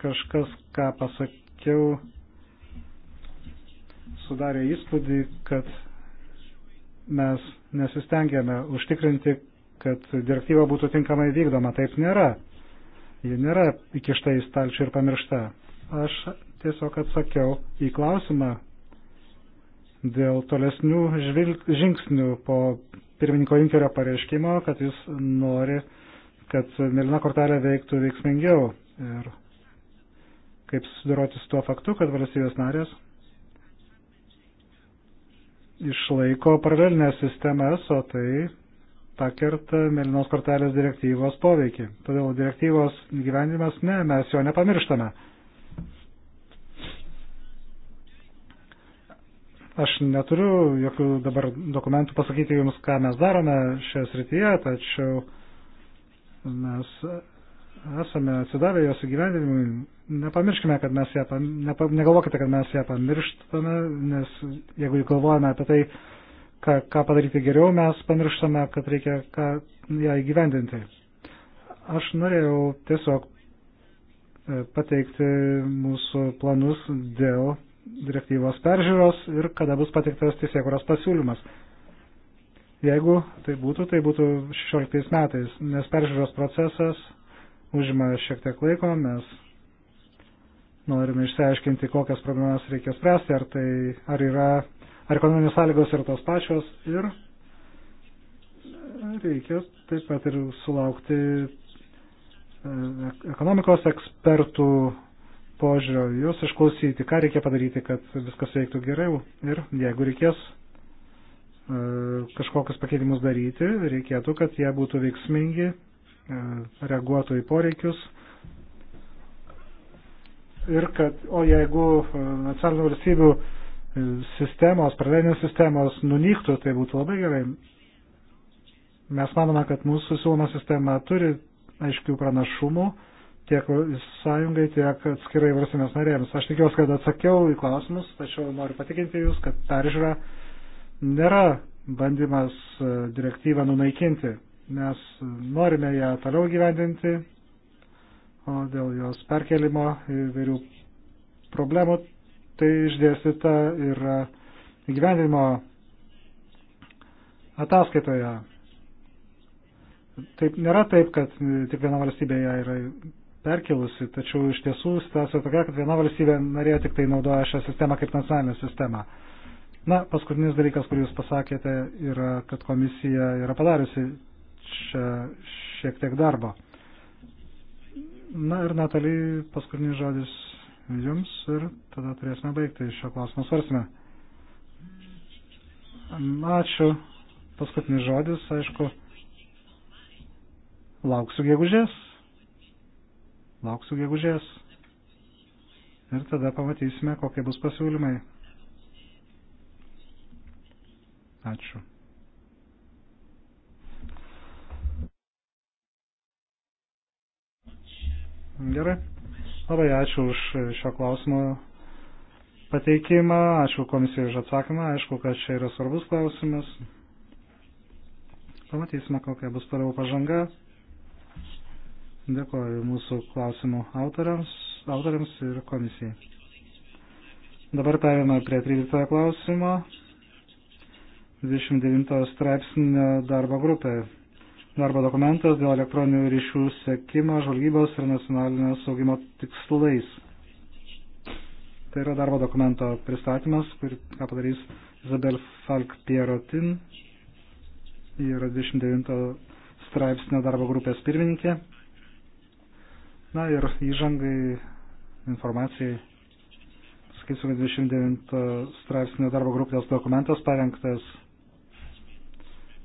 kažkas, ką pasakiau, sudarė įspūdį, kad mes nesistengėme užtikrinti, kad direktyva būtų tinkamai vykdoma. Taip nėra. Ji nėra įkišta į stalčių ir pamiršta. Aš tiesiog atsakiau į klausimą dėl tolesnių žingsnių po pirmininko Junkerio pareiškimo, kad jis nori, kad Melina kortelė veiktų veiksmingiau. Ir kaip susidoroti su tuo faktu, kad valstybės narės išlaiko paralelinės sistemas, o tai pakerta Melinos kortelės direktyvos poveikį. Todėl direktyvos gyvenimas, ne, mes jo nepamirštame. Aš neturiu jokių dabar dokumentų pasakyti jums, ką mes darome šioje srityje, tačiau mes esame atsidavę jos įgyvendinimui. Nepamirškime, kad mes ją, nepa, negalvokite, kad mes ją pamirštame, nes jeigu galvojame apie tai, ką, ką padaryti geriau, mes pamirštame, kad reikia ką, ją įgyvendinti. Aš norėjau tiesiog e, pateikti mūsų planus dėl direktyvos peržiūros ir kada bus pateiktas teisėkuros pasiūlymas. Jeigu tai būtų, tai būtų 16 metais, nes peržiūros procesas užima šiek tiek laiko, mes norime išsiaiškinti, kokias problemas reikia spręsti, ar, tai, ar yra ar ekonominės sąlygos yra tos pačios ir reikia taip pat ir sulaukti e, ekonomikos ekspertų požiūrio, juos išklausyti, ką reikia padaryti, kad viskas veiktų geriau ir jeigu reikės e, kažkokius pakeitimus daryti, reikėtų, kad jie būtų veiksmingi, e, reaguotų į poreikius. Ir kad, o jeigu nacionalinių valstybių sistemos, pradinės sistemos nunyktų, tai būtų labai gerai. Mes manome, kad mūsų siūloma sistema turi aiškių pranašumų tiek sąjungai, tiek atskirai valstybės narėms. Aš tikiuosi, kad atsakiau į klausimus, tačiau noriu patikinti Jūs, kad peržiūra nėra bandymas e, direktyvą nunaikinti. Mes norime ją toliau gyvendinti, o dėl jos perkelimo įvairių problemų tai išdėstyta yra gyvenimo ataskaitoje. Taip, nėra taip, kad tik viena valstybė ją yra perkilusi, tačiau iš tiesų situacija tokia, kad viena valstybė narė tik tai naudoja šią sistemą kaip nacionalinę sistemą. Na, paskutinis dalykas, kurį jūs pasakėte, yra, kad komisija yra padariusi čia šiek tiek darbo. Na ir Natalijai paskutinis žodis jums ir tada turėsime baigti šio klausimo svarstymą. Ačiū. Paskutinis žodis, aišku. Lauksiu gegužės. Lauksiu gegužės. Ir tada pamatysime, kokie bus pasiūlymai. Ačiū. Gerai. Labai ačiū už šio klausimo pateikimą, ačiū komisijai už atsakymą, aišku, kad čia yra svarbus klausimas. Pamatysime, kokia bus toliau pažanga. Dėkoju mūsų klausimų autoriams, autoriams ir komisijai. Dabar perėmame prie 13 klausimo. 29 straipsnio darbo grupė darbo dokumentas dėl elektroninių ryšių sekimo, žvalgybos ir nacionalinio saugimo tikslais. Tai yra darbo dokumento pristatymas, kurį ką padarys Izabel Falk Pierotin. Ji yra 29 straipsnio darbo grupės pirmininkė. Na ir įžangai informacijai. Sakysiu, kad 29 straipsnio darbo grupės dokumentas parengtas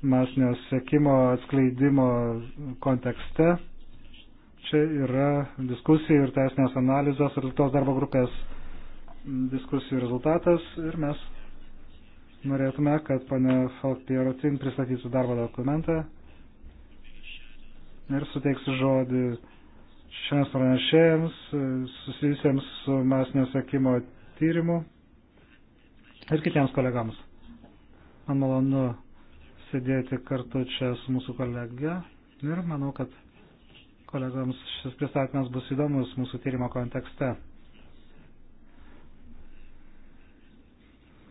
masinio sekimo atskleidimo kontekste. Čia yra diskusija ir teisinės analizos ir tos darbo grupės diskusijų rezultatas ir mes norėtume, kad pane Falkpierotin pristatytų darbo dokumentą ir suteiksiu žodį šiems pranešėjams susijusiems su masinio sekimo tyrimu ir kitiems kolegams. Man malonu sėdėti kartu čia su mūsų kolegė ir manau, kad kolegams šis pristatymas bus įdomus mūsų tyrimo kontekste.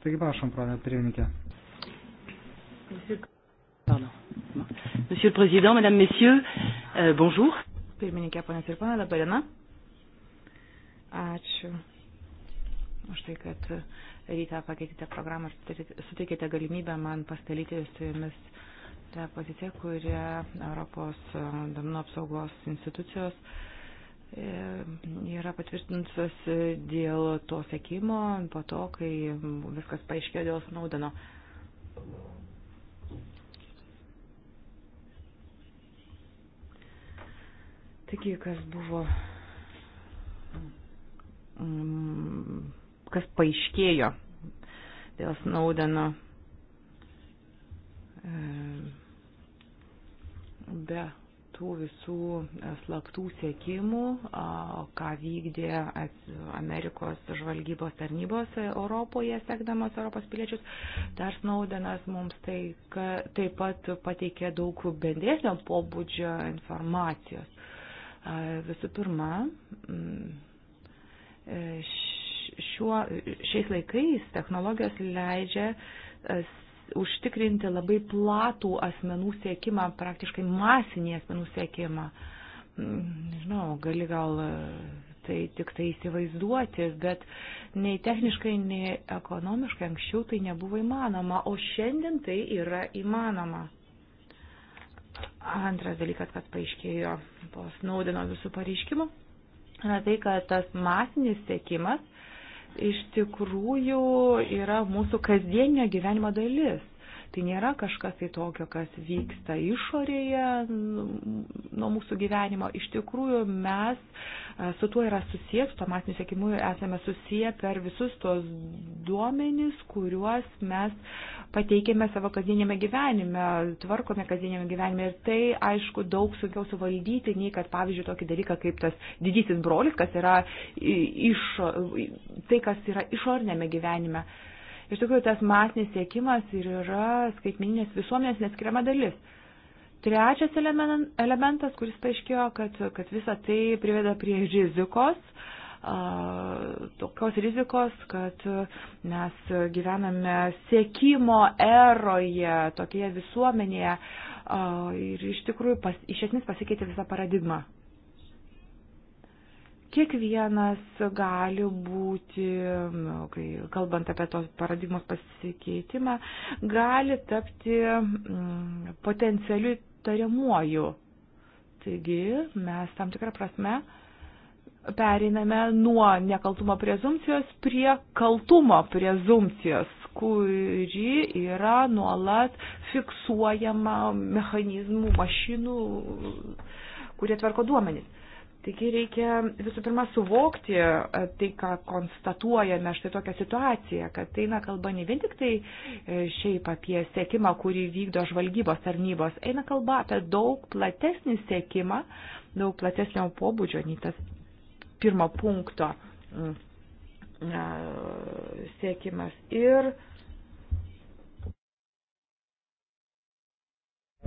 Taigi prašom, pranė pirmininkė. Monsieur le Président, Madame, Messieurs, euh, bonjour. Pirmininkė, ponės ir ponai, laba diena. Ačiū už tai, kad rytą pakeitėte programą ir suteikėte galimybę man pastalyti su jumis tą poziciją, kurią Europos e, domino apsaugos institucijos e, yra patvirtintas dėl to sekimo po to, kai viskas paaiškėjo dėl Snaudeno. Taigi, kas buvo kas paaiškėjo dėl Snaudeno. E, be tų visų e, slaptų sėkimų, ką vykdė Amerikos žvalgybos tarnybos Europoje, sekdamas Europos piliečius. Dar Snaudenas mums tai, ka, taip pat pateikė daug bendresnio pobūdžio informacijos. Visų pirma, e, šiuo, šiais laikais technologijos leidžia e, užtikrinti labai platų asmenų siekimą, praktiškai masinį asmenų siekimą. Mm, nežinau, gali gal e, tai tik tai įsivaizduoti, bet nei techniškai, nei ekonomiškai anksčiau tai nebuvo įmanoma, o šiandien tai yra įmanoma. Antras dalykas, kas paaiškėjo po Snaudino visų pareiškimų, yra tai, kad tas masinis sėkimas iš tikrųjų yra mūsų kasdienio gyvenimo dalis. Tai nėra kažkas tai tokio, kas vyksta išorėje mm, nuo mūsų gyvenimo. Iš tikrųjų, mes e, su tuo yra susijęs, su to masiniu sėkimu esame susiję per visus tos duomenys, kuriuos mes pateikėme savo kasdienėme gyvenime, tvarkome kasdienėme gyvenime. Ir tai, aišku, daug sunkiau suvaldyti, nei kad, pavyzdžiui, tokį dalyką kaip tas didysis brolis, kas yra iš, tai, kas yra išornėme gyvenime. Uh, Iš tikrųjų, tas masinis siekimas ir yra skaitmininės visuomenės neskiriama dalis. Trečias elementas, kuris paaiškėjo, kad, kad visa tai priveda prie rizikos, tokios rizikos, kad mes gyvename siekimo eroje, tokioje visuomenėje ir iš tikrųjų pas, iš esmės pasikeitė visa paradigma kiekvienas gali būti, nu, kai kalbant apie tos paradigmos pasikeitimą, gali tapti mm, potencialiu tariamuoju. Taigi mes tam tikrą prasme pereiname nuo nekaltumo prezumcijos prie kaltumo prezumcijos, kuri yra nuolat fiksuojama mechanizmų, mašinų, kurie tvarko duomenys. Taigi reikia visų pirma suvokti e, tai, ką konstatuojame, štai tokią situaciją, kad eina tai, kalba ne vien tik tai e, šiaip apie sėkimą, kurį vykdo žvalgybos tarnybos, eina kalba apie daug platesnį sėkimą, daug platesnio pobūdžio, nei tas pirmo punkto mm, e, sėkimas. Ir uh,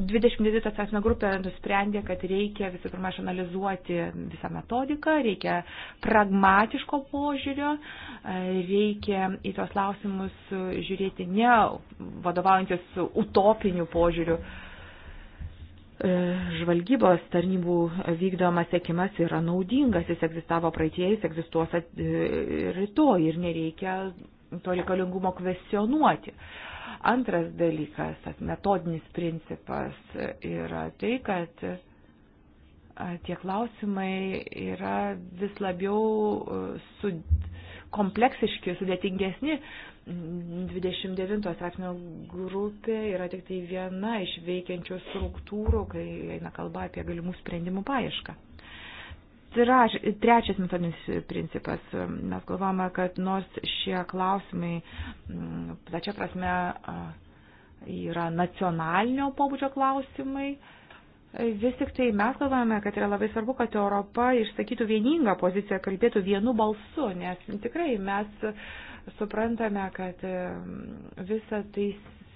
22 atsakymo grupė nusprendė, kad reikia visų pirma išanalizuoti visą metodiką, reikia pragmatiško požiūrio, reikia į tos klausimus žiūrėti ne vadovaujantis utopiniu požiūriu. E, žvalgybos tarnybų vykdomas sėkimas yra naudingas, jis egzistavo praeitie, jis egzistuos e, rytoj ir nereikia to reikalingumo kvesionuoti. Antras dalykas, tas metodinis principas yra tai, kad e, tie klausimai yra vis labiau e, su, kompleksiški, sudėtingesni. 29 straipsnio grupė yra tik tai viena iš veikiančių struktūrų, kai eina kalba apie galimų sprendimų paiešką. Traž, trečias metodinis principas. Mes galvojame, kad nors šie klausimai, mm, plačia prasme, yra nacionalinio pobūdžio klausimai, Vis tik tai mes galvojame, kad yra labai svarbu, kad Europa išsakytų vieningą poziciją, kalbėtų vienu balsu, nes tikrai mes suprantame, kad e, visa tai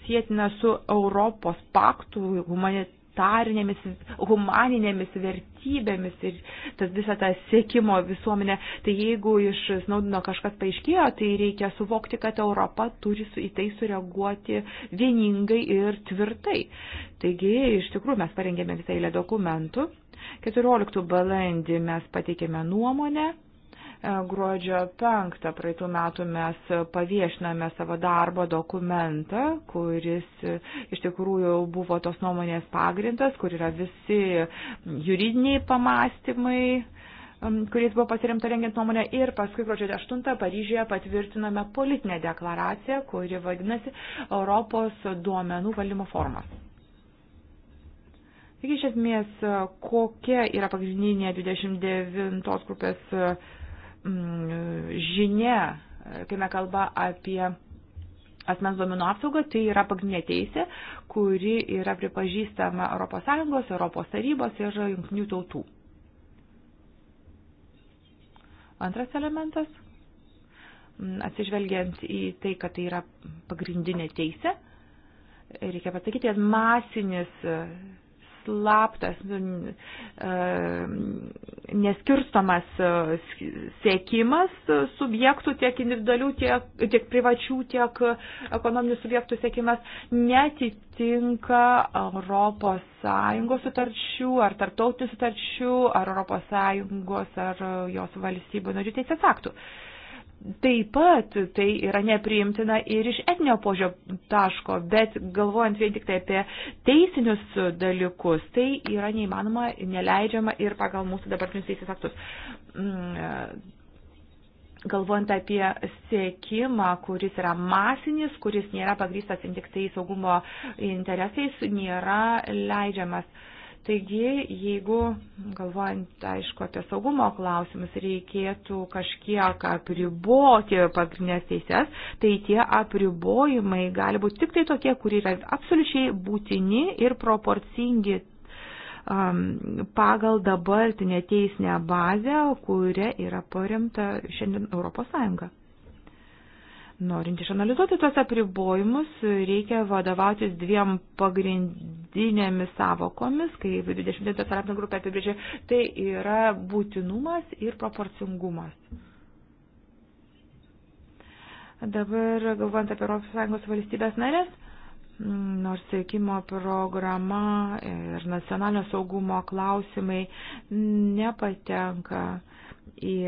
sėtina su Europos paktų humanit humanitarinėmis, humaninėmis vertybėmis ir tas visą tą sėkimo visuomenę. Tai jeigu iš Snaudino kažkas paaiškėjo, tai reikia suvokti, kad Europa turi į tai sureaguoti vieningai ir tvirtai. Taigi, iš tikrųjų, mes parengėme visą eilę dokumentų. 14 balandį mes pateikėme nuomonę E, gruodžio 5 praeitų metų mes paviešiname savo darbo dokumentą, kuris e, iš tikrųjų buvo tos nuomonės pagrindas, kur yra visi juridiniai pamastymai kuriais buvo pasiriamta rengiant nuomonę ir paskui gruodžio 8 Paryžioje patvirtinome politinę deklaraciją, kuri vadinasi Europos duomenų valdymo formas. Taigi iš esmės, kokia yra pagrindinė 29 grupės Mm, žinia, kai mes kalba apie asmens duomenų apsaugą, tai yra pagrindinė teisė, kuri yra pripažįstama ES, ES tarybos ir jungtinių tautų. Antras elementas, mm, atsižvelgiant į tai, kad tai yra pagrindinė teisė, reikia pasakyti, kad masinis slaptas, nu, e, neskirstomas e, sėkimas subjektų tiek individualių, tiek, tiek privačių, tiek ekonominių subjektų sėkimas netitinka ES sutarčių ar tarptautinių sutarčių ar ES ar jos valstybių narių teisės aktų. Uh, Taip pat tai yra nepriimtina ir iš etnio požio taško, bet galvojant vien tik tai apie teisinius dalykus, tai yra neįmanoma, neleidžiama ir pagal mūsų dabartinius teisės aktus. Mm, galvojant apie sėkimą, kuris yra masinis, kuris nėra pagrįstas vien tik tai saugumo interesais, nėra leidžiamas Taigi, jeigu, galvojant, aišku, apie saugumo klausimus, reikėtų kažkiek apriboti pagrindinės teises, tai tie apribojimai gali būti tik tai tokie, kurie yra absoliučiai būtini ir proporcingi um, pagal dabartinę teisinę bazę, kuria yra paremta šiandien Europos Sąjunga. Norint išanalizuoti tuos apribojimus, reikia vadovautis dviem pagrindinėmis savokomis, kaip 20 terapinė grupė apibrėžė, tai yra būtinumas ir proporcingumas. Dabar, galvojant apie ES valstybės narės, nors sėkimo programa ir nacionalinio saugumo klausimai nepatenka į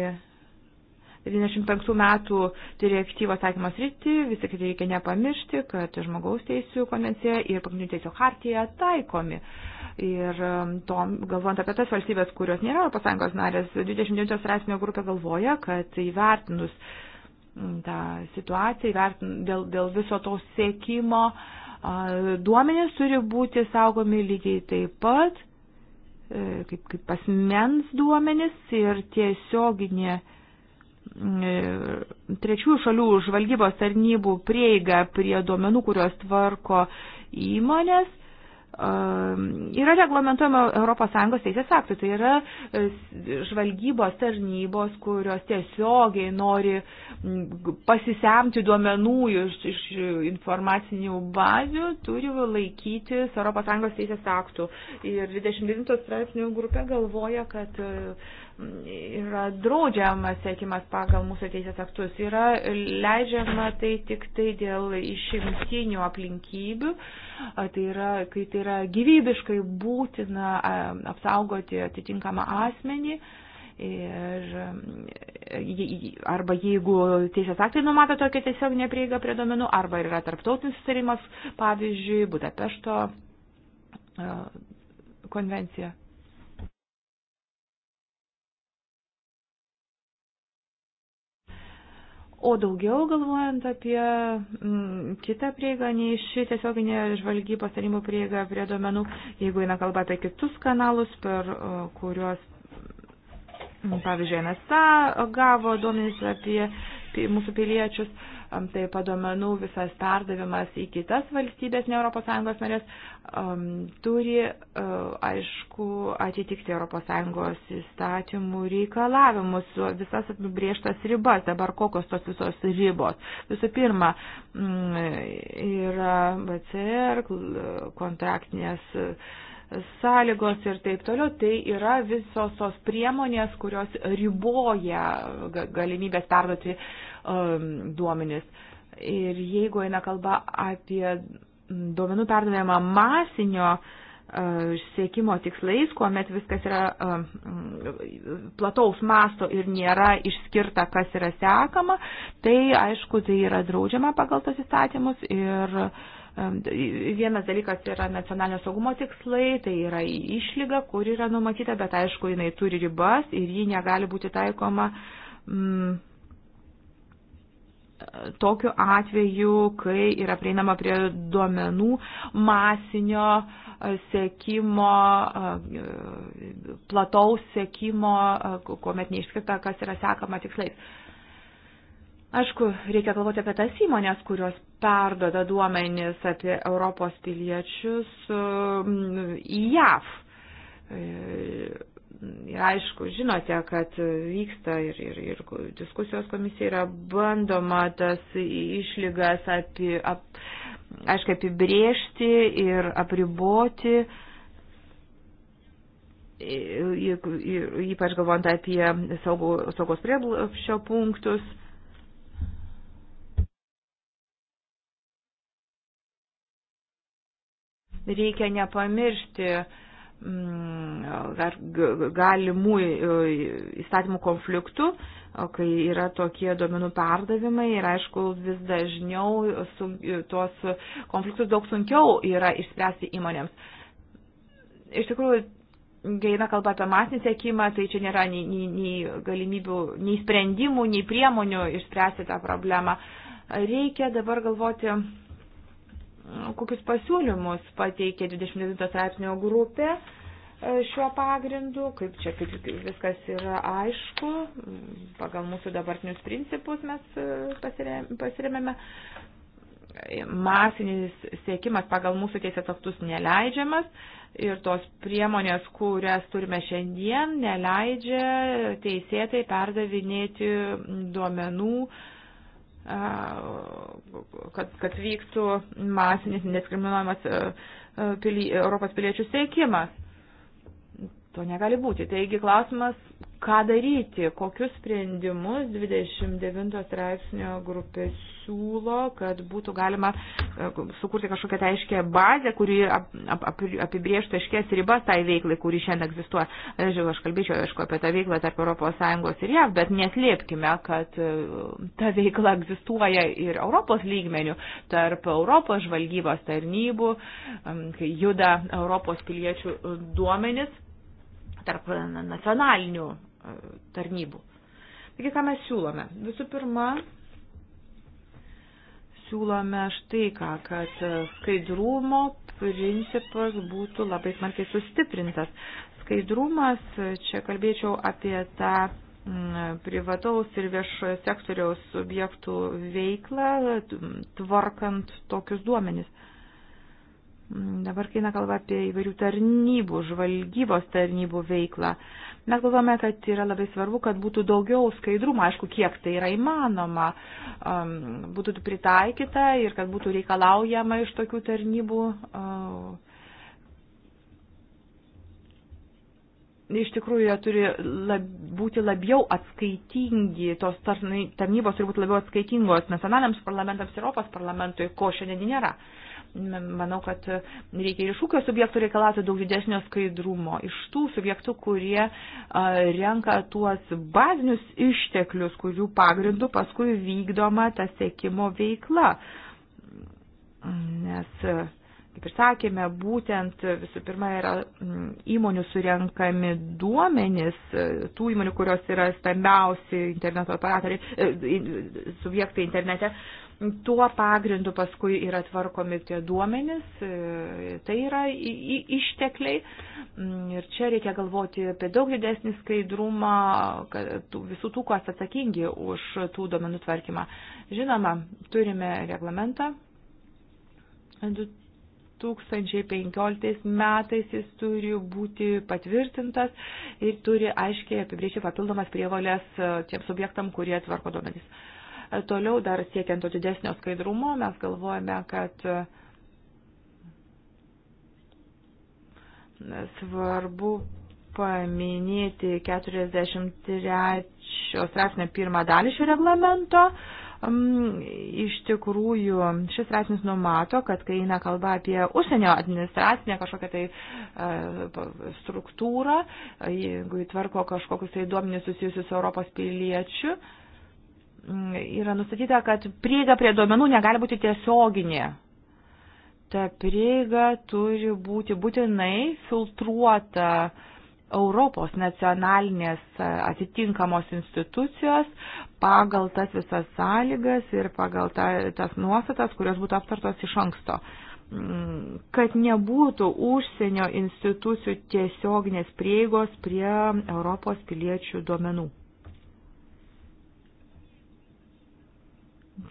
95 metų direktyvos taikymas rytį, vis tik reikia nepamiršti, kad žmogaus teisų konvencija ir pagrindinių teisų hartija taikomi. Ir um, tom, galvojant apie tas valstybės, kurios nėra ES narės, 29 straipsnio grupė galvoja, kad įvertinus mm, tą situaciją, įvertin, dėl, dėl viso to sėkimo, duomenės turi būti saugomi lygiai taip pat e, kaip, kaip asmens duomenis ir tiesioginė E, trečiųjų šalių žvalgybos tarnybų prieiga prie duomenų, kurios tvarko įmonės, e, yra reglamentuojama ES teisės aktų. Tai yra e, žvalgybos tarnybos, kurios tiesiogiai nori pasisemti duomenų iš, iš informacinių bazių, turi laikytis ES teisės aktų. Ir 29 straipsnių grupė galvoja, kad yra draudžiamas sėkimas pagal mūsų teisės aktus, yra leidžiama tai tik tai dėl išimtinių aplinkybių, tai yra, kai tai yra gyvybiškai būtina apsaugoti atitinkamą asmenį. Ir arba jeigu teisės aktai numato tokią tiesiog neprieigą prie domenų, arba yra tarptautinis sustarimas, pavyzdžiui, Budapešto konvencija. O daugiau galvojant apie m, mm, kitą prieigą, nei ši tiesioginė žvalgybos tarimo prieiga prie duomenų, jeigu eina kalba apie kitus kanalus, per o, kuriuos, m, mm, pavyzdžiui, NSA gavo duomenys apie mūsų piliečius, taip pat duomenų visas perdavimas į kitas valstybės, ne ES narės, turi, e, aišku, atitikti ES įstatymų reikalavimus, visas apibrieštas ribas, dabar kokios tos visos ribos. Visų pirma, yra BCR kontraktinės sąlygos ir taip toliau, tai yra visos tos priemonės, kurios riboja galimybės perduoti um, duomenis. Ir jeigu eina kalba apie duomenų perdavimą masinio uh, siekimo tikslais, kuomet viskas yra uh, plataus masto ir nėra išskirta, kas yra sekama, tai aišku, tai yra draudžiama pagal tos įstatymus ir uh, Vienas dalykas yra nacionalinio saugumo tikslai, tai yra išlyga, kur yra numatyta, bet aišku, jinai turi ribas ir ji negali būti taikoma mm, tokiu atveju, kai yra prieinama prie duomenų masinio e, sekimo, e, plataus sekimo, e, kuomet neišskirta, kas yra sekama tikslais Aišku, reikia galvoti apie tas įmonės, kurios perdoda duomenis apie Europos piliečius um, į JAV. E, ir aišku, žinote, kad vyksta ir, ir, ir diskusijos komisija yra bandoma tas išlygas api, ap, aišku, apibriežti ir apriboti e, e, ypač galvojant apie saugos prieblapščio punktus. reikia nepamiršti mm, galimų e, įstatymų konfliktų, kai yra tokie duomenų perdavimai ir aišku vis dažniau sun, tuos konfliktus daug sunkiau yra išspręsti įmonėms. Iš tikrųjų, gaina kalba apie masinį sėkimą, tai čia nėra nei, nei, nei galimybių, nei sprendimų, nei priemonių išspręsti tą problemą. Reikia dabar galvoti kokius pasiūlymus pateikė 29 straipsnio grupė e, šiuo pagrindu, kaip čia kaip viskas yra aišku, pagal mūsų dabartinius principus mes e, pasiremėme. E, masinis siekimas pagal mūsų teisės aktus neleidžiamas ir tos priemonės, kurias turime šiandien, neleidžia teisėtai perdavinėti duomenų uh, kad, kad vyktų masinis nediskriminuojamas pili, Europos piliečių sėkimas. To negali būti. Taigi klausimas, ką daryti, kokius sprendimus 29 straipsnio grupė siūlo, kad būtų galima e, sukurti kažkokią tai aiškę bazę, kuri ap, ap, apibriežtų aiškės ribas tai veiklai, kuri šiandien egzistuoja. Žiūrėjau, aš kalbėčiau, aišku, apie tą veiklą tarp ES ir JAV, bet neslėpkime, kad e, ta veikla egzistuoja ir Europos lygmenių, tarp Europos žvalgybos tarnybų, e, kai juda Europos piliečių duomenis tarp nacionalinių e, tarnybų. Taigi, ką mes siūlome? Visų pirma, siūlome štai ką, kad e, skaidrumo principas būtų labai smarkiai sustiprintas. Skaidrumas, čia kalbėčiau apie tą privataus ir viešojo sektoriaus subjektų veiklą, tvarkant tokius duomenis. Mm, dabar, kai nekalba apie įvairių tarnybų, žvalgybos tarnybų veiklą, mes galvome, kad yra labai svarbu, kad būtų daugiau skaidrumo, aišku, kiek tai yra įmanoma, um, būtų pritaikyta ir kad būtų reikalaujama iš tokių tarnybų. Um, iš tikrųjų jie turi lab, būti labiau atskaitingi, tos tarnybos turi būti labiau atskaitingos nacionaliniams parlamentams ir Europos parlamentui, ko šiandien nėra. Uh, manau, kad reikia ir iš ūkio subjektų reikalauti daug didesnio skaidrumo. Iš tų subjektų, kurie renka tuos bazinius išteklius, kurių pagrindų paskui vykdoma ta sėkimo veikla. Nes, kaip ir sakėme, būtent visų pirma yra įmonių surenkami duomenys, tų įmonių, kurios yra stambiausi interneto operatoriai, e, subjektai internete. Uh, tuo pagrindu paskui yra tvarkomi tie duomenys, e, tai yra ištekliai. Mm, ir čia reikia galvoti apie daug didesnį skaidrumą visų tų, kas atsakingi už tų duomenų tvarkymą. Žinoma, turime reglamentą. 2015 metais jis turi būti patvirtintas ir turi aiškiai apibrėžti papildomas prievalės e, tiem subjektam, kurie tvarko duomenys. Toliau dar siekiant to didesnio skaidrumo, mes galvojame, kad svarbu paminėti 43 straipsnio pirmą dalį šio reglamento. Mm, iš tikrųjų, šis straipsnis numato, kad kai eina kalba apie užsienio administracinę kažkokią tai e, struktūrą, jeigu įtvarko kažkokius tai duomenys susijusius su Europos piliečiu, Mm, yra nustatyta, kad prieiga prie duomenų negali būti tiesioginė. Ta prieiga turi būti būtinai filtruota Europos nacionalinės atitinkamos institucijos pagal tas visas sąlygas ir pagal ta, tas nuostatas, kurios būtų aptartos iš anksto mm, kad nebūtų užsienio institucijų tiesioginės prieigos prie Europos piliečių duomenų.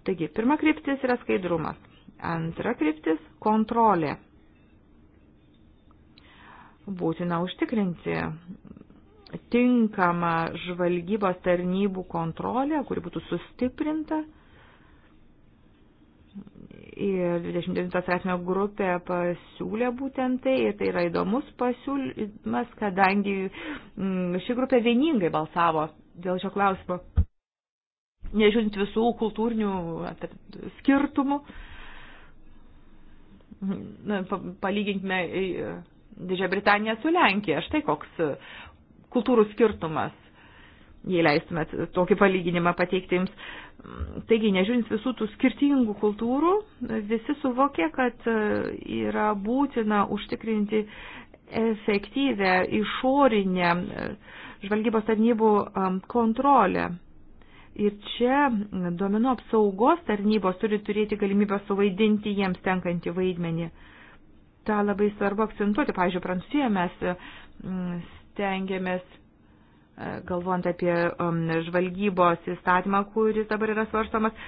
Taigi, pirma kryptis yra skaidrumas. Antra kryptis – kontrolė. Būtina užtikrinti tinkamą žvalgybos tarnybų kontrolę, kuri būtų sustiprinta. Ir 29 straipsnio grupė pasiūlė būtent tai, ir tai yra įdomus pasiūlymas, kadangi mm, ši grupė vieningai balsavo dėl šio klausimo nežiūrint visų kultūrinių skirtumų. Na, palyginkime e, Didžiąją Britaniją su Lenkija. Štai koks e, kultūrų skirtumas, jei leistumėt tokį palyginimą pateikti jums. Taigi, nežiūrint visų tų skirtingų kultūrų, visi suvokė, kad e, yra būtina užtikrinti efektyvę išorinę žvalgybos tarnybų kontrolę. Ir čia duomenų apsaugos tarnybos turi turėti galimybę suvaidinti jiems tenkantį vaidmenį. Ta labai svarbu akcentuoti. Pavyzdžiui, Prancūzijoje mes mm, stengiamės, e, galvojant apie um, žvalgybos įstatymą, kuris dabar yra svarstomas,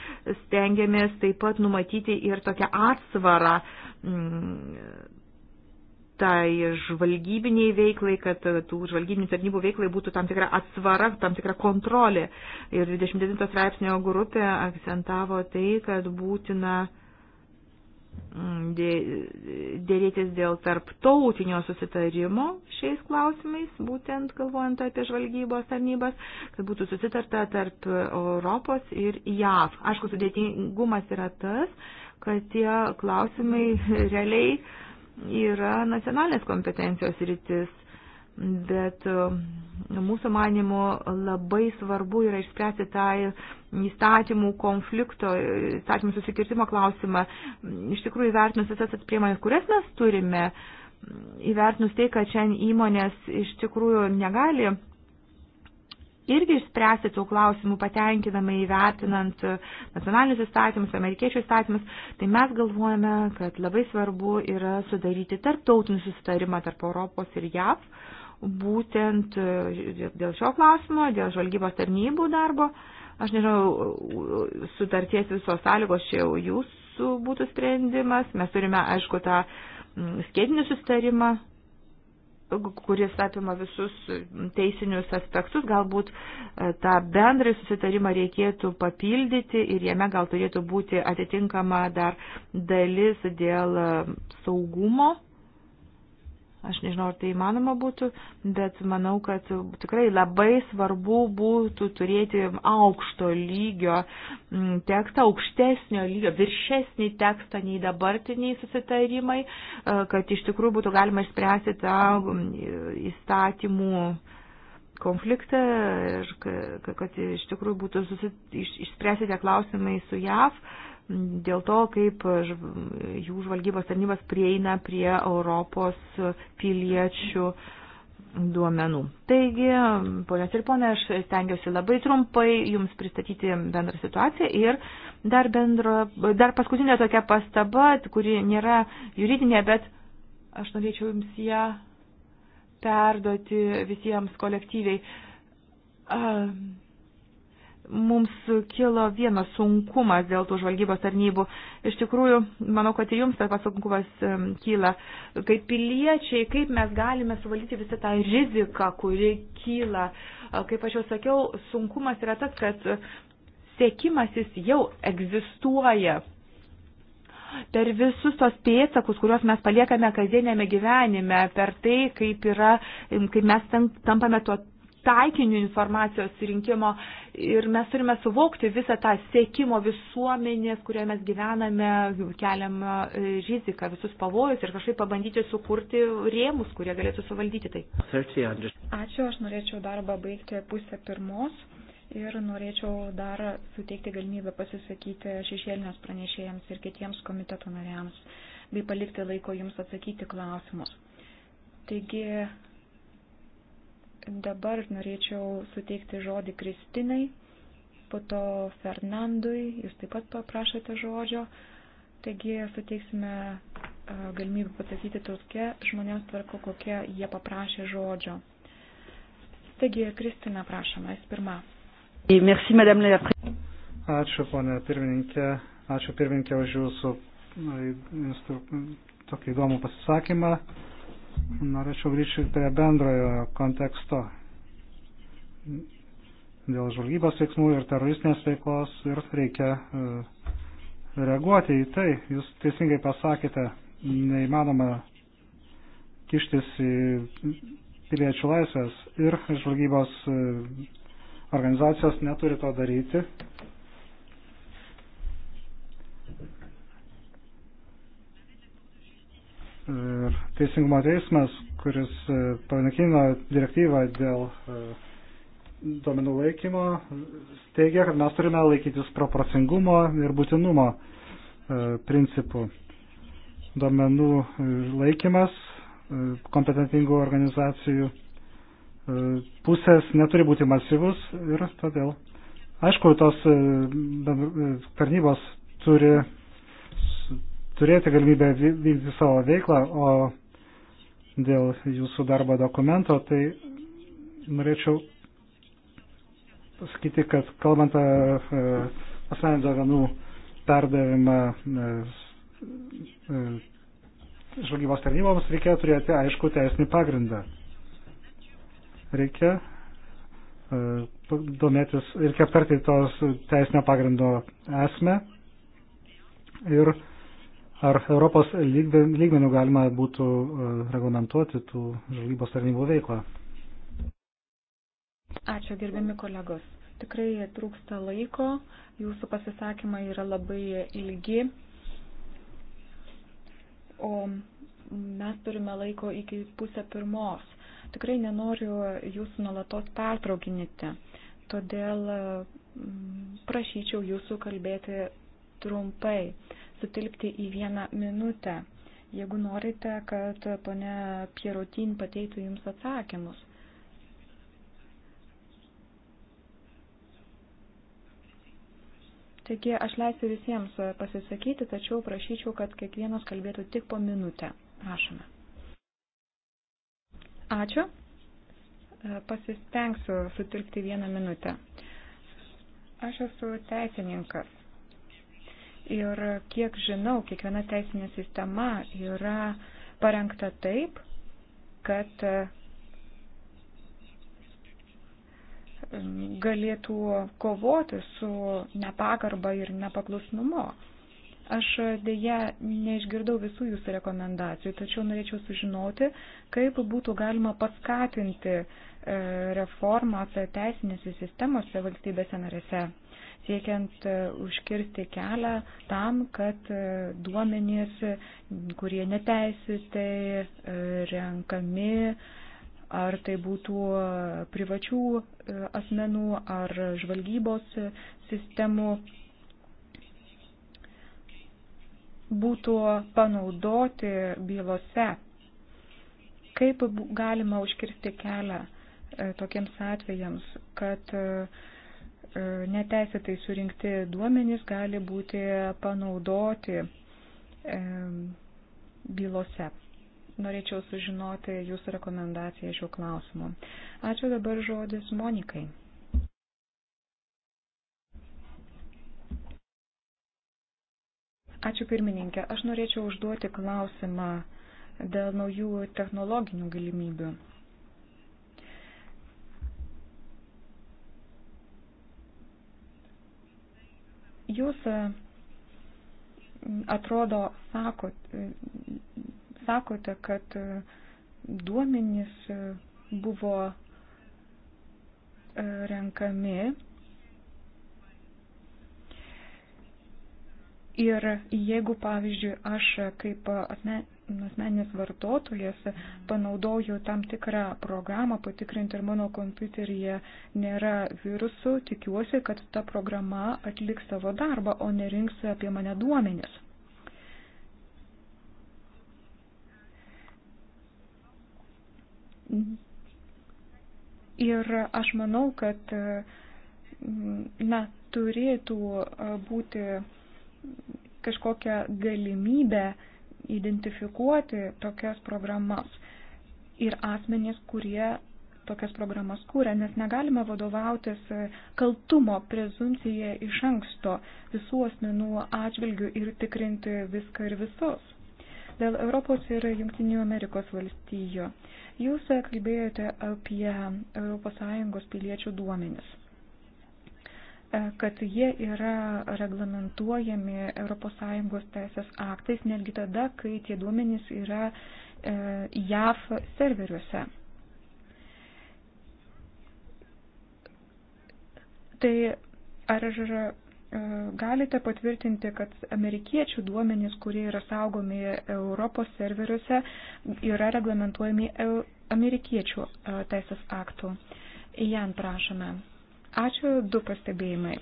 stengiamės taip pat numatyti ir tokią atsvarą mm, tai žvalgybiniai veiklai, kad tų žvalgybinių tarnybų veiklai būtų tam tikra atsvara, tam tikra kontrolė. Ir 29 straipsnio grupė akcentavo tai, kad būtina mm, dėrėtis dėl tarptautinio susitarimo šiais klausimais, būtent galvojant apie žvalgybos tarnybas, kad būtų susitarta tarp Europos ir JAV. Aišku, sudėtingumas yra tas, kad tie klausimai realiai uh, yra nacionalinės kompetencijos rytis, bet um, mūsų manimu labai svarbu yra išspręsti tą įstatymų konflikto, įstatymų susikirtimo klausimą. Iš tikrųjų, vertinus visas atspriemonės, kurias mes turime, įvertinus tai, kad šiandien įmonės iš tikrųjų negali irgi išspręsti tų klausimų patenkinamai įvertinant nacionalinius įstatymus, amerikiečių įstatymus, tai mes galvojame, kad labai svarbu yra sudaryti tarptautinį susitarimą tarp Europos ir JAV, būtent e, dėl šio klausimo, dėl žvalgybos tarnybų darbo. Aš nežinau, e, sutarties visos sąlygos čia jau jūsų būtų sprendimas. Mes turime, aišku, tą skėdinį susitarimą kuris apima visus teisinius aspektus, galbūt e, tą bendrą susitarimą reikėtų papildyti ir jame gal turėtų būti atitinkama dar dalis dėl e, saugumo Aš nežinau, ar tai įmanoma būtų, bet manau, kad tikrai labai svarbu būtų turėti aukšto lygio mm, tekstą, aukštesnio lygio, viršesnį tekstą nei dabartiniai susitarimai, e, kad iš tikrųjų būtų galima išspręsti tą mm, įstatymų konfliktą ir kad iš tikrųjų būtų susit... išspręsti tie klausimai su JAV dėl to, kaip jų žvalgybos tarnybos prieina prie Europos piliečių duomenų. Taigi, ponios ir ponai, aš stengiuosi labai trumpai Jums pristatyti bendrą situaciją ir dar, bendro, dar paskutinė tokia pastaba, kuri nėra juridinė, bet aš norėčiau Jums ją perduoti visiems kolektyviai. Uh, mums kilo vienas sunkumas dėl tų žvalgybos tarnybų. Iš tikrųjų, manau, kad ir jums tas sunkumas kyla. Kaip piliečiai, kaip mes galime suvaldyti visą tą riziką, kuri kyla. Kaip aš jau sakiau, sunkumas yra tas, kad sėkimas jis jau egzistuoja. Per visus tos pėtsakus, kuriuos mes paliekame kasdienėme gyvenime, per tai, kaip, yra, kaip mes tampame tuo taikiniu informacijos rinkimo ir mes turime suvokti visą tą sėkimo visuomenės, kurioje mes gyvename, keliamą e, riziką, visus pavojus ir kažkaip pabandyti sukurti rėmus, kurie galėtų suvaldyti tai. Ačiū, aš norėčiau darbą baigti pusę pirmos ir norėčiau dar suteikti galimybę pasisakyti šešėlinės pranešėjams ir kitiems komiteto nariams bei palikti laiko jums atsakyti klausimus. Taigi Dabar norėčiau suteikti žodį Kristinai, po to Fernandui, jūs taip pat paprašėte žodžio. Taigi suteiksime e, galimybę pasakyti tokia žmonėms tvarko, kokia jie paprašė žodžio. Taigi, Kristina, prašoma, jis pirma. Ačiū, ponė pirmininkė. Ačiū pirmininkė už jūsų tokį įdomų pasisakymą. Norėčiau grįžti prie bendrojo konteksto dėl žvalgybos veiksmų ir teroristinės veiklos ir reikia e, reaguoti į tai. Jūs teisingai pasakėte, neįmanoma kištis į piliečių laisvės ir žvalgybos e, organizacijos neturi to daryti ir Teisingumo teismas, kuris e, panakino direktyvą dėl e, duomenų laikymo, teigia, kad mes turime laikytis proporcingumo ir būtinumo e, principų. Duomenų laikymas kompetentingų organizacijų pusės neturi būti masyvus ir todėl. Aišku, tos tarnybos turi turėti galimybę vykdyti savo veiklą, o dėl jūsų darbo dokumento, tai norėčiau pasakyti, kad kalbant e, asmeninių duomenų perdavimą e, e, žvalgybos tarnyboms, reikia turėti aišku teisinį pagrindą. Reikia domėtis, reikia aptarti tos teisinio pagrindo esmę ir uh, Ar Europos lygmenių galima būtų e, reglamentuoti tų žvalgybos tarnybų veiklą? Ačiū, gerbiami kolegos. Tikrai trūksta laiko, jūsų pasisakymai yra labai ilgi, o mes turime laiko iki pusę pirmos. Tikrai nenoriu jūsų nuolatos pertraukinyti, todėl prašyčiau jūsų kalbėti trumpai sutilpti į vieną minutę. Jeigu norite, kad ponia Pierotin pateiktų jums atsakymus. Taigi aš leisiu visiems pasisakyti, tačiau prašyčiau, kad kiekvienas kalbėtų tik po minutę. Prašome. Ačiū. Pasistengsiu sutilpti vieną minutę. Aš esu teisininkas Ir kiek žinau, kiekviena teisinė sistema yra parengta taip, kad galėtų kovoti su nepagarba ir nepaklusnumu. Aš dėja neišgirdau visų jūsų rekomendacijų, tačiau norėčiau sužinoti, kaip būtų galima paskatinti e, reformas teisinėse sistemose valstybėse narėse siekiant e, užkirsti kelią tam, kad e, duomenys, kurie neteisėtai e, renkami, ar tai būtų privačių asmenų ar žvalgybos sistemų, būtų panaudoti bylose. Kaip galima užkirsti kelią tokiems atvejams, kad uh, neteisėtai surinkti duomenys gali būti panaudoti e, bylose. Norėčiau sužinoti jūsų rekomendaciją šiuo klausimu. Ačiū dabar žodis Monikai. Ačiū pirmininkė. Aš norėčiau užduoti klausimą dėl naujų technologinių galimybių. Jūs e, atrodo sakot, e, sakote, kad e, duomenys buvo renkami ir jeigu, pavyzdžiui, aš kaip asmen, asmeninis vartotojas panaudoju tam tikrą programą patikrinti, ar mano kompiuteryje nėra virusų, tikiuosi, kad ta programa atliks savo darbą, o nerinks apie mane duomenis. Ir aš manau, kad na, turėtų būti kažkokia galimybė uh, identifikuoti tokias programas ir asmenys, kurie tokias programas kūrė, nes negalime vadovautis e, kaltumo prezumcija iš anksto visų asmenų atžvilgių ir tikrinti viską ir visus. Dėl Europos ir Junktinių Amerikos valstijų. Jūs e, kalbėjote apie ES piliečių duomenis. E, kad jie yra reglamentuojami ES teisės aktais netgi tada, kai tie duomenys yra e, JAF serveriuose. Tai ar e, galite patvirtinti, kad amerikiečių duomenys, kurie yra saugomi Europos serveriuose, yra reglamentuojami amerikiečių teisės aktų? Jan, prašome. Ačiū du pastebėjimai.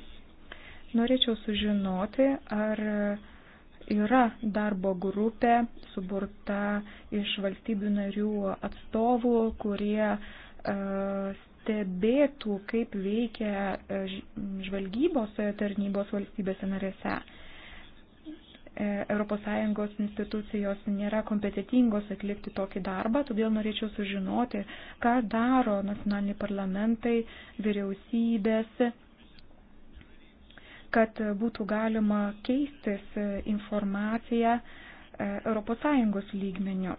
Norėčiau sužinoti, ar yra darbo grupė suburta iš valstybių narių atstovų, kurie e, stebėtų, kaip veikia e, žvalgybos tarnybos valstybėse narėse. ES institucijos nėra kompetitingos atlikti tokį darbą, todėl norėčiau sužinoti, ką daro nacionaliniai parlamentai, vyriausybės, kad būtų galima keistis informaciją ES lygmeniu.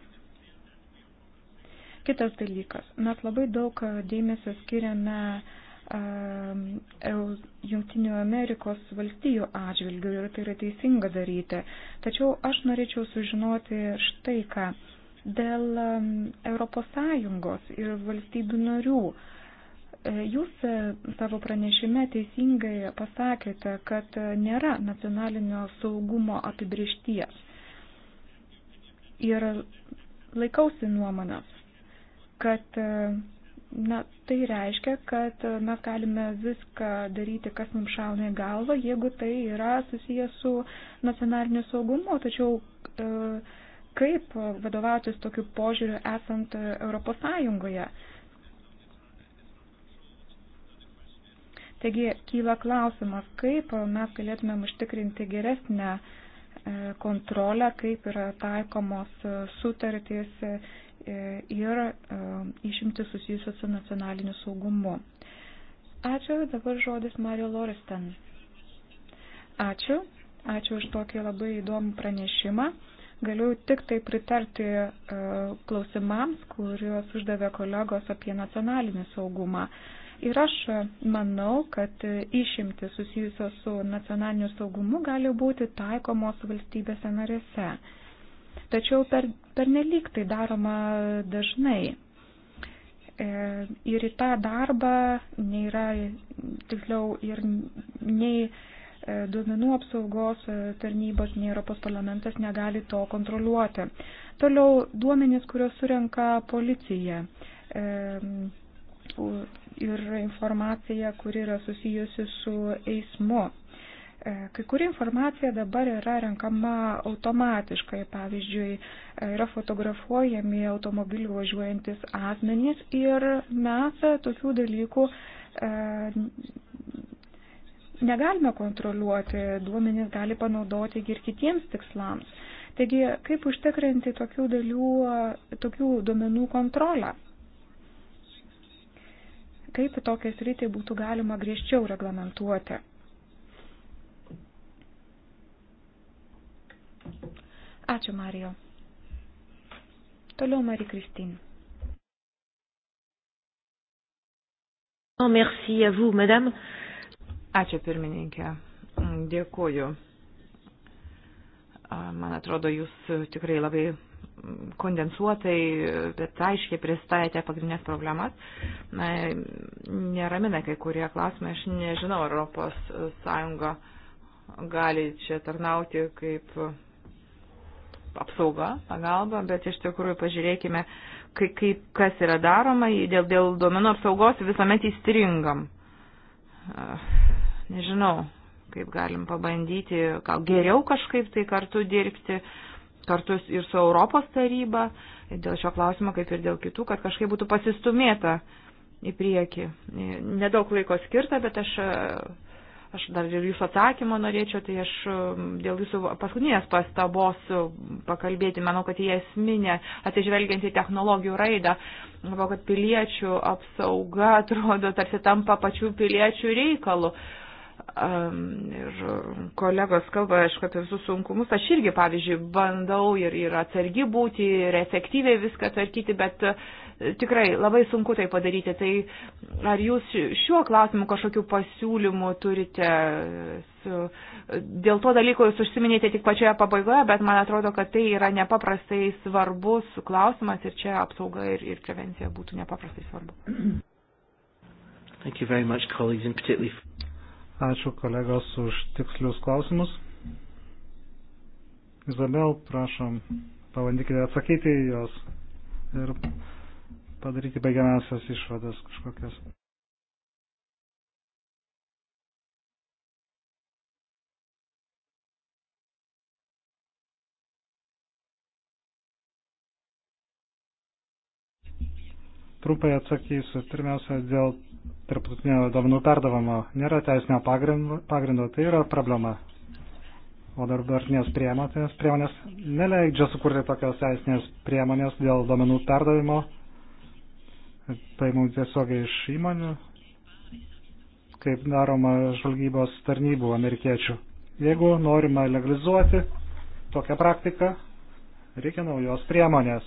Kitas dalykas. Mes labai daug dėmesio skiriame Ehm, Junktinių Amerikos valstijų atžvilgių ir tai yra teisinga daryti. Tačiau aš norėčiau sužinoti štai ką dėl ES ehm, ir valstybių narių. E, jūs e, savo pranešime teisingai pasakėte, kad e, nėra nacionalinio saugumo apibriešties. Ir laikausi nuomonės, kad Na, tai reiškia, kad e, mes galime viską daryti, kas mums šauna į galvą, jeigu tai yra susijęs su nacionaliniu saugumu, tačiau e, kaip vadovautis tokiu požiūriu esant Europos Sąjungoje. Taigi kyla klausimas, kaip mes galėtumėm užtikrinti geresnę e, kontrolę, kaip yra taikomos sutartys E, ir e, išimti susijusios su nacionaliniu saugumu. Ačiū, dabar žodis Mario Loristan. Ačiū, ačiū už tokį labai įdomų pranešimą. Galiu tik tai pritarti e, klausimams, kuriuos uždavė kolegos apie nacionalinį saugumą. Ir aš manau, kad išimti susijusios su nacionaliniu saugumu gali būti taikomos valstybėse narėse. Tačiau per, per nelik tai daroma dažnai. E, ir į tą darbą nėra, tiksliau, ir nei e, duomenų apsaugos tarnybos, nei Europos parlamentas negali to kontroliuoti. Toliau duomenys, kurios surenka policija e, ir informacija, kuri yra susijusi su eismu. E, kai kuri informacija dabar yra renkama automatiškai, pavyzdžiui, e, yra fotografuojami automobilių važiuojantis asmenys ir mes tokių dalykų e, negalime kontroliuoti, duomenys gali panaudoti ir kitiems tikslams. Taigi, kaip užtikrinti tokių, dalių, tokių duomenų kontrolę? Kaip tokias rytį būtų galima griežčiau reglamentuoti? Ačiū, Marijo. Toliau Marija Kristin. Oh, merci à vous, madame. Ačiū, pirmininkė. Dėkuoju. Man atrodo, jūs tikrai labai kondensuotai, bet aiškiai pristatėte pagrindinės problemas. Na, neramina kai kurie klausimai, aš nežinau, Europos Sąjunga gali čia tarnauti kaip apsauga, pagalba, bet iš tikrųjų pažiūrėkime, kaip, kaip kas yra daroma, dėl, dėl duomenų apsaugos visuomet įstringam. Nežinau, kaip galim pabandyti, gal geriau kažkaip tai kartu dirbti, kartu ir su Europos taryba, dėl šio klausimo, kaip ir dėl kitų, kad kažkaip būtų pasistumėta į priekį. Nedaug laiko skirta, bet aš Aš dar ir jūsų atsakymą norėčiau, tai aš um, dėl jūsų paskutinės pastabos um, pakalbėti, manau, kad jie esminė, atsižvelgiant į technologijų raidą, manau, kad piliečių apsauga atrodo tarsi tampa pačių piliečių reikalu. Um, ir kolegos kalba, aišku, apie visus sunkumus. Aš irgi, pavyzdžiui, bandau ir, ir atsargi būti, ir efektyviai viską tvarkyti, bet uh, Tikrai labai sunku tai padaryti. Tai ar jūs šiuo klausimu kažkokių pasiūlymų turite? Su, dėl to dalyko jūs užsiminėte tik pačioje pabaigoje, bet man atrodo, kad tai yra nepaprastai svarbus klausimas ir čia apsauga ir, ir prevencija būtų nepaprastai svarbu. Much, particularly... Ačiū kolegos už tikslius klausimus. Izabel, prašom, pabandykite atsakyti į juos ir padaryti baigiamiausias išvadas kažkokias. Trumpai atsakysiu. Pirmiausia, dėl tarptautinio duomenų perdavimo nėra teisinio pagrindo, pagrindo, tai yra problema. O dabartinės priemonės, priemonės neleidžia sukurti tokios teisinės priemonės dėl duomenų perdavimo paimų tiesiogiai iš įmonių, kaip daroma žvalgybos tarnybų amerikiečių. Jeigu norima legalizuoti tokią praktiką, reikia naujos priemonės.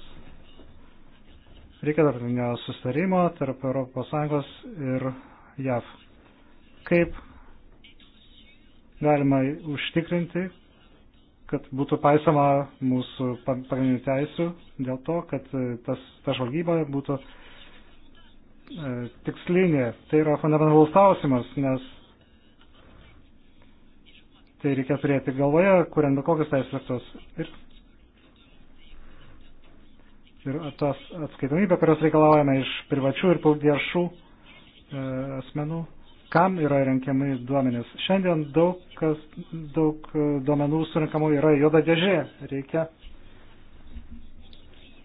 Reikia tarptautinio sustarimo tarp ES ir JAV. Kaip galima užtikrinti, kad būtų paisama mūsų pagrindinių teisių dėl to, kad tas, ta žvalgyba būtų uh, E, tikslinė. Tai yra fundamentalus klausimas, nes tai reikia turėti galvoje, kuriant bet kokius teisės aktus. Ir, ir tos atskaitomybė, kurios reikalaujame iš privačių ir viešų e, asmenų, kam yra renkiami duomenys. Šiandien daug, kas, daug e, duomenų surinkamų yra juoda dėžė. Reikia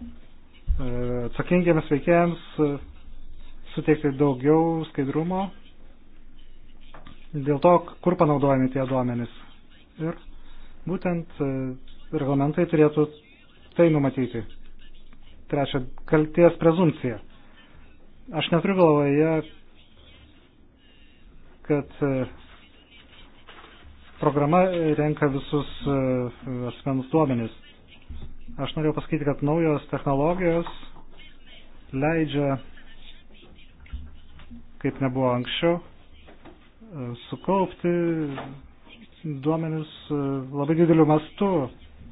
e, atsakingiems veikėjams. E, suteikti daugiau skaidrumo dėl to, kur panaudojami tie duomenys. Ir būtent e, reglamentai turėtų tai numatyti. Trečia, kalties prezumcija. Aš neturiu galvoje, kad e, programa renka visus e, asmenus duomenys. Aš norėjau pasakyti, kad naujos technologijos leidžia kaip nebuvo anksčiau, e, sukaupti duomenis e, labai dideliu mastu,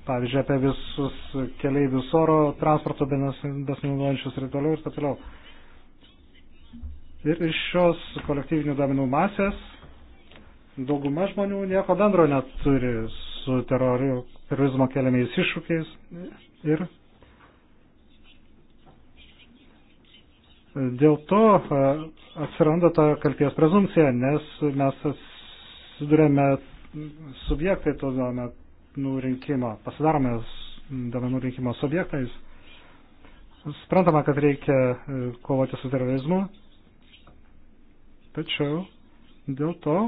pavyzdžiui, apie visus keleivius oro transporto besinaudojančius ir toliau ir taip toliau. Ir iš šios kolektyvinių duomenų masės dauguma žmonių nieko bendro neturi su teroriu, terorizmo keliamiais iššūkiais ir Dėl to atsiranda ta kalties prezumcija, nes mes susidurėme subjektai to duomenų rinkimo, pasidarome duomenų rinkimo subjektais. Sprantama, kad reikia e, kovoti su terorizmu, tačiau dėl to,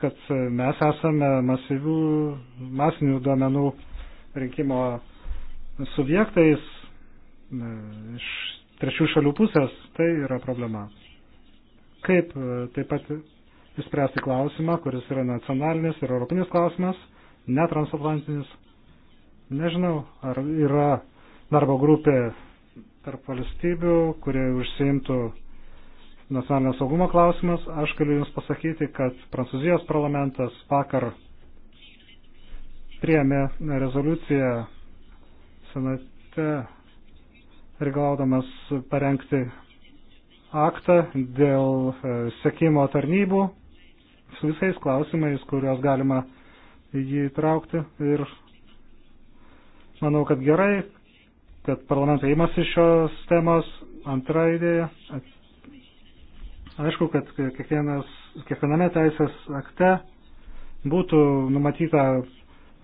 kad mes esame masyvių, masinių duomenų rinkimo subjektais, e, iš trečių šalių pusės, tai yra problema. Kaip e, taip pat įspręsti klausimą, kuris yra nacionalinis ir europinis klausimas, ne transatlantinis. Nežinau, ar yra darbo grupė tarp valstybių, kurie užsiimtų nacionalinio saugumo klausimas. Aš galiu Jums pasakyti, kad Prancūzijos parlamentas vakar priėmė rezoliuciją senate reikalaudamas parengti aktą dėl e, sekimo tarnybų su visais klausimais, kuriuos galima jį traukti. Ir manau, kad gerai, kad parlamentai imasi šios temos. Antra idėja. Aišku, kad kiekvienas, kiekviename teisės akte būtų numatyta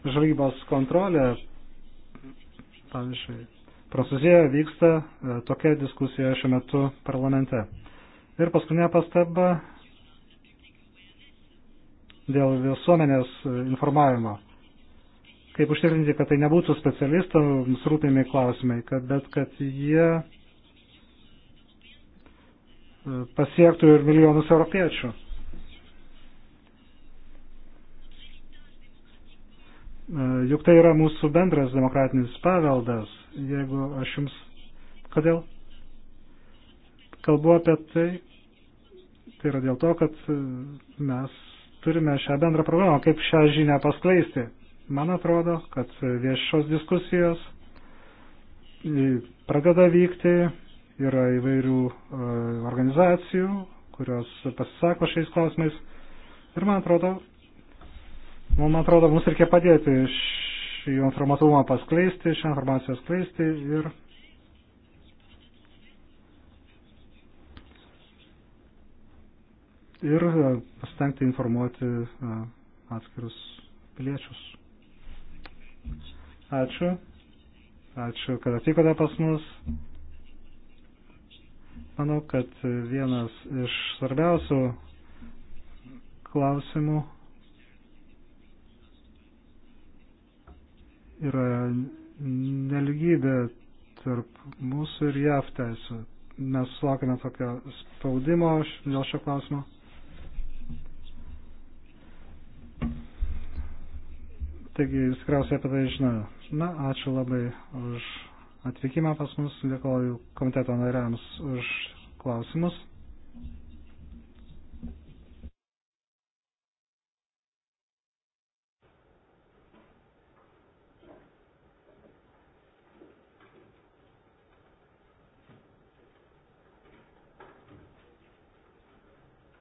žvalgybos kontrolė, pavyzdžiui, Prancūzijoje vyksta e, tokia diskusija šiuo metu parlamente. Ir paskutinė pastaba dėl visuomenės e, informavimo. Kaip užtikrinti, kad tai nebūtų specialistams rūpimi klausimai, kad, bet kad jie e, pasiektų ir milijonus europiečių. Juk tai yra mūsų bendras demokratinis paveldas jeigu aš jums. Kodėl? Kalbu apie tai. Tai yra dėl to, kad mes turime šią bendrą problemą, kaip šią žinią paskleisti. Man atrodo, kad viešos diskusijos pradeda vykti, yra įvairių e, organizacijų, kurios pasisako šiais klausimais. Ir man atrodo, man atrodo, mums reikia padėti šį informatumą paskleisti, šią informaciją skleisti ir ir e, stengti informuoti e, atskirus piliečius. Ačiū. Ačiū, kad atvykote pas mus. Manau, kad vienas iš svarbiausių klausimų yra neligybė tarp mūsų ir JAV teisų. Mes sulaukime tokio spaudimo dėl šio klausimo. Taigi jūs tikriausiai apie tai žinojo. Na, ačiū labai už atvykimą pas mus, dėkoju komiteto nariams už klausimus.